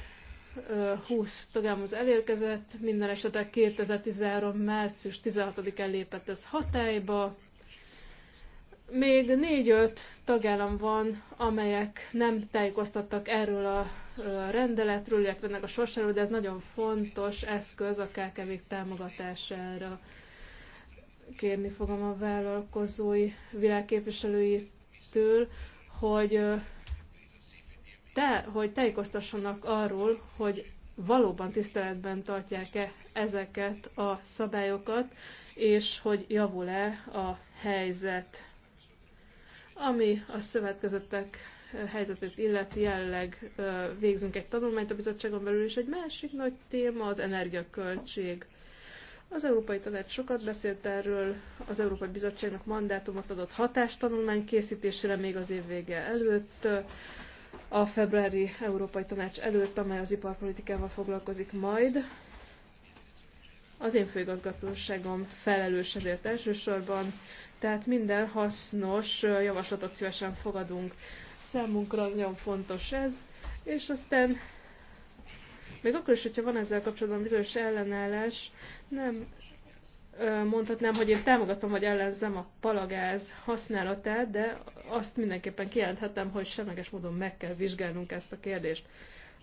20 tagámhoz elérkezett, minden esetek 2013. március 16-án lépett ez hatályba. Még 4-5 tagállam van, amelyek nem tájékoztattak erről a rendeletről, illetve ennek a sorsáról, de ez nagyon fontos eszköz a kkv támogatására. Kérni fogom a vállalkozói világképviselőitől, hogy, te, hogy tájékoztassanak arról, hogy valóban tiszteletben tartják-e ezeket a szabályokat, és hogy javul-e a helyzet. Ami a szövetkezetek helyzetet illeti, jelleg végzünk egy tanulmányt a bizottságon belül, és egy másik nagy téma az energiaköltség. Az Európai Tanács sokat beszélt erről, az Európai Bizottságnak mandátumot adott hatástanulmány készítésére még az év vége előtt, a februári Európai Tanács előtt, amely az iparpolitikával foglalkozik majd. Az én főigazgatóságom felelős ezért elsősorban, tehát minden hasznos javaslatot szívesen fogadunk. Számunkra nagyon fontos ez, és aztán még akkor is, hogyha van ezzel kapcsolatban bizonyos ellenállás, nem mondhatnám, hogy én támogatom vagy ellenzem a palagáz használatát, de azt mindenképpen kijelenthetem, hogy semleges módon meg kell vizsgálnunk ezt a kérdést.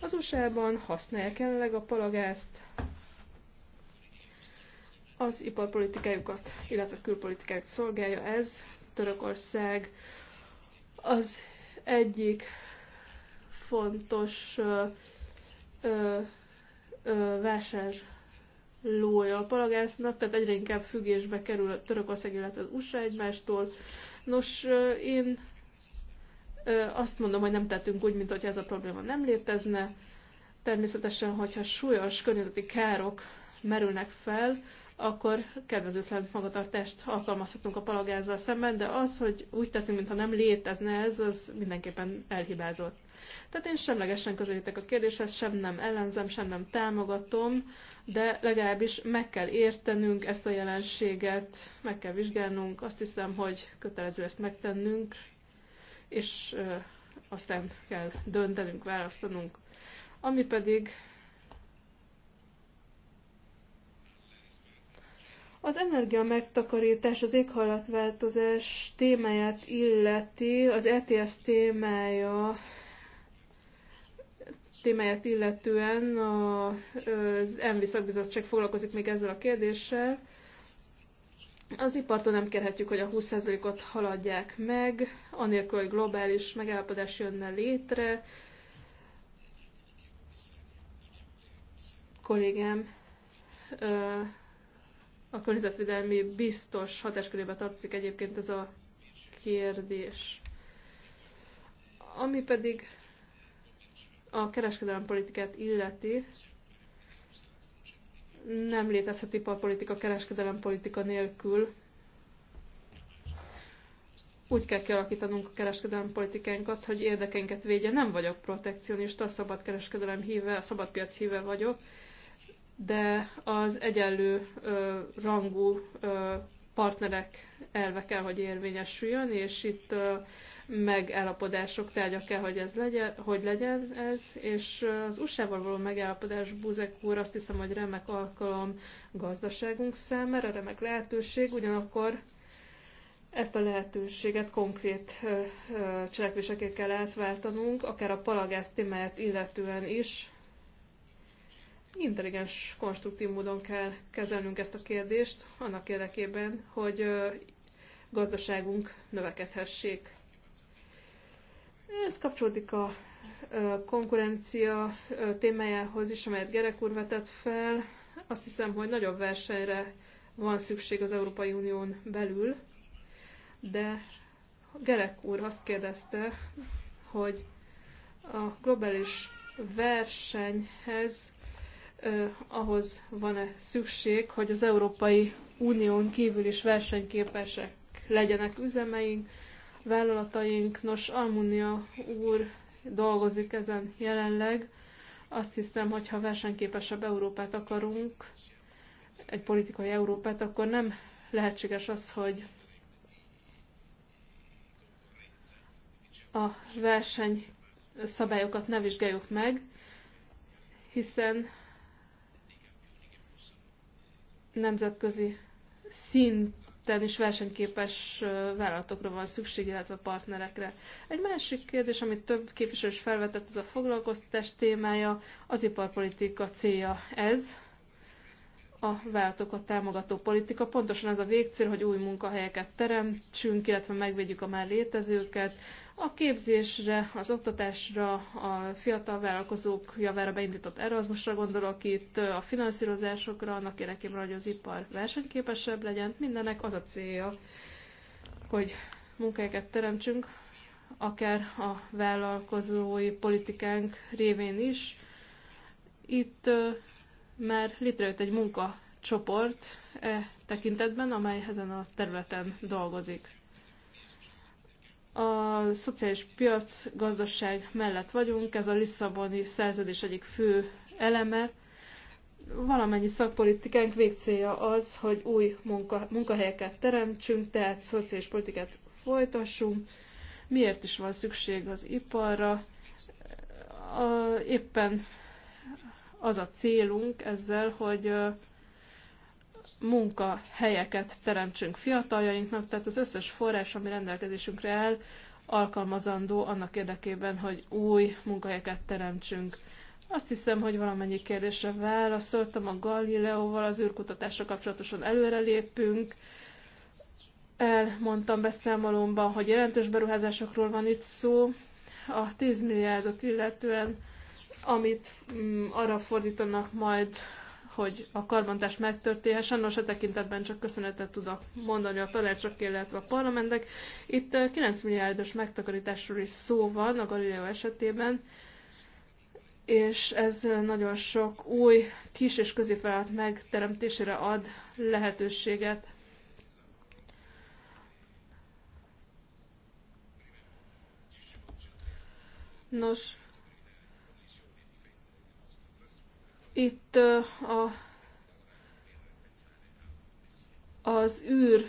Az USA-ban használják jelenleg a palagázt, az iparpolitikájukat, illetve külpolitikájukat szolgálja ez. Törökország az egyik fontos ö, ö, ö, vásárlója a palagásznak, tehát egyre inkább függésbe kerül a Törökország, illetve az USA egymástól. Nos, ö, én ö, azt mondom, hogy nem tettünk úgy, mint hogy ez a probléma nem létezne. Természetesen, hogyha súlyos környezeti károk merülnek fel, akkor kedvezőtlen magatartást alkalmazhatunk a palagázzal szemben, de az, hogy úgy teszünk, mintha nem létezne ez, az mindenképpen elhibázott. Tehát én semlegesen közelítek a kérdéshez, sem nem ellenzem, sem nem támogatom, de legalábbis meg kell értenünk ezt a jelenséget, meg kell vizsgálnunk, azt hiszem, hogy kötelező ezt megtennünk, és aztán kell döntenünk, választanunk. Ami pedig Az energia megtakarítás az éghajlatváltozás témáját illeti, az ETS témája témáját illetően az ENVI szakbizottság foglalkozik még ezzel a kérdéssel. Az ipartól nem kérhetjük, hogy a 20%-ot haladják meg, anélkül, hogy globális megállapodás jönne létre. Kollégám a környezetvédelmi biztos hatáskörébe tartozik egyébként ez a kérdés. Ami pedig a kereskedelem politikát illeti, nem létezhet iparpolitika, kereskedelem politika nélkül. Úgy kell kialakítanunk a kereskedelem politikánkat, hogy érdekeinket védje. Nem vagyok protekcionista, a szabad kereskedelem híve, a szabad piac híve vagyok, de az egyenlő ö, rangú ö, partnerek elve kell, hogy érvényesüljön, és itt ö, megállapodások tárgya kell, hogy, ez legyen, hogy legyen ez, és az USA-val való megállapodás Buzek úr azt hiszem, hogy remek alkalom gazdaságunk számára, remek lehetőség, ugyanakkor ezt a lehetőséget konkrét cselekvésekkel kell átváltanunk, akár a palagász témáját illetően is, intelligens, konstruktív módon kell kezelnünk ezt a kérdést, annak érdekében, hogy gazdaságunk növekedhessék. Ez kapcsolódik a konkurencia témájához is, amelyet Gerek úr vetett fel. Azt hiszem, hogy nagyobb versenyre van szükség az Európai Unión belül, de Gerek úr azt kérdezte, hogy a globális versenyhez ahhoz van-e szükség, hogy az Európai Unión kívül is versenyképesek legyenek üzemeink, vállalataink. Nos, Almunia úr dolgozik ezen jelenleg. Azt hiszem, hogy ha versenyképesebb Európát akarunk, egy politikai Európát, akkor nem lehetséges az, hogy a verseny szabályokat ne vizsgáljuk meg, hiszen nemzetközi szinten is versenyképes vállalatokra van szükség, illetve partnerekre. Egy másik kérdés, amit több képviselő is felvetett, ez a foglalkoztatás témája, az iparpolitika célja ez, a váltokat támogató politika. Pontosan ez a végcél, hogy új munkahelyeket teremtsünk, illetve megvédjük a már létezőket. A képzésre, az oktatásra, a fiatal vállalkozók javára beindított Erasmusra gondolok itt, a finanszírozásokra, annak érdekében, hogy az ipar versenyképesebb legyen, mindennek az a célja, hogy munkahelyeket teremtsünk, akár a vállalkozói politikánk révén is. Itt mert létrejött egy munkacsoport e tekintetben, amely ezen a területen dolgozik. A szociális piac gazdaság mellett vagyunk, ez a Lisszaboni szerződés egyik fő eleme. Valamennyi szakpolitikánk végcélja az, hogy új munka, munkahelyeket teremtsünk, tehát szociális politikát folytassunk. Miért is van szükség az iparra? A, éppen az a célunk ezzel, hogy munkahelyeket teremtsünk fiataljainknak, tehát az összes forrás, ami rendelkezésünkre áll, alkalmazandó annak érdekében, hogy új munkahelyeket teremtsünk. Azt hiszem, hogy valamennyi kérdésre válaszoltam. A Galileóval az űrkutatásra kapcsolatosan előrelépünk. Elmondtam beszámolomban, hogy jelentős beruházásokról van itt szó. A 10 milliárdot illetően amit mm, arra fordítanak majd, hogy a karbantás megtörténhessen. Nos, a tekintetben csak köszönetet tudok mondani a tanácsok, illetve a parlamentek. Itt 9 milliárdos megtakarításról is szó van a Galileo esetében, és ez nagyon sok új kis és középvállalat megteremtésére ad lehetőséget. Nos, Itt a az űr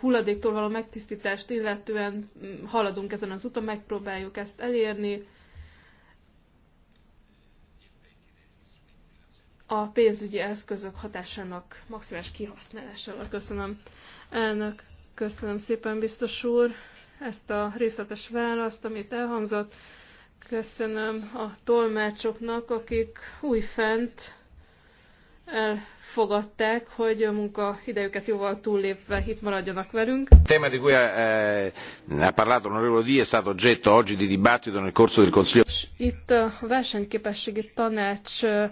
hulladéktól való megtisztítást illetően haladunk ezen az úton, megpróbáljuk ezt elérni. A pénzügyi eszközök hatásának maximális kihasználásával. Köszönöm. Elnök, köszönöm szépen, biztos úr, ezt a részletes választ, amit elhangzott. Köszönöm a tolmácsoknak, akik újfent elfogadták, hogy a munka idejüket jóval túllépve itt maradjanak velünk. Il tema di cui eh, ha parlato l'onorevole Di è stato oggetto oggi di dibattito nel corso del Consiglio. Itt a versenyképességi tanács eh,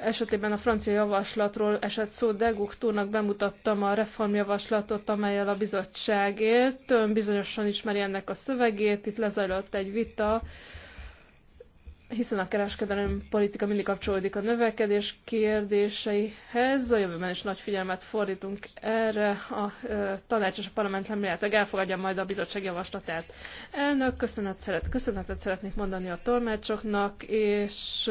esetében a francia javaslatról esett szó, de Guktónak bemutattam a reformjavaslatot, amelyel a bizottság élt. Ön bizonyosan ismeri ennek a szövegét, itt lezajlott egy vita, hiszen a kereskedelem politika mindig kapcsolódik a növekedés kérdéseihez. A jövőben is nagy figyelmet fordítunk erre. A ö, tanács és a parlament remélhetőleg elfogadja majd a bizottság javaslatát. Elnök, köszönet szeret, köszönetet szeretnék mondani a tolmácsoknak, és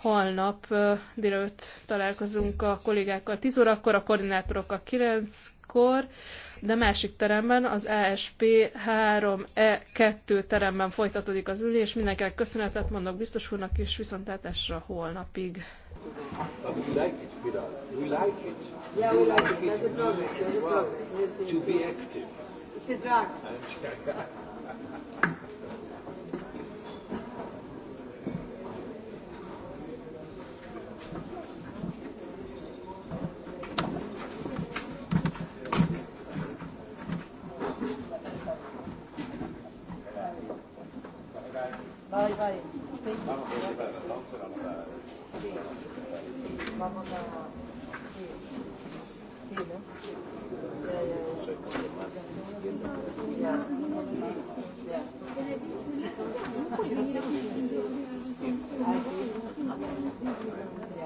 holnap délelőtt találkozunk a kollégákkal 10 órakor, a koordinátorokkal 9-kor, de másik teremben, az ASP 3E2 teremben folytatódik az ülés. Mindenkinek köszönetet mondok biztos úrnak, is, viszontlátásra holnapig. We like Vai, vai. Vamos vedere la danza e la Sì, sì, vamos a... Sì, sì, no? Yeah, yeah, yeah. Yeah. Yeah.